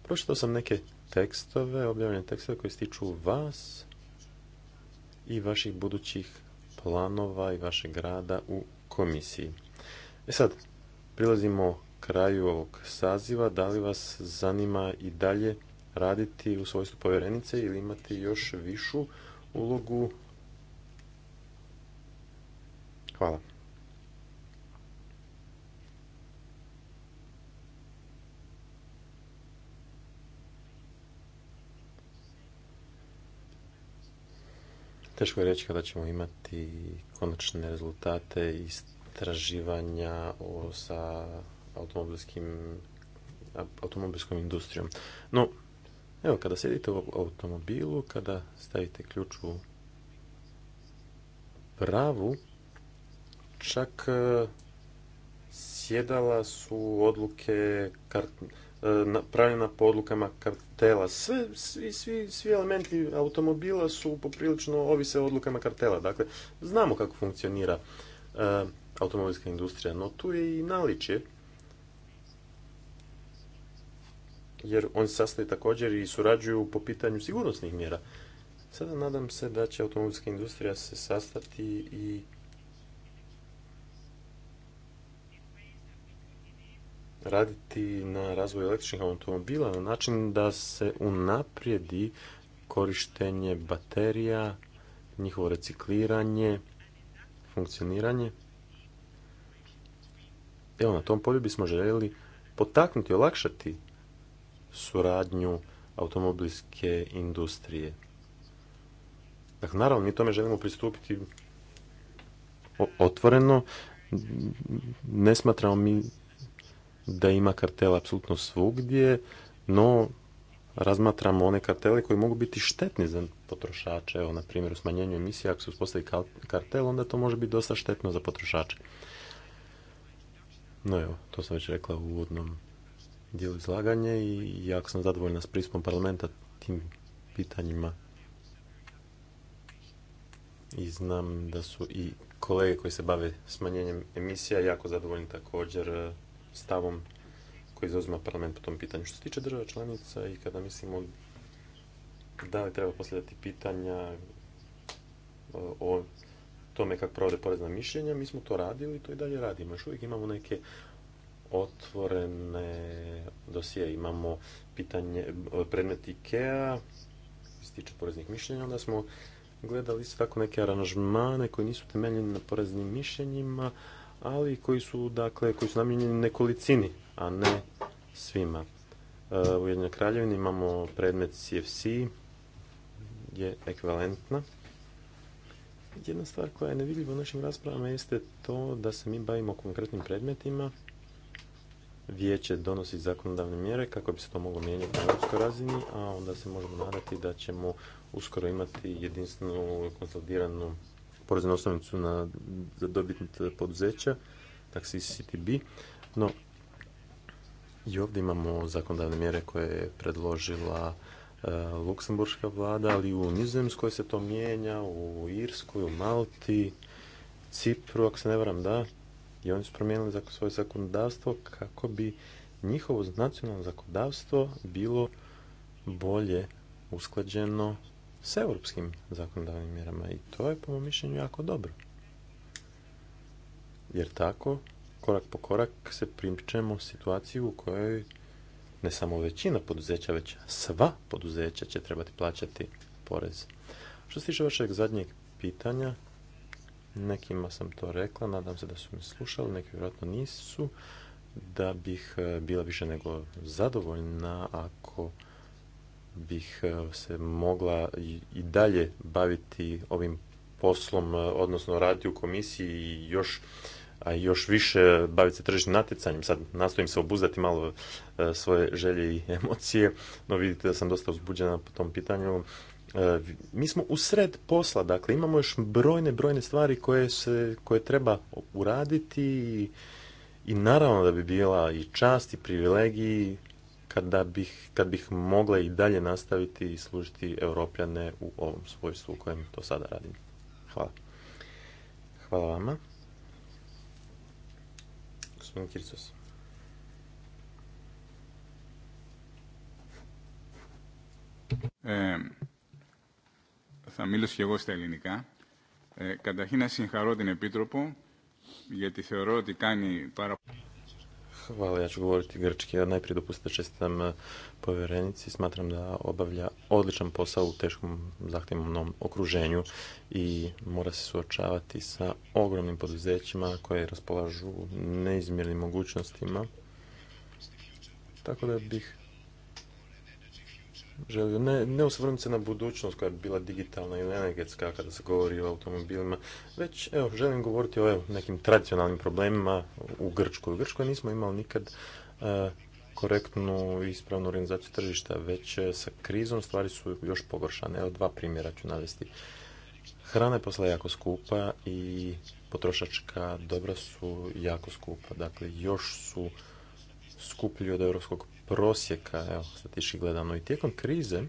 Pročitao sam neke tekstove, objavljene tekstove koji se vas i vaših budućih planova i vašeg rada u komisiji. E sad, prilazimo kraju ovog saziva. Da li vas zanima i dalje raditi u svojstvu povjerenice ili imati još višu ulogu? Hvala. Teško je reći kada ćemo imati konačne rezultate iz istraživanja o, sa automobilskim automobilskom industrijom. No, evo, kada sjedite u automobilu, kada stavite ključ u pravu, čak e, sjedala su odluke kart, e, napravljena po odlukama kartela. Sve, svi, svi, svi elementi automobila su poprilično ovise odlukama kartela. Dakle, znamo kako funkcionira e, automobilska industrija, no tu je i naličje, jer oni sastoji također i surađuju po pitanju sigurnosnih mjera. Sada nadam se da će automobilska industrija se sastati i raditi na razvoju električnih automobila na način da se unaprijedi korištenje baterija, njihovo recikliranje, funkcioniranje. Evo, na tom polju bismo željeli potaknuti, olakšati suradnju automobilske industrije. Dakle, naravno, mi tome želimo pristupiti otvoreno. Ne smatramo mi da ima kartela apsolutno svugdje, no razmatramo one kartele koji mogu biti štetni za potrošače. Evo, na primjer, u smanjenju emisija, ako se uspostavi kartel, onda to može biti dosta štetno za potrošače. No evo, to sam već rekla u uvodnom dijelu izlaganja i jako sam zadovoljna s prispom parlamenta tim pitanjima. I znam da su i kolege koji se bave smanjenjem emisija jako zadovoljni također e, stavom koji zauzima parlament po tom pitanju. Što se tiče država članica i kada mislimo da li treba postavljati pitanja e, o tome kako provode porezna mišljenja, mi smo to radili i to i dalje radimo. Još uvijek imamo neke otvorene dosije, imamo pitanje predmet IKEA, se tiče poreznih mišljenja, onda smo gledali svako tako neke aranžmane koji nisu temeljeni na poreznim mišljenjima, ali koji su, dakle, koji su namijenjeni nekolicini, a ne svima. E, u Jednoj kraljevini imamo predmet CFC, je ekvivalentna jedna stvar koja je nevidljiva u našim raspravama jeste to da se mi bavimo konkretnim predmetima. Vijeće donosi zakonodavne mjere kako bi se to moglo mijenjati na europskoj razini, a onda se možemo nadati da ćemo uskoro imati jedinstvenu konsolidiranu poreznu osnovnicu na, za dobit poduzeća, taksi CTB. No, i ovdje imamo zakonodavne mjere koje je predložila Eh, luksemburška vlada, ali u Nizozemskoj se to mijenja, u Irskoj, u Malti, Cipru, ako se ne varam, da. I oni su promijenili svoje zakonodavstvo kako bi njihovo nacionalno zakonodavstvo bilo bolje usklađeno s europskim zakonodavnim mjerama i to je po mom mišljenju jako dobro. Jer tako, korak po korak se primčemo situaciju u kojoj ne samo većina poduzeća, već sva poduzeća će trebati plaćati porez. Što se tiče vašeg zadnjeg pitanja, nekima sam to rekla, nadam se da su me slušali, neki vjerojatno nisu, da bih e, bila više nego zadovoljna ako bih e, se mogla i dalje baviti ovim poslom, e, odnosno raditi u komisiji i još a još više baviti se tržišnim natjecanjem. Sad nastojim se obuzdati malo e, svoje želje i *laughs* emocije, no vidite da sam dosta uzbuđena po tom pitanju. E, mi smo u sred posla, dakle imamo još brojne, brojne stvari koje, se, koje treba uraditi i, i naravno da bi bila i čast i privilegiji kada bih, kad bih mogla i dalje nastaviti i služiti Europljane u ovom svojstvu u kojem to sada radim. Hvala. Hvala vama gospodin Kircos. Ε, θα μιλήσω και εγώ στα ελληνικά. Ε, καταρχήν να συγχαρώ την Επίτροπο, γιατί θεωρώ ότι κάνει πάρα πολύ... Hvala, ja ću govoriti grčki. Ja najprije dopustite čestitam povjerenici. Smatram da obavlja odličan posao u teškom zahtjevnom okruženju i mora se suočavati sa ogromnim poduzećima koje raspolažu neizmjernim mogućnostima. Tako da bih želio, ne, ne se na budućnost koja je bila digitalna ili energetska kada se govori o automobilima, već evo, želim govoriti o nekim tradicionalnim problemima u Grčkoj. U Grčkoj nismo imali nikad eh, korektnu i ispravnu organizaciju tržišta, već e, sa krizom stvari su još pogoršane. Evo dva primjera ću navesti. Hrana je posla jako skupa i potrošačka dobra su jako skupa. Dakle, još su skuplji od europskog prosjeka, evo, statistički gledano. I tijekom krize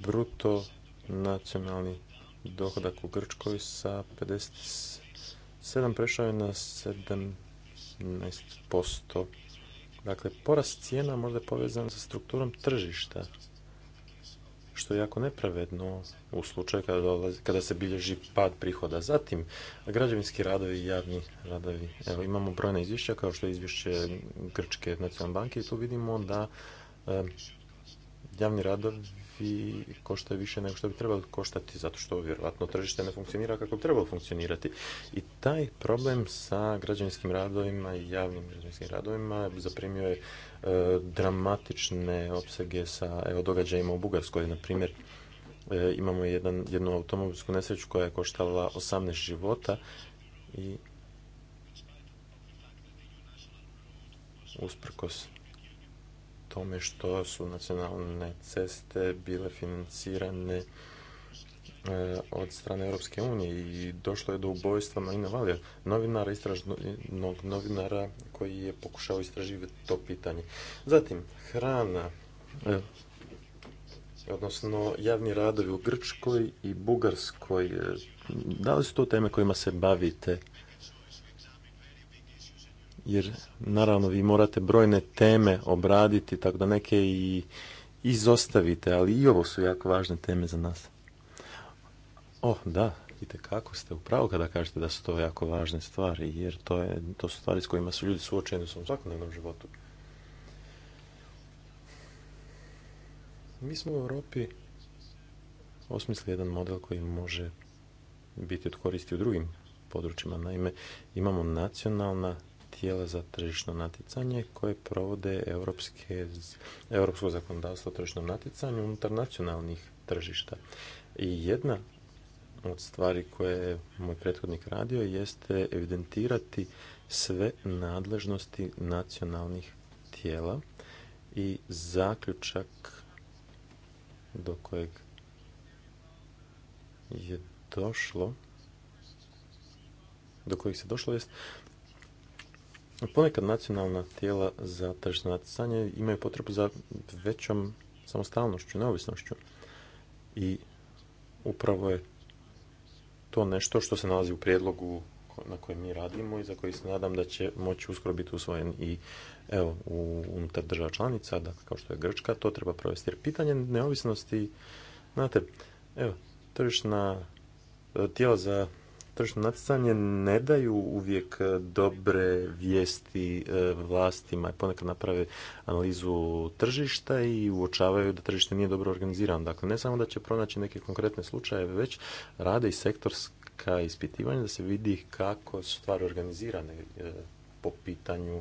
bruto nacionalni dohodak u Grčkoj sa 50. 7 prešao je na 17%. Dakle, porast cijena možda je povezan sa strukturom tržišta, što je jako nepravedno u slučaju kada, se bilježi pad prihoda. Zatim, građevinski radovi i javni radovi. Evo, imamo brojne izvješća, kao što je izvješće Grčke nacionalne banke i tu vidimo da eh, javni radovi i koštaju više nego što bi trebalo koštati, zato što vjerojatno tržište ne funkcionira kako bi trebalo funkcionirati. I taj problem sa građanskim radovima i javnim građevinskim radovima zaprimio je e, dramatične opsege sa događajima u Bugarskoj, na primjer, e, imamo jednu automobilsku nesreću koja je koštala 18 života i usprkos tome što su nacionalne ceste bile financirane e, od strane Europske unije i došlo je do ubojstva Marina Valija, novinara, istražnog novinara koji je pokušao istraživati to pitanje. Zatim, hrana, e, odnosno javni radovi u Grčkoj i Bugarskoj, e, da li su to teme kojima se bavite? jer naravno vi morate brojne teme obraditi, tako da neke i izostavite, ali i ovo su jako važne teme za nas. Oh, da, vidite kako ste upravo kada kažete da su to jako važne stvari, jer to, je, to su stvari s kojima su ljudi suočeni u svom svakodnevnom životu. Mi smo u Europi osmislili jedan model koji može biti od koristi u drugim područjima. Naime, imamo nacionalna tijela za tržišno natjecanje koje provode europske, europsko zakonodavstvo o tržišnom natjecanju unutar nacionalnih tržišta. I jedna od stvari koje je moj prethodnik radio jeste evidentirati sve nadležnosti nacionalnih tijela i zaključak do kojeg je došlo do kojih se došlo jest Ponekad nacionalna tijela za tržišno natjecanje imaju potrebu za većom samostalnošću, neovisnošću. I upravo je to nešto što se nalazi u prijedlogu na kojem mi radimo i za koji se nadam da će moći uskoro biti usvojen i evo, unutar država članica, da kao što je Grčka, to treba provesti. Jer pitanje neovisnosti, znate, evo, tržišna tijela za tržno natjecanje ne daju uvijek dobre vijesti e, vlastima. Ponekad naprave analizu tržišta i uočavaju da tržište nije dobro organizirano. Dakle, ne samo da će pronaći neke konkretne slučajeve, već rade i sektorska ispitivanja da se vidi kako su stvari organizirane e, po pitanju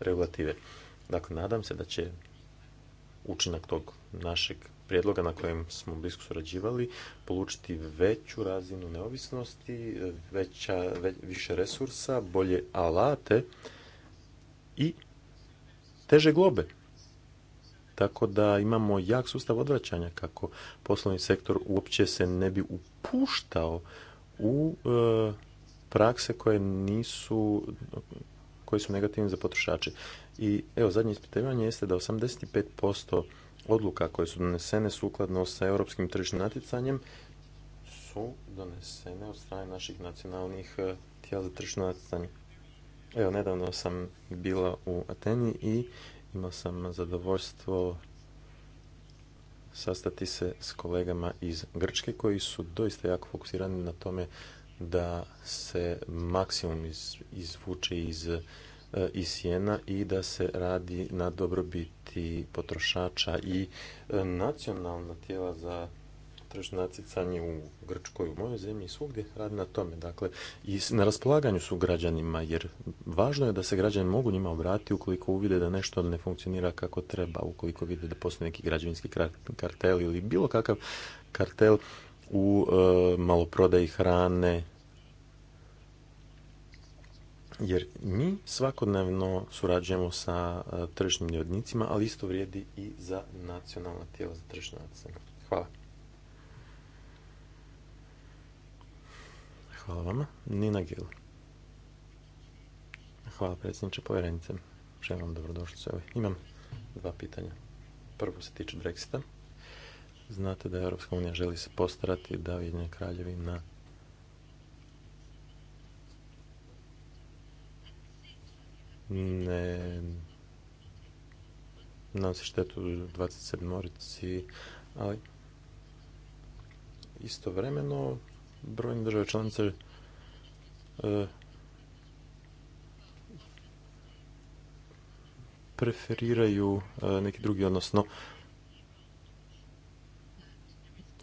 regulative. Dakle, nadam se da će učinak tog našeg prijedloga na kojem smo blisko surađivali polučiti veću razinu neovisnosti, veća, više resursa, bolje alate i teže globe. Tako da imamo jak sustav odvraćanja kako poslovni sektor uopće se ne bi upuštao u e, prakse koje nisu koji su negativni za potrošače. I evo zadnje ispitivanje jeste da 85% odluka koje su donesene sukladno sa europskim tržišnim natjecanjem su donesene od strane naših nacionalnih e, tijela za tržišno natjecanje. Evo, nedavno sam bila u Ateni i imao sam zadovoljstvo sastati se s kolegama iz Grčke koji su doista jako fokusirani na tome da se maksimum izvuče iz E, i sjena i da se radi na dobrobiti potrošača i e, nacionalna tijela za tržišno natjecanje u Grčkoj, u mojoj zemlji i svugdje radi na tome. Dakle, i na raspolaganju su građanima, jer važno je da se građani mogu njima obratiti ukoliko uvide da nešto ne funkcionira kako treba, ukoliko vide da postoji neki građevinski kartel ili bilo kakav kartel u e, maloprodaji hrane, jer mi svakodnevno surađujemo sa e, tržišnim ljudnicima, ali isto vrijedi i za nacionalna tijela za tržišno natjecanje. Hvala. Hvala vama. Nina Gil. Hvala predsjedniče povjerenice. Želim vam dobrodošlicu. Imam dva pitanja. Prvo se tiče Brexita. Znate da Europska unija želi se postarati da kraljevi na... ne se štetu 27-orici, ali istovremeno brojne države članice e, preferiraju e, neki drugi, odnosno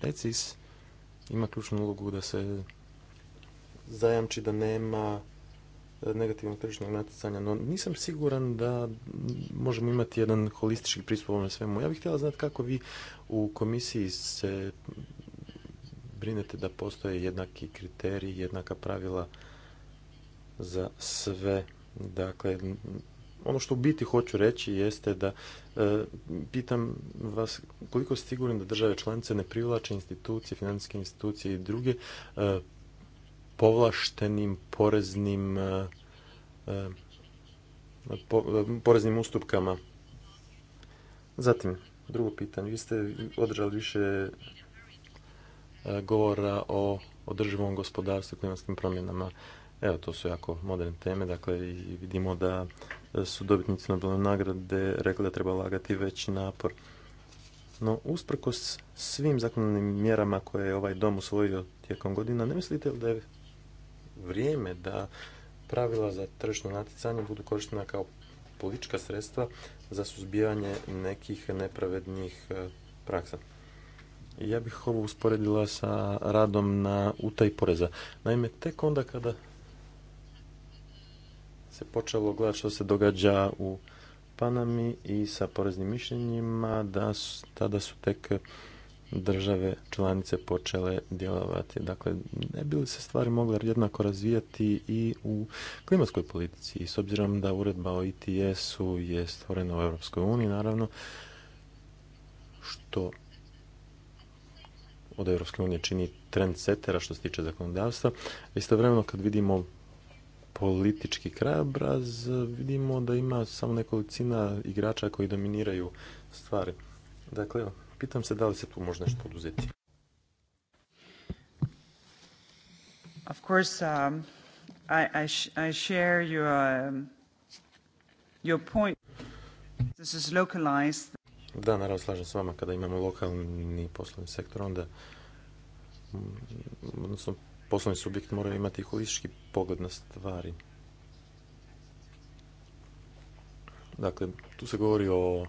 ECIS ima ključnu ulogu da se zajamči da nema negativnog tržišnog natjecanja, no nisam siguran da možemo imati jedan holistički pristup ovome svemu. Ja bih htjela znati kako vi u komisiji se brinete da postoje jednaki kriteriji, jednaka pravila za sve. Dakle, ono što u biti hoću reći jeste da e, pitam vas koliko ste sigurni da države članice ne privlače institucije, financijske institucije i druge e, povlaštenim poreznim e, e, poreznim ustupkama. Zatim, drugo pitanje. Vi ste održali više e, govora o održivom gospodarstvu i klimatskim promjenama. Evo, to su jako moderne teme, dakle vidimo da su dobitnici Nobelove nagrade rekli da treba lagati veći napor. No, usprkos svim zakonanim mjerama koje je ovaj dom usvojio tijekom godina, ne mislite li da je vrijeme da pravila za tržišno natjecanje budu korištena kao politička sredstva za suzbijanje nekih nepravednih e, praksa. Ja bih ovo usporedila sa radom na utaj poreza. Naime, tek onda kada se počelo gledati što se događa u Panami i sa poreznim mišljenjima, da tada su tek države članice počele djelovati. Dakle, ne bi li se stvari mogle jednako razvijati i u klimatskoj politici. I s obzirom da uredba o ITS-u e je stvorena u Europskoj uniji, naravno, što od Europske unije čini setera što se tiče zakonodavstva. Istovremeno kad vidimo politički krajobraz, vidimo da ima samo nekolicina igrača koji dominiraju stvari. Dakle, evo, Pitam se da li se tu može nešto poduzeti. Of course, um, I, I, I share your, um, your point. This is localized. Da, naravno slažem s vama kada imamo lokalni poslovni sektor, onda mm, odnosno, poslovni subjekt mora imati holistički pogled na stvari. Dakle, tu se govori o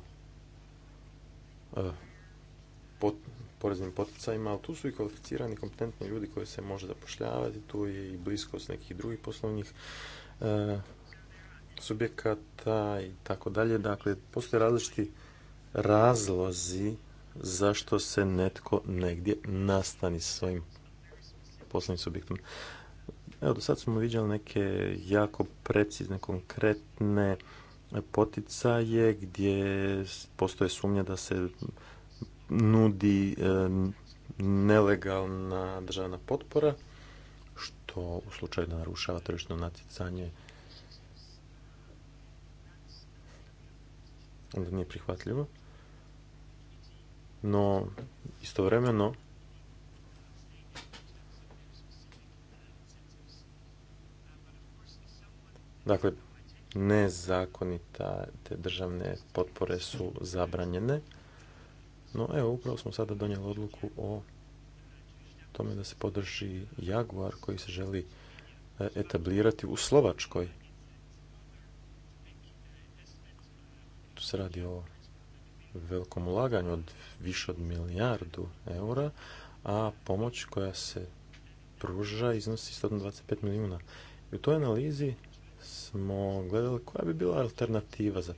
eh, poreznim poticajima, ali tu su i kvalificirani kompetentni ljudi koji se može zapošljavati, tu je i bliskost nekih drugih poslovnih e, subjekata i tako dalje. Dakle, postoje različiti razlozi zašto se netko negdje nastani sa svojim poslovnim subjektom. Evo, do sad smo vidjeli neke jako precizne, konkretne poticaje gdje postoje sumnja da se nudi e, nelegalna državna potpora, što u slučaju da narušava tržišno natjecanje onda nije prihvatljivo. No, istovremeno, dakle, nezakonite državne potpore su zabranjene. No evo, upravo smo sada donijeli odluku o tome da se podrži Jaguar koji se želi e, etablirati u Slovačkoj. Tu se radi o velikom ulaganju od više od milijardu eura, a pomoć koja se pruža iznosi 125 milijuna. I u toj analizi smo gledali koja bi bila alternativa za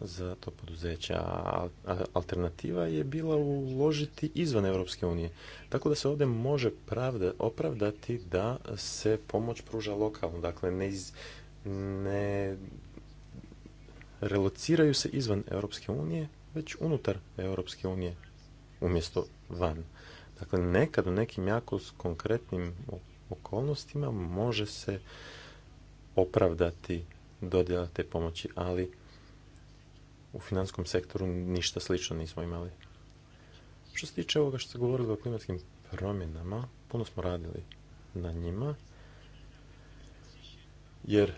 za to poduzeće, a alternativa je bila uložiti izvan Europske unije. Tako da se ovdje može pravda, opravdati da se pomoć pruža lokalno, dakle ne, iz, ne relociraju se izvan Europske unije, već unutar Europske unije umjesto van. Dakle, nekad u nekim jako konkretnim okolnostima može se opravdati dodjela te pomoći, ali u finanskom sektoru ništa slično nismo imali. Što se tiče ovoga što ste govorili o klimatskim promjenama, puno smo radili na njima, jer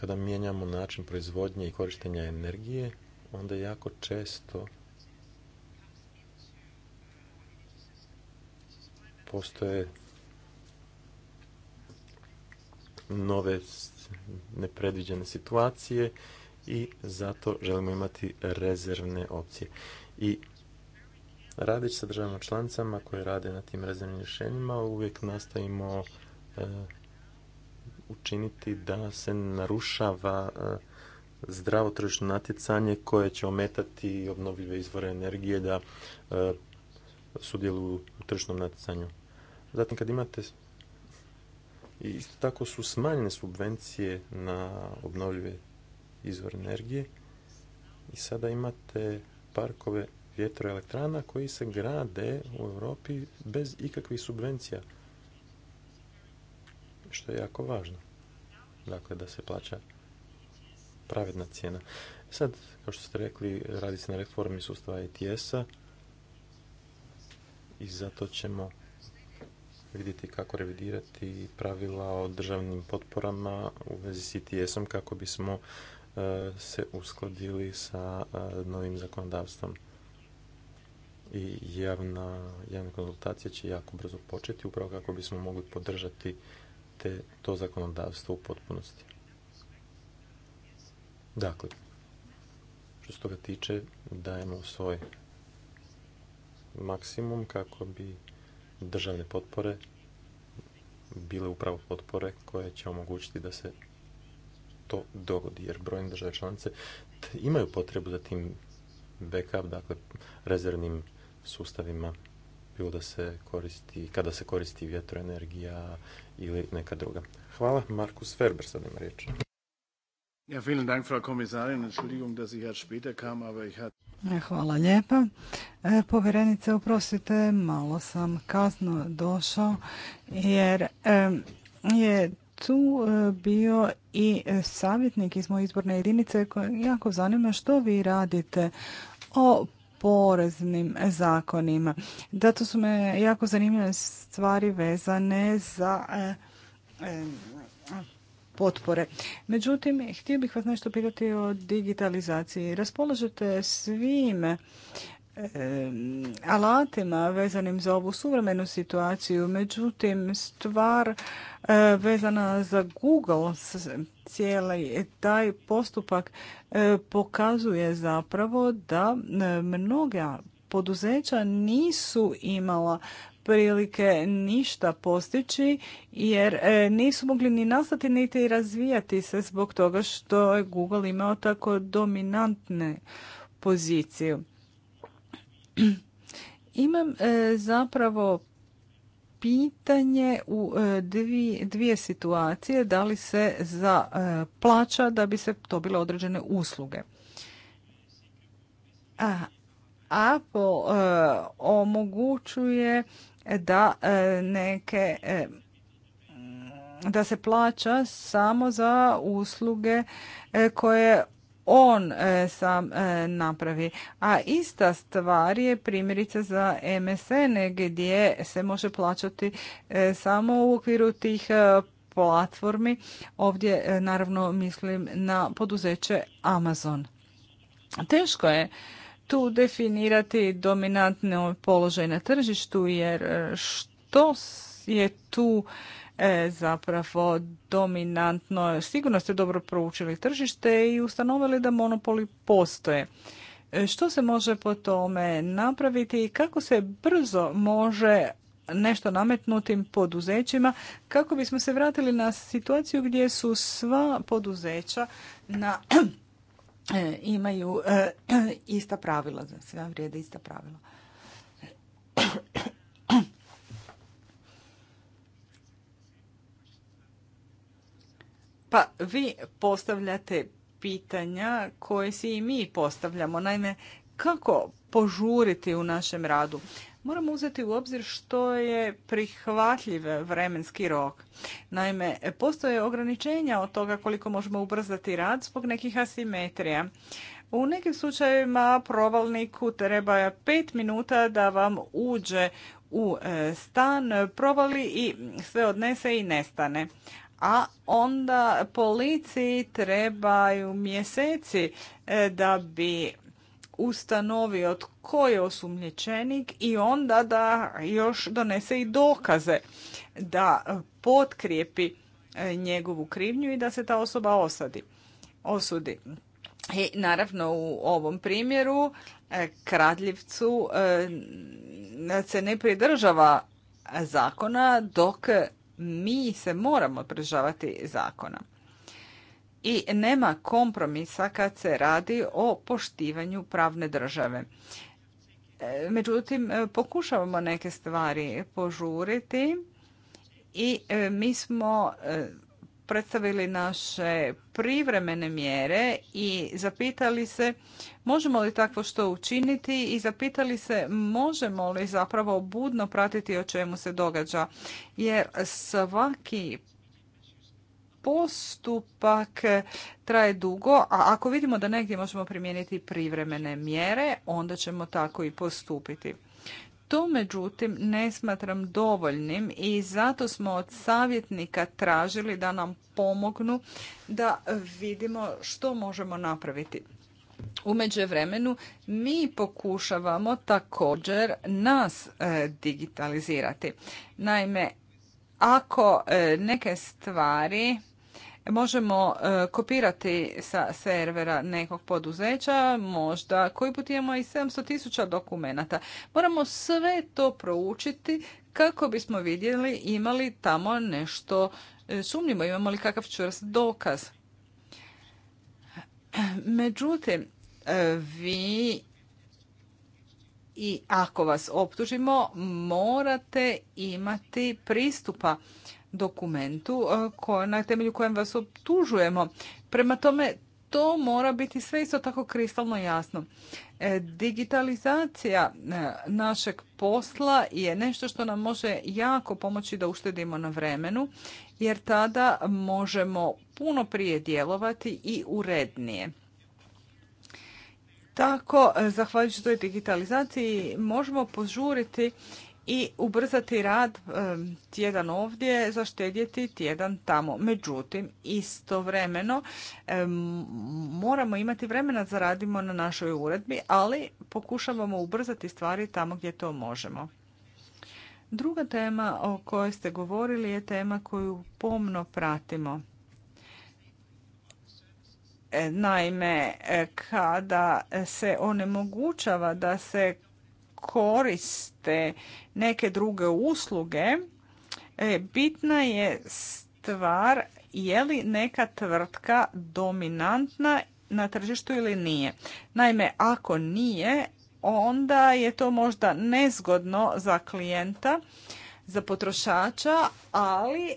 kada mijenjamo način proizvodnje i korištenja energije, onda jako često postoje nove nepredviđene situacije i zato želimo imati rezervne opcije. I radeći sa državama članicama koje rade na tim rezervnim rješenjima, uvijek nastavimo e, učiniti da se narušava e, zdravo tržišno natjecanje koje će ometati obnovljive izvore energije da e, sudjeluju u tržišnom natjecanju. Zatim kad imate i isto tako su smanjene subvencije na obnovljive izvor energije i sada imate parkove vjetroelektrana koji se grade u Europi bez ikakvih subvencija što je jako važno. Dakle, da se plaća pravedna cijena. Sad, kao što ste rekli, radi se na reformi sustava ETS-a i zato ćemo vidjeti kako revidirati pravila o državnim potporama u vezi s ETS-om kako bismo E, se uskladili sa e, novim zakonodavstvom. I javna, javne konzultacije će jako brzo početi, upravo kako bismo mogli podržati te, to zakonodavstvo u potpunosti. Dakle, što se toga tiče, dajemo svoj maksimum kako bi državne potpore bile upravo potpore koje će omogućiti da se to dogodi, jer brojne države članice imaju potrebu za tim backup, dakle rezervnim sustavima, bilo da se koristi, kada se koristi vjetroenergija ili neka druga. Hvala, Markus Ferber sad ima riječ. Ja, vielen Dank, Frau Kommissarin. Entschuldigung, dass ich erst später kam, aber ich hatte... Hvala lijepa. E, povjerenice, oprostite, malo sam kasno došao, jer je tu e, bio i e, savjetnik iz moje izborne jedinice koji jako zanima što vi radite o poreznim zakonima. Zato su me jako zanimljive stvari vezane za e, potpore. Međutim, htio bih vas nešto pitati o digitalizaciji. Raspolažete svime alatima vezanim za ovu suvremenu situaciju. Međutim, stvar e, vezana za Google, cijeli taj postupak e, pokazuje zapravo da e, mnoga poduzeća nisu imala prilike ništa postići jer nisu mogli ni nastati niti razvijati se zbog toga što je Google imao tako dominantne poziciju. *clears throat* Imam e, zapravo pitanje u e, dvije, dvije situacije da li se za e, plaća da bi se to bile određene usluge. A Apple omogućuje da neke da se plaća samo za usluge koje on e, sam e, napravi. A ista stvar je primjerice za MSN gdje se može plaćati e, samo u okviru tih platformi. Ovdje naravno mislim na poduzeće Amazon. Teško je tu definirati dominantni položaj na tržištu jer što je tu E, zapravo dominantno. Sigurno ste dobro proučili tržište i ustanovili da monopoli postoje. E, što se može po tome napraviti i kako se brzo može nešto nametnutim poduzećima kako bismo se vratili na situaciju gdje su sva poduzeća na e, imaju ista pravila, za sve vrijede ista pravila. Pa vi postavljate pitanja koje si i mi postavljamo. Naime, kako požuriti u našem radu? Moramo uzeti u obzir što je prihvatljiv vremenski rok. Naime, postoje ograničenja od toga koliko možemo ubrzati rad zbog nekih asimetrija. U nekim slučajevima provalniku treba pet minuta da vam uđe u e, stan, provali i sve odnese i nestane a onda policiji trebaju mjeseci e, da bi ustanovio tko je osumnjičenik i onda da još donese i dokaze da potkrijepi e, njegovu krivnju i da se ta osoba osadi, osudi. I naravno u ovom primjeru e, kradljivcu se ne pridržava zakona dok mi se moramo pridržavati zakona. I nema kompromisa kad se radi o poštivanju pravne države. E, međutim, e, pokušavamo neke stvari požuriti i e, mi smo predstavili naše privremene mjere i zapitali se možemo li takvo što učiniti i zapitali se možemo li zapravo budno pratiti o čemu se događa. Jer svaki postupak traje dugo, a ako vidimo da negdje možemo primijeniti privremene mjere, onda ćemo tako i postupiti. To međutim ne smatram dovoljnim i zato smo od savjetnika tražili da nam pomognu da vidimo što možemo napraviti. U međuvremenu mi pokušavamo također nas e, digitalizirati. Naime, ako e, neke stvari možemo e, kopirati sa servera nekog poduzeća, možda koji put imamo i 700 tisuća dokumenata. Moramo sve to proučiti kako bismo vidjeli imali tamo nešto e, sumnjivo, imamo li kakav čvrst dokaz. Međutim, e, vi i ako vas optužimo, morate imati pristupa dokumentu e, na temelju kojem vas optužujemo. Prema tome, to mora biti sve isto tako kristalno jasno. E, digitalizacija e, našeg posla je nešto što nam može jako pomoći da uštedimo na vremenu, jer tada možemo puno prije djelovati i urednije. Tako, zahvaljujući toj digitalizaciji, možemo požuriti i ubrzati rad e, tjedan ovdje, zaštedjeti tjedan tamo. Međutim, istovremeno e, moramo imati vremena da radimo na našoj uredbi, ali pokušavamo ubrzati stvari tamo gdje to možemo. Druga tema o kojoj ste govorili je tema koju pomno pratimo. E, naime, kada se onemogućava da se koriste neke druge usluge, e, bitna je stvar je li neka tvrtka dominantna na tržištu ili nije. Naime, ako nije, onda je to možda nezgodno za klijenta, za potrošača, ali e,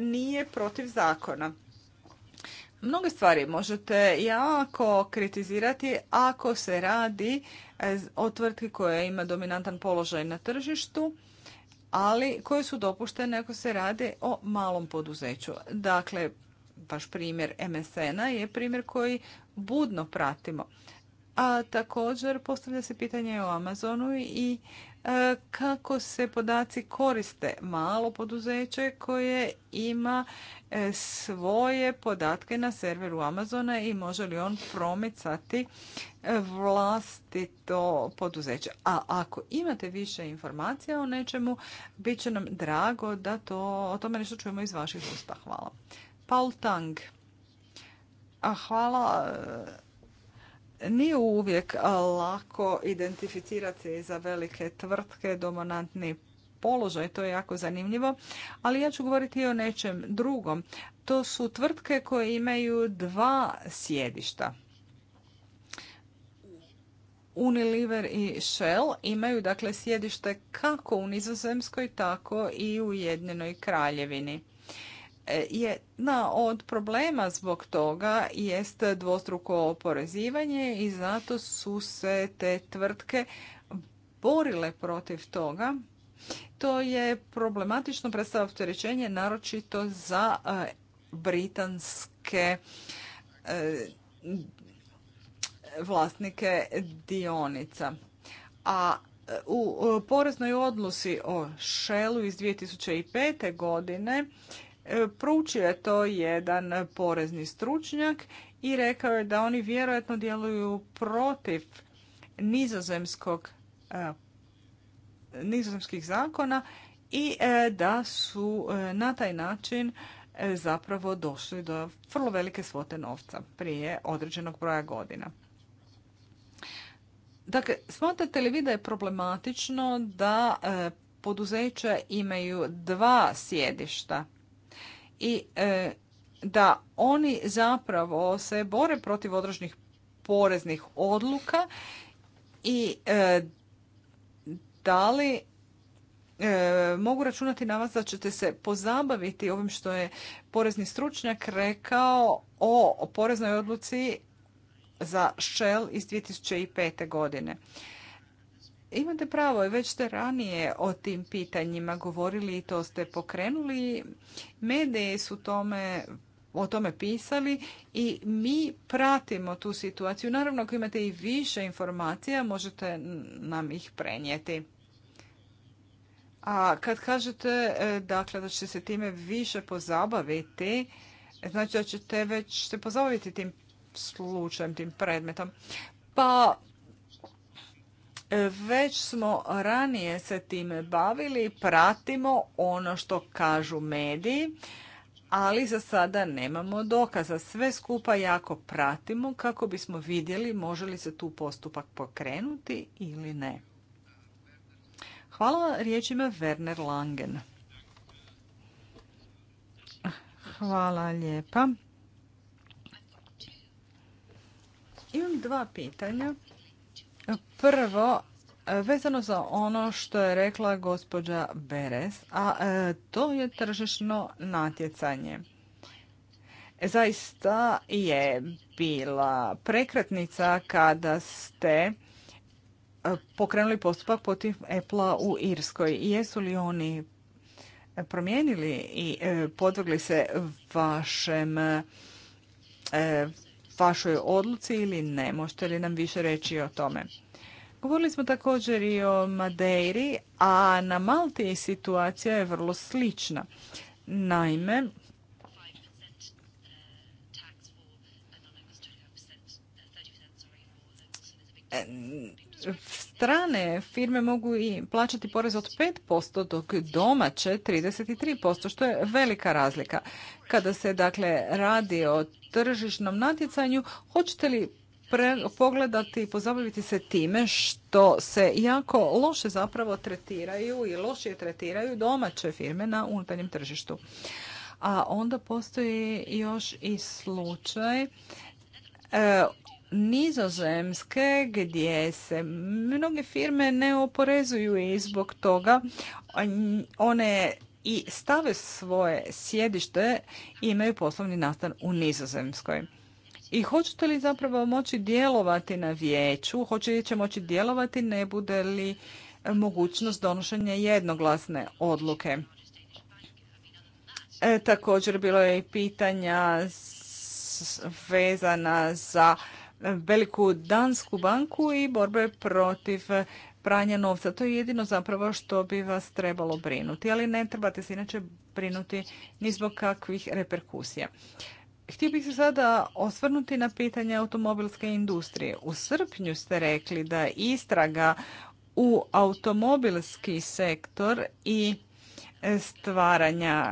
nije protiv zakona. Mnoge stvari možete jako kritizirati ako se radi E, o tvrtki koja ima dominantan položaj na tržištu, ali koje su dopuštene ako se radi o malom poduzeću. Dakle, baš primjer MSN-a je primjer koji budno pratimo. A također postavlja se pitanje o Amazonu i e, kako se podaci koriste malo poduzeće koje ima e, svoje podatke na serveru Amazona i može li on promicati e, vlastito poduzeće. A ako imate više informacija o nečemu, bit će nam drago da to, o tome nešto čujemo iz vaših usta. Hvala. Paul Tang. A hvala nije uvijek lako identificirati za velike tvrtke dominantni položaj, to je jako zanimljivo, ali ja ću govoriti i o nečem drugom. To su tvrtke koje imaju dva sjedišta. Unilever i Shell imaju dakle sjedište kako u Nizozemskoj, tako i u Ujedinjenoj Kraljevini. E, Jedna od problema zbog toga jest dvostruko oporezivanje i zato su se te tvrtke borile protiv toga. To je problematično predstavlja opterećenje naročito za e, britanske e, vlasnike dionica. A u poreznoj odlusi o Shellu iz 2005. godine E, proučio je to jedan porezni stručnjak i rekao je da oni vjerojatno djeluju protiv nizozemskog e, nizozemskih zakona i e, da su na taj način zapravo došli do vrlo velike svote novca prije određenog broja godina. Dakle, smatrate li vi da je problematično da poduzeća imaju dva sjedišta? i e, da oni zapravo se bore protiv određenih poreznih odluka i e, da li e, mogu računati na vas da ćete se pozabaviti ovim što je porezni stručnjak rekao o poreznoj odluci za Shell iz 2005. godine. Imate pravo, već ste ranije o tim pitanjima govorili i to ste pokrenuli. Medije su tome o tome pisali i mi pratimo tu situaciju. Naravno, ako imate i više informacija, možete nam ih prenijeti. A kad kažete e, dakle, da će se time više pozabaviti, znači da ćete već se pozabaviti tim slučajem, tim predmetom. Pa već smo ranije se time bavili, pratimo ono što kažu mediji, ali za sada nemamo dokaza. Sve skupa jako pratimo kako bismo vidjeli može li se tu postupak pokrenuti ili ne. Hvala riječima Werner Langen. Hvala lijepa. Imam dva pitanja. Prvo, vezano za ono što je rekla gospođa Beres, a e, to je tržišno natjecanje. Zaista je bila prekretnica kada ste e, pokrenuli postupak protiv Apple-a u Irskoj. Jesu li oni promijenili i e, podvrgli se vašem vašoj odluci ili ne? Možete li nam više reći o tome? Govorili smo također i o Madeiri, a na Malti situacija je vrlo slična. Naime, strane firme mogu i plaćati porez od 5%, dok domaće 33%, što je velika razlika. Kada se dakle radi o tržišnom natjecanju, hoćete li pogledati i pozabaviti se time što se jako loše zapravo tretiraju i lošije tretiraju domaće firme na unutarnjem tržištu. A onda postoji još i slučaj e, Nizozemske gdje se mnoge firme ne oporezuju i zbog toga one i stave svoje sjedište i imaju poslovni nastan u Nizozemskoj. I hoćete li zapravo moći djelovati na vijeću, hoće li će moći djelovati, ne bude li mogućnost donošenja jednoglasne odluke. E, također bilo je i pitanja vezana za veliku dansku banku i borbe protiv pranja novca. To je jedino zapravo što bi vas trebalo brinuti, ali ne trebate se inače brinuti ni zbog kakvih reperkusija. Htio bih se sada osvrnuti na pitanje automobilske industrije. U srpnju ste rekli da istraga u automobilski sektor i stvaranja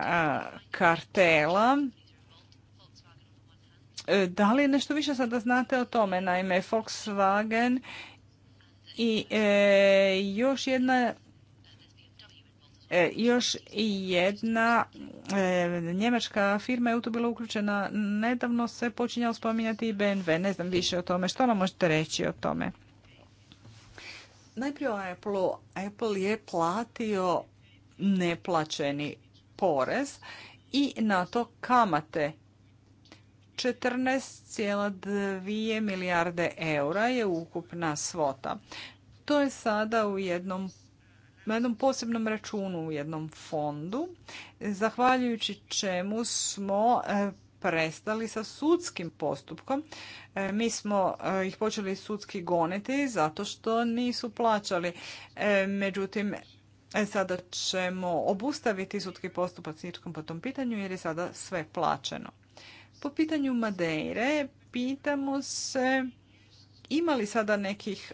kartela E, da li nešto više sada znate o tome? Naime, Volkswagen i e, još jedna e, još jedna njemačka firma je u to bila uključena. Nedavno se počinjao spominjati i BMW. Ne znam više o tome. Što nam možete reći o tome? Najprije Apple, Apple je platio neplaćeni porez i na to kamate 14,2 milijarde eura je ukupna svota. To je sada u jednom na jednom posebnom računu u jednom fondu, zahvaljujući čemu smo e, prestali sa sudskim postupkom. E, mi smo e, ih počeli sudski goniti zato što nisu plaćali. Međutim, sada ćemo obustaviti sudski postupak s po tom pitanju jer je sada sve plaćeno. Po pitanju Madeire pitamo se ima li sada nekih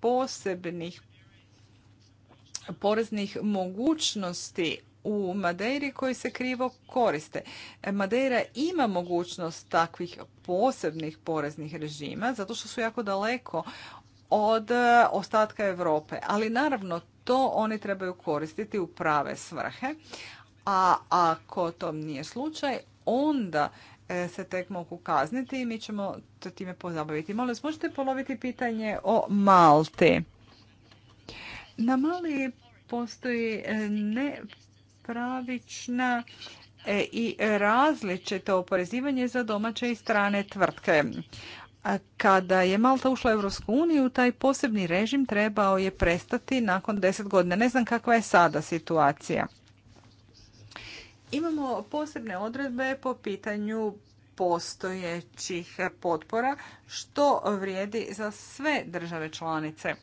posebnih poreznih mogućnosti u Madeiri koji se krivo koriste. Madeira ima mogućnost takvih posebnih poreznih režima zato što su jako daleko od e, ostatka Europe, ali naravno to oni trebaju koristiti u prave svrhe. A ako to nije slučaj, onda se tek mogu kazniti i mi ćemo to time pozabaviti. Molim vas, možete poloviti pitanje o Malti. Na Mali postoji e, nepravična e, i različito oporezivanje za domaće i strane tvrtke. Kada je Malta ušla u Europsku uniju, taj posebni režim trebao je prestati nakon deset godina. Ne znam kakva je sada situacija. Imamo posebne odredbe po pitanju postojećih potpora, što vrijedi za sve države članice.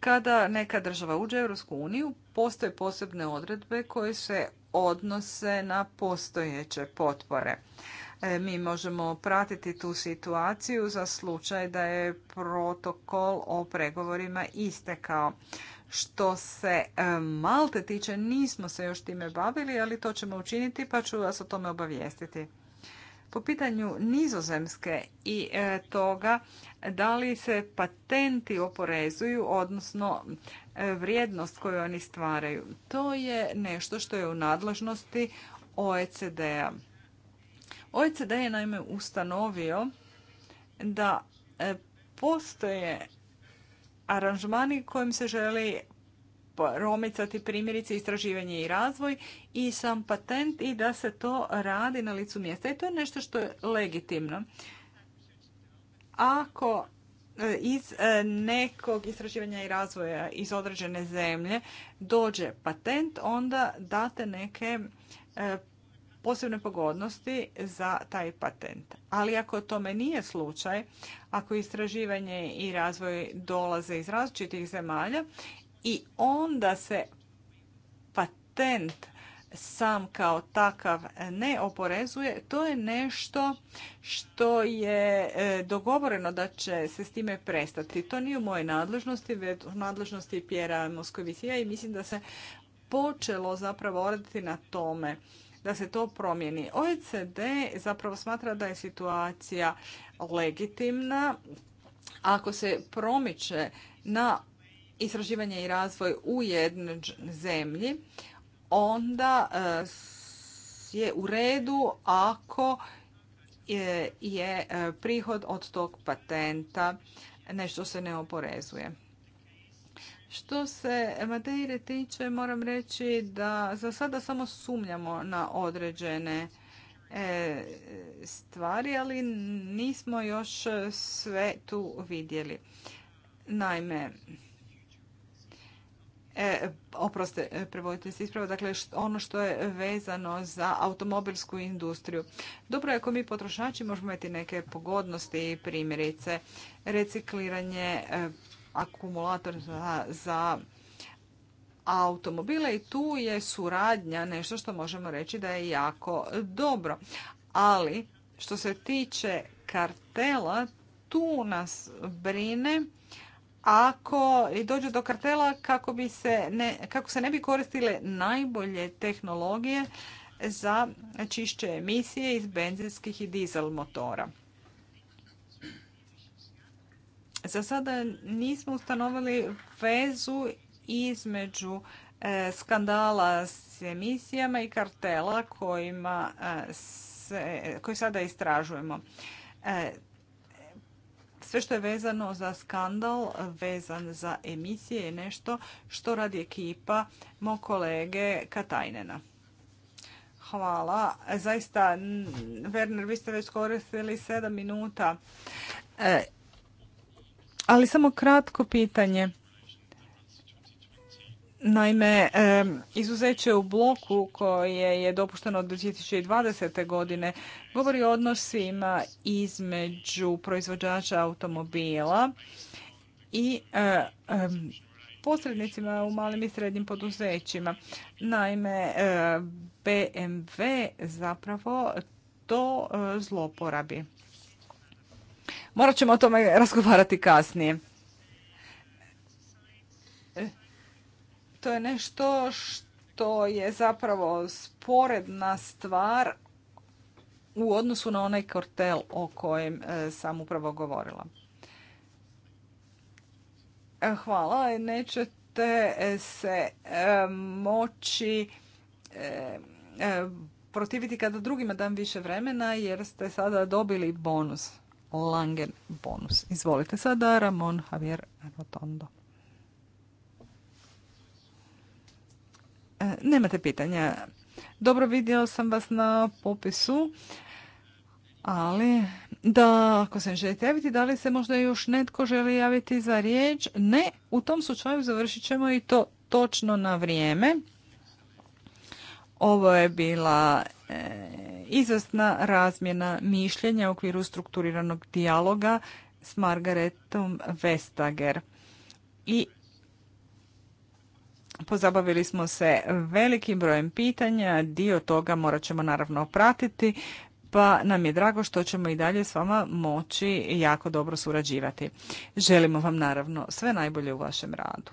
Kada neka država uđe u Europsku uniju, postoje posebne odredbe koje se odnose na postojeće potpore. E, mi možemo pratiti tu situaciju za slučaj da je protokol o pregovorima istekao. Što se e, Malte tiče, nismo se još time bavili, ali to ćemo učiniti pa ću vas o tome obavijestiti. Po pitanju nizozemske i e, toga da li se patenti oporezuju, odnosno e, vrijednost koju oni stvaraju, to je nešto što je u nadležnosti OECD-a. OECD je naime ustanovio da postoje aranžmani kojim se želi promicati primjerice istraživanje i razvoj i sam patent i da se to radi na licu mjesta. I to je nešto što je legitimno. Ako e, iz e, nekog istraživanja i razvoja iz određene zemlje dođe patent, onda date neke e, posebne pogodnosti za taj patent. Ali ako tome nije slučaj, ako istraživanje i razvoj dolaze iz različitih zemalja i onda se patent sam kao takav ne oporezuje, to je nešto što je e, dogovoreno da će se s time prestati. To nije u mojoj nadležnosti, već u nadležnosti Pjera Moskovicija i mislim da se počelo zapravo raditi na tome da se to promijeni. OECD zapravo smatra da je situacija legitimna ako se promiče na istraživanje i razvoj u jednoj zemlji, onda e, je u redu ako je e, prihod od tog patenta nešto se ne oporezuje. Što se materije tiče, moram reći da za sada samo sumnjamo na određene e, stvari, ali nismo još sve tu vidjeli. Naime, e, oproste, prevodite se ispravo, dakle ono što je vezano za automobilsku industriju. Dobro je ako mi potrošači možemo imati neke pogodnosti i primjerice recikliranje e, akumulator za, automobile i tu je suradnja nešto što možemo reći da je jako dobro. Ali što se tiče kartela, tu nas brine ako dođe do kartela kako, se ne, kako se ne bi koristile najbolje tehnologije za čišće emisije iz benzinskih i dizel motora. Za sada nismo ustanovili vezu između e, skandala s emisijama i kartela kojima e, koji sada istražujemo. E, sve što je vezano za skandal, vezan za emisije je nešto što radi ekipa mog kolege Katajnena. Hvala. Zaista, Werner, vi ste već koristili sedam minuta. Ali samo kratko pitanje. Naime, izuzeće u bloku koje je dopušteno od 2020. godine govori o odnosima između proizvođača automobila i e, posrednicima u malim i srednjim poduzećima. Naime, e, BMW zapravo to e, zloporabi. Morat ćemo o tome razgovarati kasnije. E, to je nešto što je zapravo sporedna stvar u odnosu na onaj kortel o kojem e, sam upravo govorila. E, hvala. Nećete se moći protiviti kada drugima dam više vremena jer ste sada dobili bonus. Langen bonus. Izvolite sada Ramon Javier Rotondo. E, nemate pitanja. Dobro vidio sam vas na popisu, ali da ako se želite javiti, da li se možda još netko želi javiti za riječ? Ne, u tom slučaju završit ćemo i to točno na vrijeme. Ovo je bila e, izvrsna razmjena mišljenja u okviru strukturiranog dijaloga s Margaretom Vestager. I pozabavili smo se velikim brojem pitanja, dio toga morat ćemo naravno pratiti, pa nam je drago što ćemo i dalje s vama moći jako dobro surađivati. Želimo vam naravno sve najbolje u vašem radu.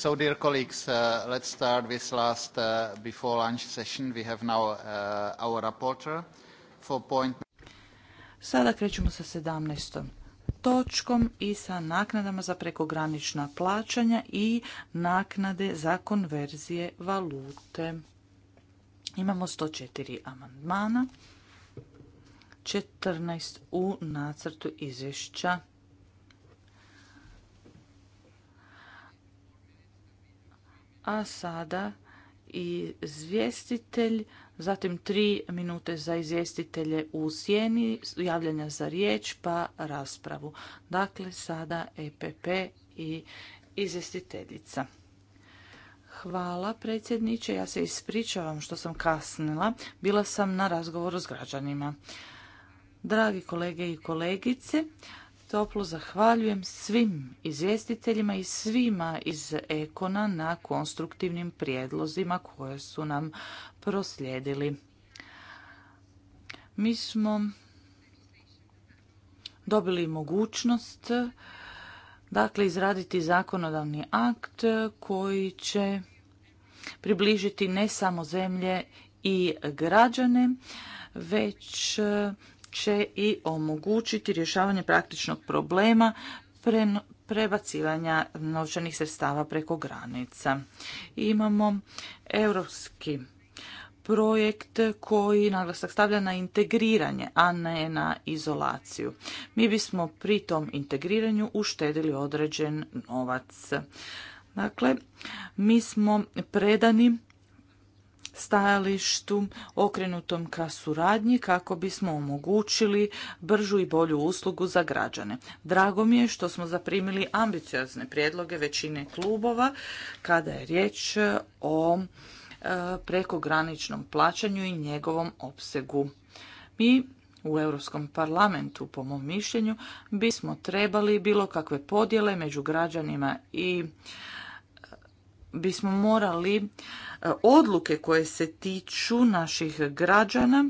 So, dear colleagues, uh, let's start this last uh, before lunch session. We have now uh, our reporter for point... Sada krećemo sa 17. točkom i sa naknadama za prekogranična plaćanja i naknade za konverzije valute. Imamo 104 amandmana, 14 u nacrtu izvješća a sada i izvjestitelj, zatim tri minute za izvjestitelje u sjeni, javljanja za riječ pa raspravu. Dakle, sada EPP i izvjestiteljica. Hvala predsjedniče, ja se ispričavam što sam kasnila, bila sam na razgovoru s građanima. Dragi kolege i kolegice, Toplo zahvaljujem svim izvjestiteljima i svima iz Ekona na konstruktivnim prijedlozima koje su nam proslijedili. Mi smo dobili mogućnost dakle izraditi zakonodavni akt koji će približiti ne samo zemlje i građane, već će i omogućiti rješavanje praktičnog problema prebacivanja novčanih sredstava preko granica. Imamo europski projekt koji naglasak stavlja na integriranje, a ne na izolaciju. Mi bismo pri tom integriranju uštedili određen novac. Dakle, mi smo predani stajalištu okrenutom ka suradnji kako bismo omogućili bržu i bolju uslugu za građane. Drago mi je što smo zaprimili ambiciozne prijedloge većine klubova kada je riječ e, o e, prekograničnom plaćanju i njegovom opsegu. Mi u Europskom parlamentu, po mom mišljenju, bismo trebali bilo kakve podjele među građanima i bismo morali e, odluke koje se tiču naših građana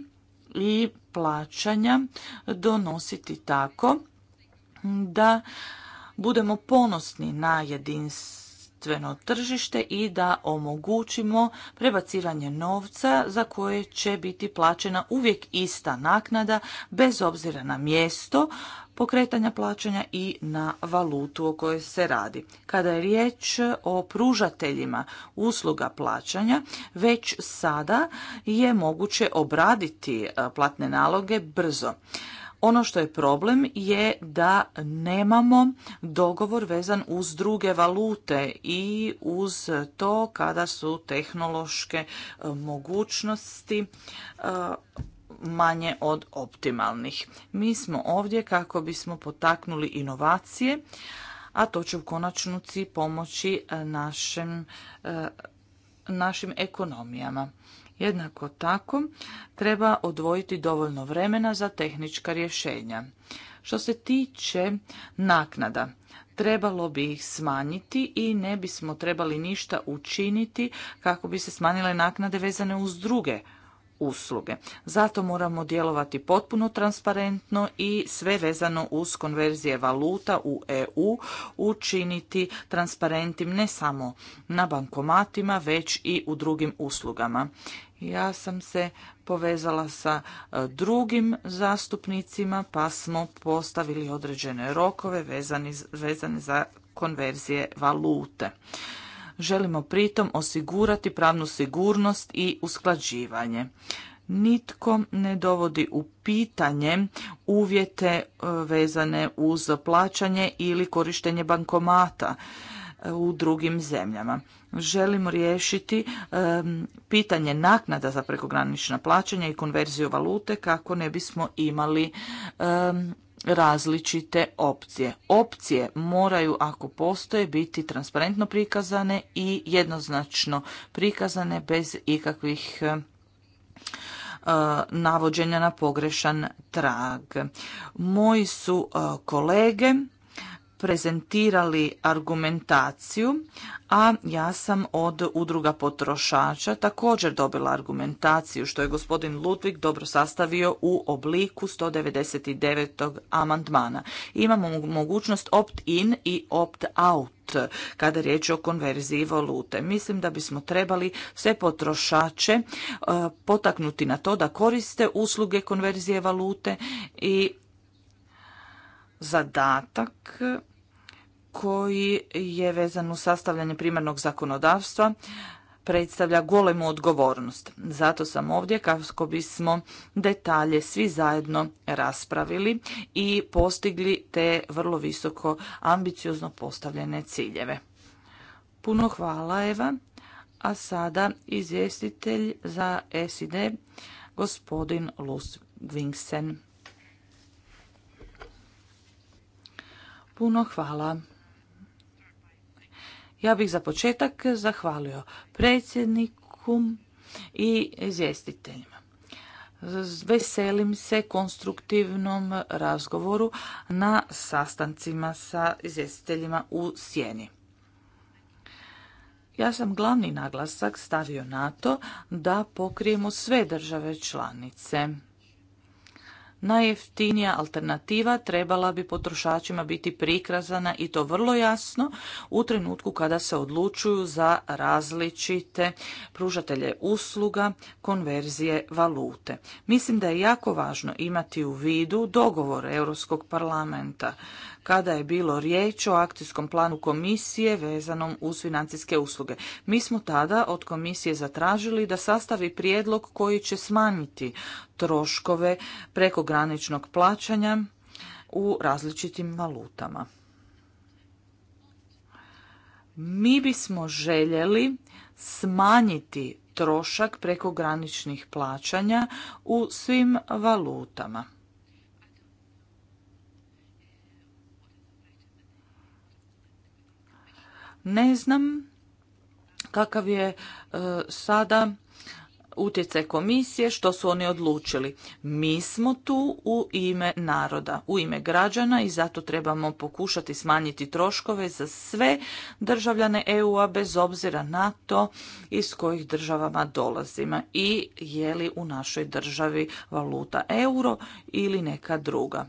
i plaćanja donositi tako da budemo ponosni na jedinstvo jedinstveno tržište i da omogućimo prebacivanje novca za koje će biti plaćena uvijek ista naknada bez obzira na mjesto pokretanja plaćanja i na valutu o kojoj se radi. Kada je riječ o pružateljima usluga plaćanja, već sada je moguće obraditi e, platne naloge brzo. Ono što je problem je da nemamo dogovor vezan uz druge valute i uz to kada su tehnološke e, mogućnosti e, manje od optimalnih. Mi smo ovdje kako bismo potaknuli inovacije, a to će u konačnici pomoći e, našim, našim ekonomijama. Jednako tako treba odvojiti dovoljno vremena za tehnička rješenja. Što se tiče naknada, trebalo bi ih smanjiti i ne bismo trebali ništa učiniti kako bi se smanjile naknade vezane uz druge usluge. Zato moramo djelovati potpuno transparentno i sve vezano uz konverzije valuta u EU učiniti transparentnim ne samo na bankomatima, već i u drugim uslugama. Ja sam se povezala sa e, drugim zastupnicima pa smo postavili određene rokove vezane za konverzije valute. Želimo pritom osigurati pravnu sigurnost i usklađivanje. Nitko ne dovodi u pitanje uvjete e, vezane uz plaćanje ili korištenje bankomata e, u drugim zemljama. Želimo riješiti e, pitanje naknada za prekogranična plaćanja i konverziju valute kako ne bismo imali različite opcije. Opcije moraju, ako postoje, biti transparentno prikazane i jednoznačno prikazane bez ikakvih e, e, navođenja na pogrešan trag. Moji su e, kolege prezentirali argumentaciju, a ja sam od udruga potrošača također dobila argumentaciju što je gospodin Ludvig dobro sastavio u obliku 199. amandmana. Imamo mogućnost opt-in i opt-out kada je riječ o konverziji valute. Mislim da bismo trebali sve potrošače e, potaknuti na to da koriste usluge konverzije valute i zadatak koji je vezan u sastavljanje primarnog zakonodavstva predstavlja golemu odgovornost. Zato sam ovdje kako bismo detalje svi zajedno raspravili i postigli te vrlo visoko ambiciozno postavljene ciljeve. Puno hvala Eva, a sada izvjestitelj za SID gospodin Lus Vingsen. Puno hvala. Ja bih za početak zahvalio predsjedniku i izvjestiteljima. Veselim se konstruktivnom razgovoru na sastancima sa izvjestiteljima u sjeni. Ja sam glavni naglasak stavio na to da pokrijemo sve države članice Najjeftinija alternativa trebala bi potrošačima biti prikazana i to vrlo jasno u trenutku kada se odlučuju za različite pružatelje usluga konverzije valute. Mislim da je jako važno imati u vidu dogovor Europskog parlamenta kada je bilo riječ o akcijskom planu komisije vezanom uz financijske usluge. Mi smo tada od komisije zatražili da sastavi prijedlog koji će smanjiti troškove prekograničnog plaćanja u različitim valutama. Mi bismo željeli smanjiti trošak prekograničnih plaćanja u svim valutama. Ne znam kakav je e, sada utjecaj komisije, što su oni odlučili. Mi smo tu u ime naroda, u ime građana i zato trebamo pokušati smanjiti troškove za sve državljane EU-a bez obzira na to iz kojih državama dolazimo i je li u našoj državi valuta euro ili neka druga.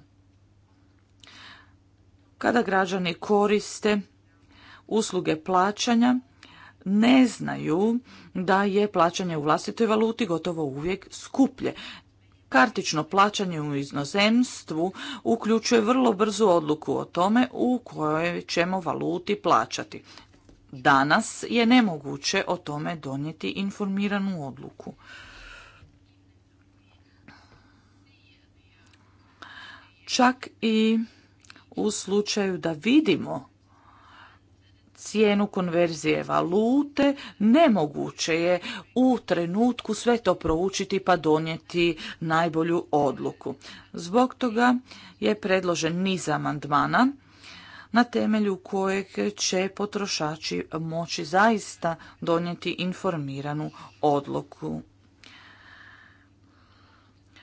Kada građani koriste usluge plaćanja ne znaju da je plaćanje u vlastitoj valuti gotovo uvijek skuplje. Kartično plaćanje u iznozemstvu uključuje vrlo brzu odluku o tome u kojoj ćemo valuti plaćati. Danas je nemoguće o tome donijeti informiranu odluku. Čak i u slučaju da vidimo cijenu konverzije valute, nemoguće je u trenutku sve to proučiti pa donijeti najbolju odluku. Zbog toga je predložen niz amandmana na temelju kojeg će potrošači moći zaista donijeti informiranu odluku.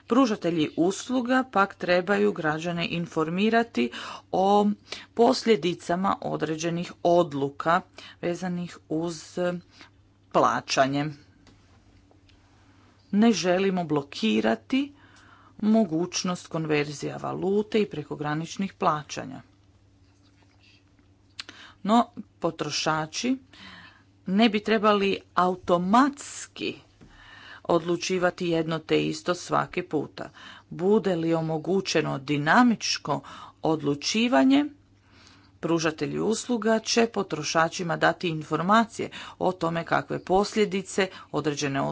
Pružatelji usluga pak trebaju građane informirati o posljedicama određenih odluka vezanih uz plaćanje. Ne želimo blokirati mogućnost konverzija valute i prekograničnih plaćanja. No, potrošači ne bi trebali automatski odlučivati jedno te isto svaki puta. Bude li omogućeno dinamičko odlučivanje, Pružatelji usluga će potrošačima dati informacije o tome kakve posljedice određene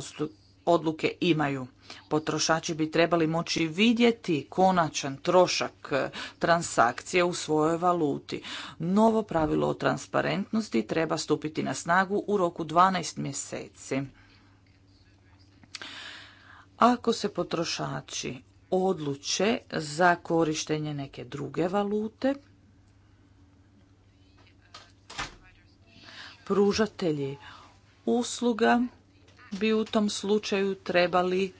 odluke imaju. Potrošači bi trebali moći vidjeti konačan trošak e, transakcije u svojoj valuti. Novo pravilo o transparentnosti treba stupiti na snagu u roku 12 mjeseci. Ako se potrošači odluče za korištenje neke druge valute, pružatelji usluga bi u tom slučaju trebali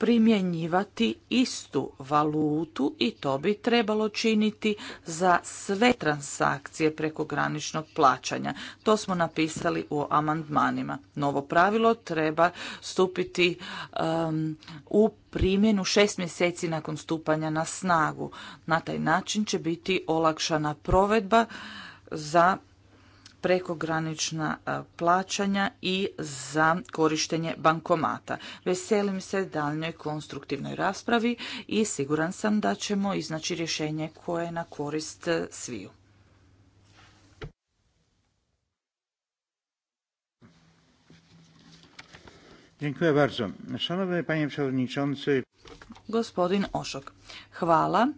primjenjivati istu valutu i to bi trebalo činiti za sve transakcije graničnog plaćanja. To smo napisali u amandmanima. Novo pravilo treba stupiti um, u primjenu šest mjeseci nakon stupanja na snagu. Na taj način će biti olakšana provedba za prekogranična e, plaćanja i za korištenje bankomata. Veselim se daljnjoj konstruktivnoj raspravi i siguran sam da ćemo iznaći rješenje koje je na korist e, sviju. Dziękuję bardzo. Szanowny panie przewodniczący. Gospodin Ošok. Hvala.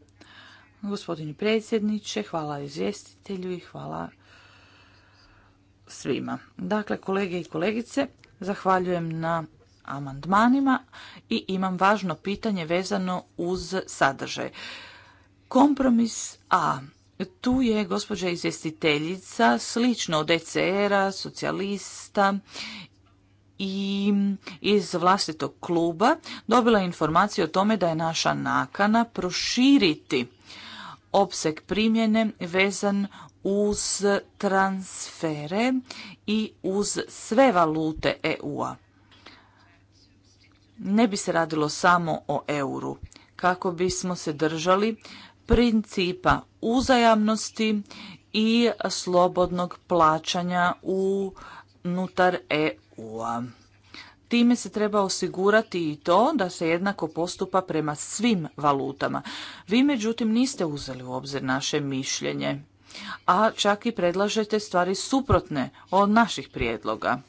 Gospodine predsjedniče, hvala izvjestitelju i hvala svima. Dakle, kolege i kolegice, zahvaljujem na amandmanima i imam važno pitanje vezano uz sadržaj. Kompromis A. Tu je gospođa izvjestiteljica slično od ECR-a, socijalista i iz vlastitog kluba dobila informaciju o tome da je naša nakana proširiti opseg primjene vezan uz transfere i uz sve valute EU-a. Ne bi se radilo samo o euru, kako bismo se držali principa uzajamnosti i slobodnog plaćanja unutar EU-a. Time se treba osigurati i to da se jednako postupa prema svim valutama. Vi međutim niste uzeli u obzir naše mišljenje a čak i predlažete stvari suprotne od naših prijedloga.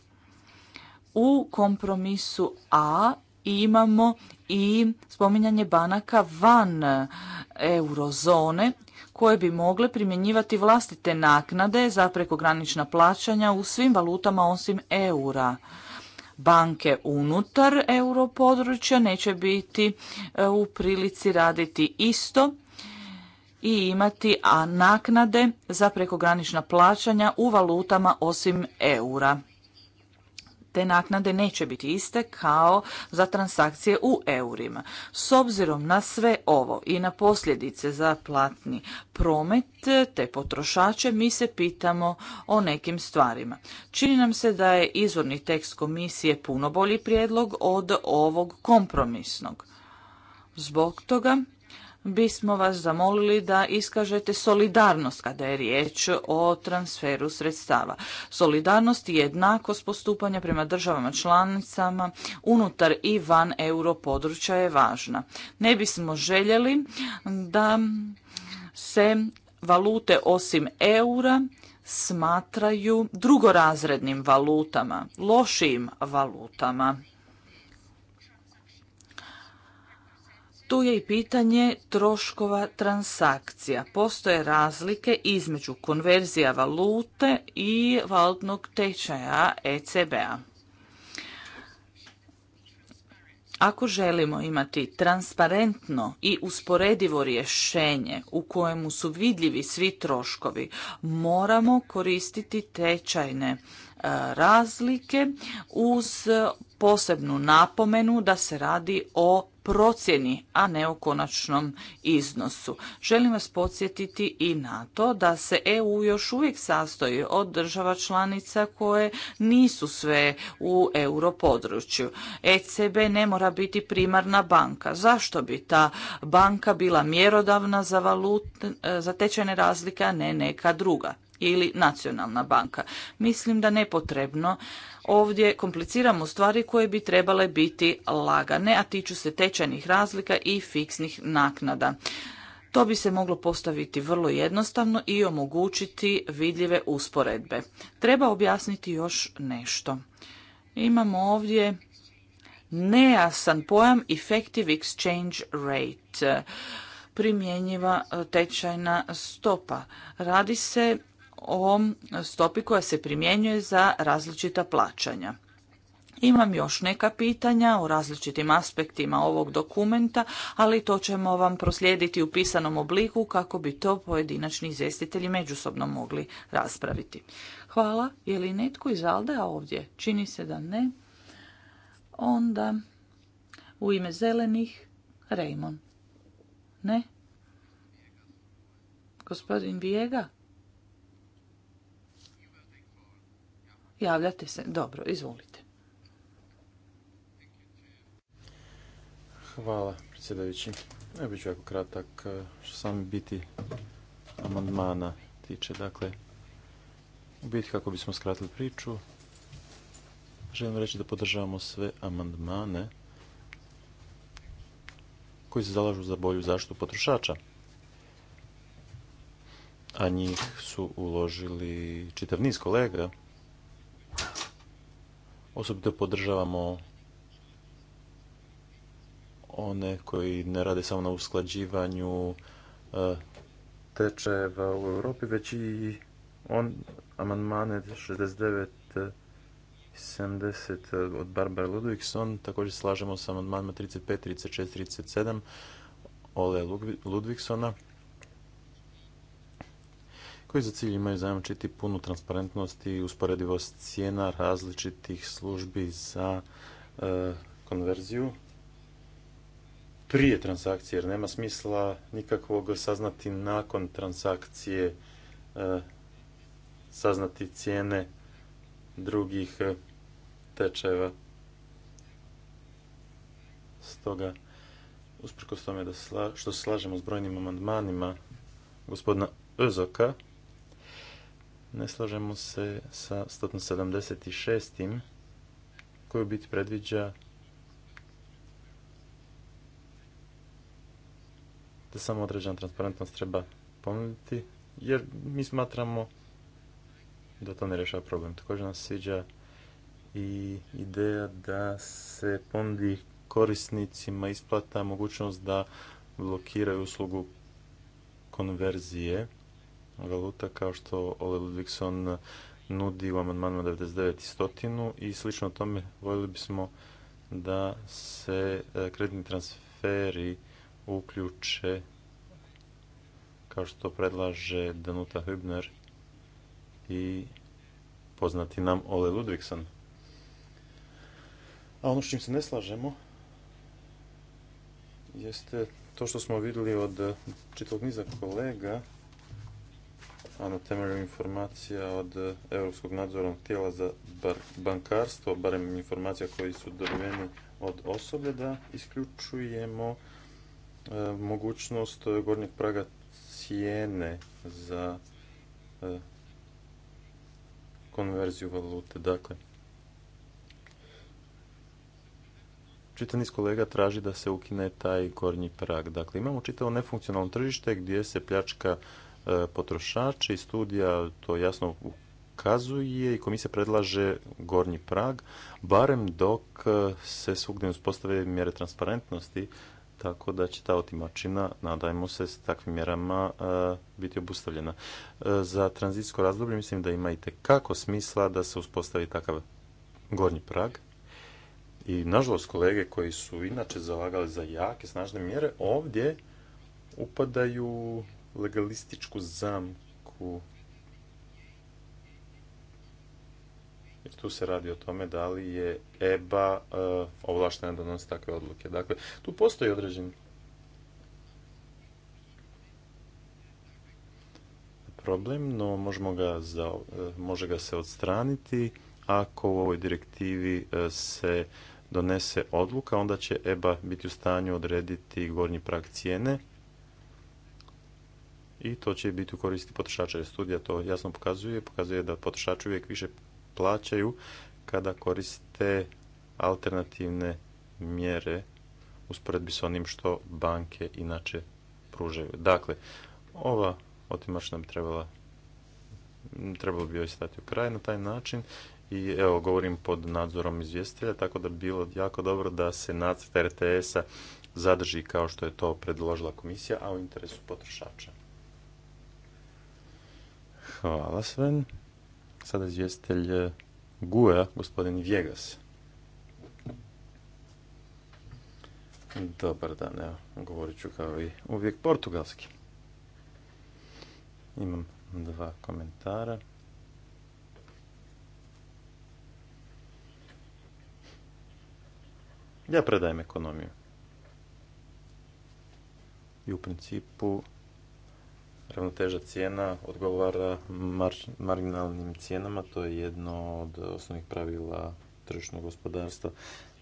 U kompromisu A imamo i spominjanje banaka van eurozone koje bi mogle primjenjivati vlastite naknade za prekogranična plaćanja u svim valutama osim eura. Banke unutar europodručja neće biti e, u prilici raditi isto i imati a naknade za prekogranična plaćanja u valutama osim eura. Te naknade neće biti iste kao za transakcije u eurima. S obzirom na sve ovo i na posljedice za platni promet te potrošače, mi se pitamo o nekim stvarima. Čini nam se da je izvorni tekst komisije puno bolji prijedlog od ovog kompromisnog. Zbog toga bismo vas zamolili da iskažete solidarnost kada je riječ o transferu sredstava. Solidarnost i jednakost postupanja prema državama članicama unutar i van euro područja je važna. Ne bismo željeli da se valute osim eura smatraju drugorazrednim valutama, lošijim valutama. Tu je i pitanje troškova transakcija. Postoje razlike između konverzija valute i valutnog tečaja ECB-a. Ako želimo imati transparentno i usporedivo rješenje u kojemu su vidljivi svi troškovi, moramo koristiti tečajne razlike uz posebnu napomenu da se radi o procjeni, a ne o konačnom iznosu. Želim vas podsjetiti i na to da se EU još uvijek sastoji od država članica koje nisu sve u europodručju. ECB ne mora biti primarna banka. Zašto bi ta banka bila mjerodavna za, za tečajne razlike, a ne neka druga? ili nacionalna banka. Mislim da nepotrebno ovdje kompliciramo stvari koje bi trebale biti lagane, a tiču se tečajnih razlika i fiksnih naknada. To bi se moglo postaviti vrlo jednostavno i omogućiti vidljive usporedbe. Treba objasniti još nešto. Imamo ovdje nejasan pojam effective exchange rate primjenjiva e, tečajna stopa. Radi se o stopi koja se primjenjuje za različita plaćanja. Imam još neka pitanja o različitim aspektima ovog dokumenta, ali to ćemo vam proslijediti u pisanom obliku kako bi to pojedinačni izvjestitelji međusobno mogli raspraviti. Hvala. Je li netko iz a ovdje? Čini se da ne. Onda u ime zelenih Raymond. Ne? Gospodin Vijega? Javljate se. Dobro, izvolite. Hvala, predsjedajući. Ja bit ću jako kratak što sam biti amandmana tiče. Dakle, u biti kako bismo skratili priču, želim reći da podržavamo sve amandmane koji se zalažu za bolju zaštitu potrošača. A njih su uložili čitav niz kolega, Osobito podržavamo one koji ne rade samo na usklađivanju e, tečeva u Europi, već i on amandmane 69 70 e, od Barbara Ludvigson, također slažemo sa amandmanima 35, 36, 37 Ole Ludvigsona koji za cilj imaju zajamčiti punu transparentnost i usporedivost cijena različitih službi za e, konverziju prije transakcije, jer nema smisla nikakvog saznati nakon transakcije, e, saznati cijene drugih e, tečajeva. Stoga, usprkos tome da što se slažemo s brojnim amandmanima gospodina Özoka, ne slažemo se sa 176. koji u biti predviđa da samo određena transparentnost treba ponuditi, jer mi smatramo da to ne rješava problem. Također nas sviđa i ideja da se ponudi korisnicima isplata mogućnost da blokiraju uslugu konverzije valuta kao što Ole Ludvigson nudi u amandmanima 99 i i slično tome voljeli bismo da se e, kreditni transferi uključe kao što predlaže Danuta Hübner i poznati nam Ole Ludvigson. A ono s čim se ne slažemo jeste to što smo vidjeli od čitog niza kolega a na temelju informacija od eh, Europskog nadzornog tijela za bankarstvo, barem informacija koji su dobiveni od osobe, da isključujemo eh, mogućnost eh, gornjeg praga cijene za konverziju valute. Dakle, čitav kolega traži da se ukine taj gornji prag. Dakle, imamo čitavo nefunkcionalno tržište gdje se pljačka E, potrošače i studija to jasno ukazuje i komisija predlaže gornji prag, barem dok e, se svugdje uspostave mjere transparentnosti, tako da će ta otimačina, nadajmo se, s takvim mjerama e, biti obustavljena. Za tranzitsko razdoblje mislim da ima i smisla da se uspostavi takav gornji prag. I nažalost kolege koji su inače zalagali za jake, snažne mjere, ovdje upadaju legalističku zamku. Jer tu se radi o tome da li je EBA eh, ovlaštena da donosi takve odluke. Dakle, tu postoji određen problem, no možemo ga eh, može ga se odstraniti ako u ovoj direktivi eh, se donese odluka, onda će EBA biti u stanju odrediti gornji prag cijene i to će biti u koristi potrošača jer studija to jasno pokazuje. Pokazuje da potrošači uvijek više plaćaju kada koriste alternativne mjere usporedbi s onim što banke inače pružaju. Dakle, ova otimačna bi trebala trebalo bi joj stati u kraj na taj način i evo govorim pod nadzorom izvjestitelja tako da bi bilo jako dobro da se nacrt RTS-a zadrži kao što je to predložila komisija, a u interesu potrošača. Hvala Sven. Sada izvjestitelj eh, Guja, gospodin Vjegas. Dobar dan, evo, govorit ću kao i uvijek portugalski. Imam dva komentara. Ja predajem ekonomiju. I u principu ravnoteža cijena odgovara marginalnim cijenama, to je jedno od osnovnih pravila tržišnog gospodarstva.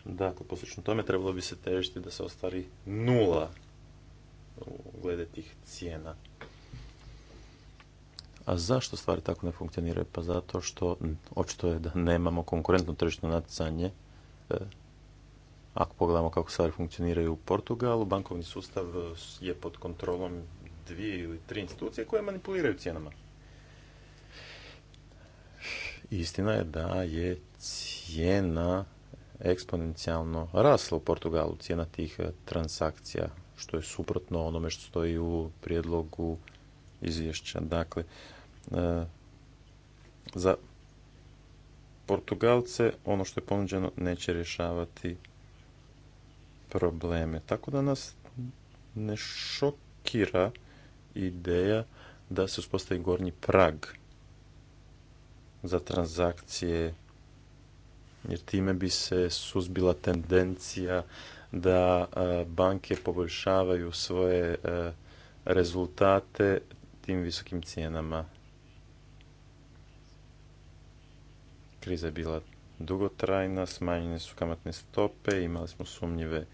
Dakle, poslično tome trebalo bi se težiti da se ostvari nula glede tih cijena. A zašto stvari tako ne funkcioniraju? Pa zato što očito je da nemamo konkurentno tržišno natjecanje. E, ako pogledamo kako stvari funkcioniraju u Portugalu, bankovni sustav je pod kontrolom dvije ili tri institucije koje manipuliraju cijenama. Istina je da je cijena eksponencijalno rasla u Portugalu, cijena tih e, transakcija, što je suprotno onome što stoji u prijedlogu izvješća. Dakle, e, za Portugalce ono što je ponuđeno neće rješavati probleme. Tako da nas ne šokira ideja da se uspostavi gornji prag za transakcije jer time bi se suzbila tendencija da banke poboljšavaju svoje rezultate tim visokim cijenama. Kriza je bila dugotrajna, smanjene su kamatne stope, imali smo sumnjive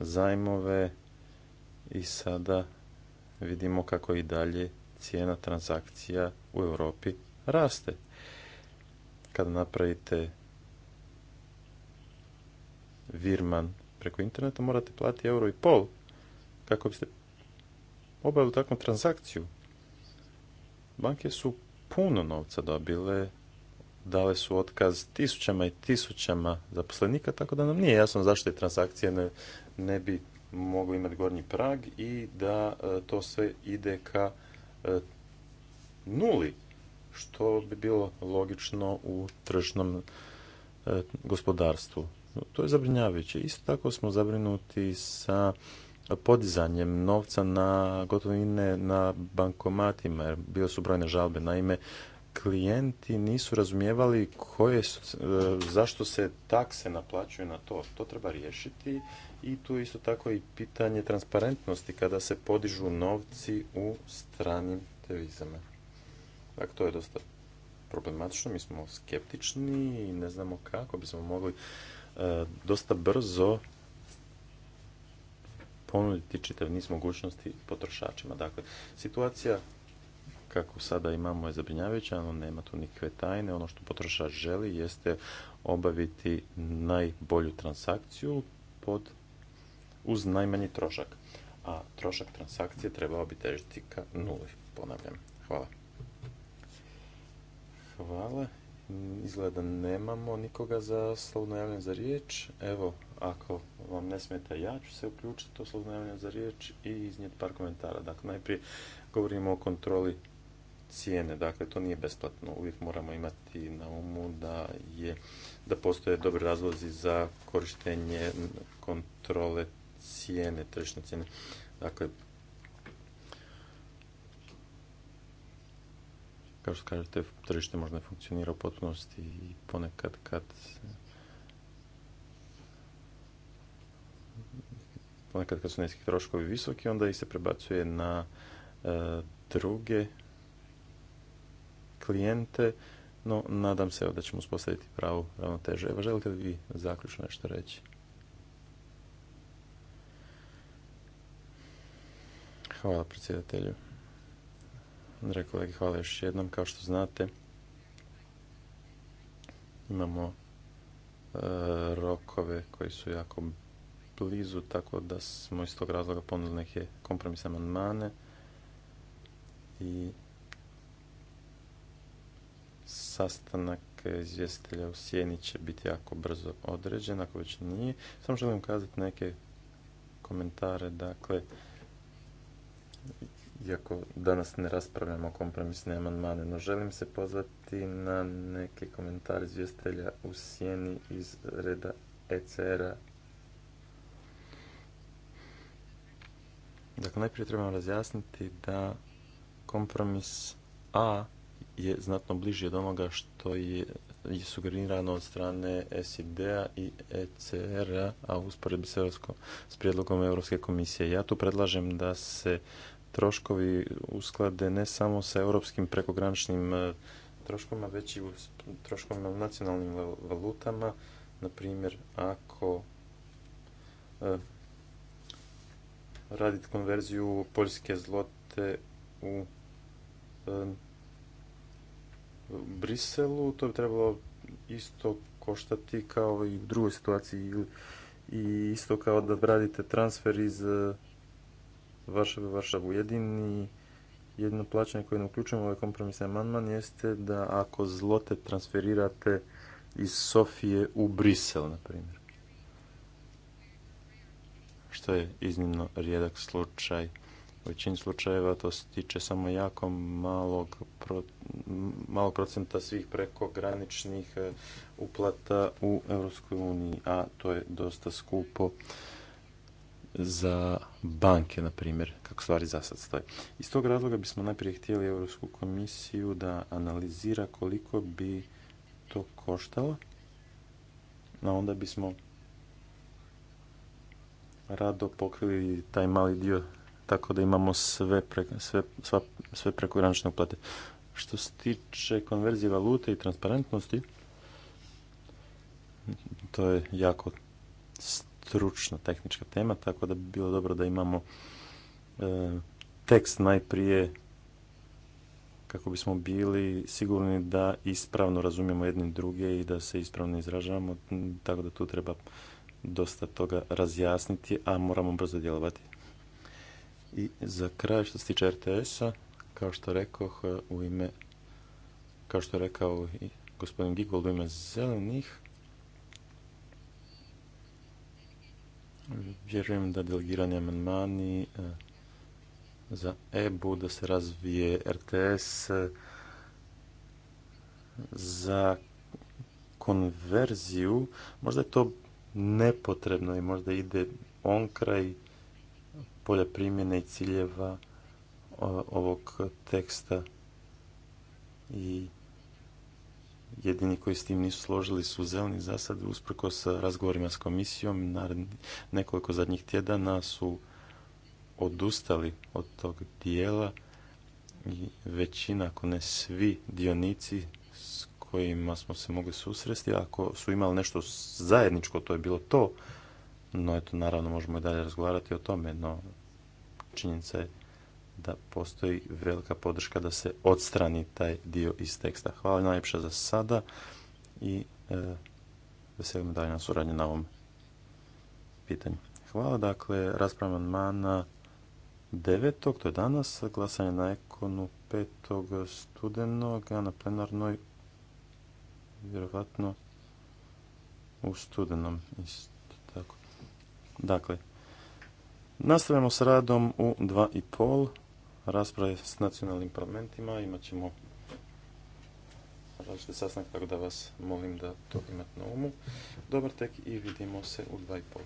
zajmove i sada vidimo kako i dalje cijena transakcija u Europi raste. Kada napravite virman preko interneta morate platiti euro i pol kako biste obavili takvu transakciju. Banke su puno novca dobile, dale su otkaz tisućama i tisućama zaposlenika, tako da nam nije jasno zašto je transakcije ne, ne bi mogu imati gornji prag i da e, to sve ide ka e, nuli, što bi bilo logično u tržnom e, gospodarstvu. To je zabrinjavajuće. Isto tako smo zabrinuti sa podizanjem novca na gotovine na bankomatima, jer bio su brojne žalbe. Naime, klijenti nisu razumijevali koje, e, zašto se takse naplaćuju na to. To treba riješiti i tu isto tako i pitanje transparentnosti kada se podižu novci u stranim devizama. Dakle, to je dosta problematično, mi smo skeptični i ne znamo kako bismo mogli e, dosta brzo ponuditi čitav niz mogućnosti potrošačima. Dakle, situacija kako sada imamo je zabrinjavajuća, ono, nema tu nikakve tajne. Ono što potrošač želi jeste obaviti najbolju transakciju pod, uz najmanji trošak. A trošak transakcije trebao bi težiti ka nuli, ponavljam. Hvala. Hvala. Izgleda nemamo nikoga za slovno javljanje za riječ. Evo, ako vam ne smeta, ja ću se uključiti u slovno javljanje za riječ i iznijeti par komentara. Dakle, najprije govorimo o kontroli cijene. Dakle, to nije besplatno. Uvijek moramo imati na umu da, je, da postoje dobri razlozi za korištenje kontrole cijene, tržišne cijene. Dakle, kao što kažete, tržište možda ne funkcionira u potpunosti i ponekad kad ponekad kad su niski troškovi visoki, onda ih se prebacuje na e, druge klijente, no nadam se da ćemo uspostaviti pravu ravnoteže. Evo, želite li vi zaključno nešto reći? Hvala predsjedatelju. Andrej kolegi, hvala još jednom. Kao što znate, imamo e, rokove koji su jako blizu, tako da smo iz tog razloga ponudili neke kompromisne amandmane i sastanak izvjestitelja u Sjeni će biti jako brzo određen, ako već nije. Samo želim kazati neke komentare, dakle, iako danas ne raspravljamo kompromisne amandmane, no želim se pozvati na neke komentare izvjestitelja u Sjeni iz reda ECR-a. Dakle, najprije trebamo razjasniti da kompromis A je znatno bliži od onoga što je, sugerirano od strane SID-a i ECR-a, a usporedbi s, s prijedlogom Europske komisije. Ja tu predlažem da se troškovi usklade ne samo sa europskim prekograničnim e, troškovima, već i troškovima u nacionalnim valutama. Na primjer, ako e, raditi konverziju poljske zlote u e, Briselu, to bi trebalo isto koštati kao i u drugoj situaciji i isto kao da radite transfer iz e, Varšave u Varšavu. Jedini jedno plaćanje koje ne uključujemo ovaj kompromisni amandman jeste da ako zlote transferirate iz Sofije u Brisel, na primjer. Što je iznimno rijedak slučaj. U većini slučajeva to se tiče samo jako malog protiv malo procenta svih prekograničnih e, uplata u Europskoj uniji, a to je dosta skupo za banke, na primjer, kako stvari za sad stoje. Iz tog razloga bismo najprije htjeli Europsku komisiju da analizira koliko bi to koštalo, a onda bismo rado pokrili taj mali dio tako da imamo sve, sve, sve prekogranične uplate. Što se tiče konverzije valute i transparentnosti, to je jako stručna tehnička tema, tako da bi bilo dobro da imamo e, tekst najprije kako bismo bili sigurni da ispravno razumijemo jedni druge i da se ispravno izražavamo, tako da tu treba dosta toga razjasniti, a moramo brzo djelovati. I za kraj što se tiče RTS-a, kao što rekoh e, u ime, kao što je rekao i gospodin Gigold u ime zelenih, vjerujem da delegirani amandmani e, za EBU, da se razvije RTS e, za konverziju, možda je to nepotrebno i možda ide on kraj polja primjene i ciljeva ovog teksta i jedini koji s tim nisu složili su zeleni za sad usprkos razgovorima s komisijom nekoliko zadnjih tjedana su odustali od tog dijela i većina ako ne svi dionici s kojima smo se mogli susresti ako su imali nešto zajedničko to je bilo to no eto naravno možemo i dalje razgovarati o tome no činjenica je da postoji velika podrška da se odstrani taj dio iz teksta. Hvala najljepša za sada i e, veselim dalje na suradnje na ovom pitanju. Hvala, dakle, rasprava mana devetog, to je danas, glasanje na ekonu 5. studenog, a na plenarnoj vjerovatno u studenom tako. Dakle, nastavljamo s radom u pol rasprave s nacionalnim parlamentima, imat ćemo različite sastanke, tako da vas molim da to imate na umu. Dobar tek i vidimo se u dva pol.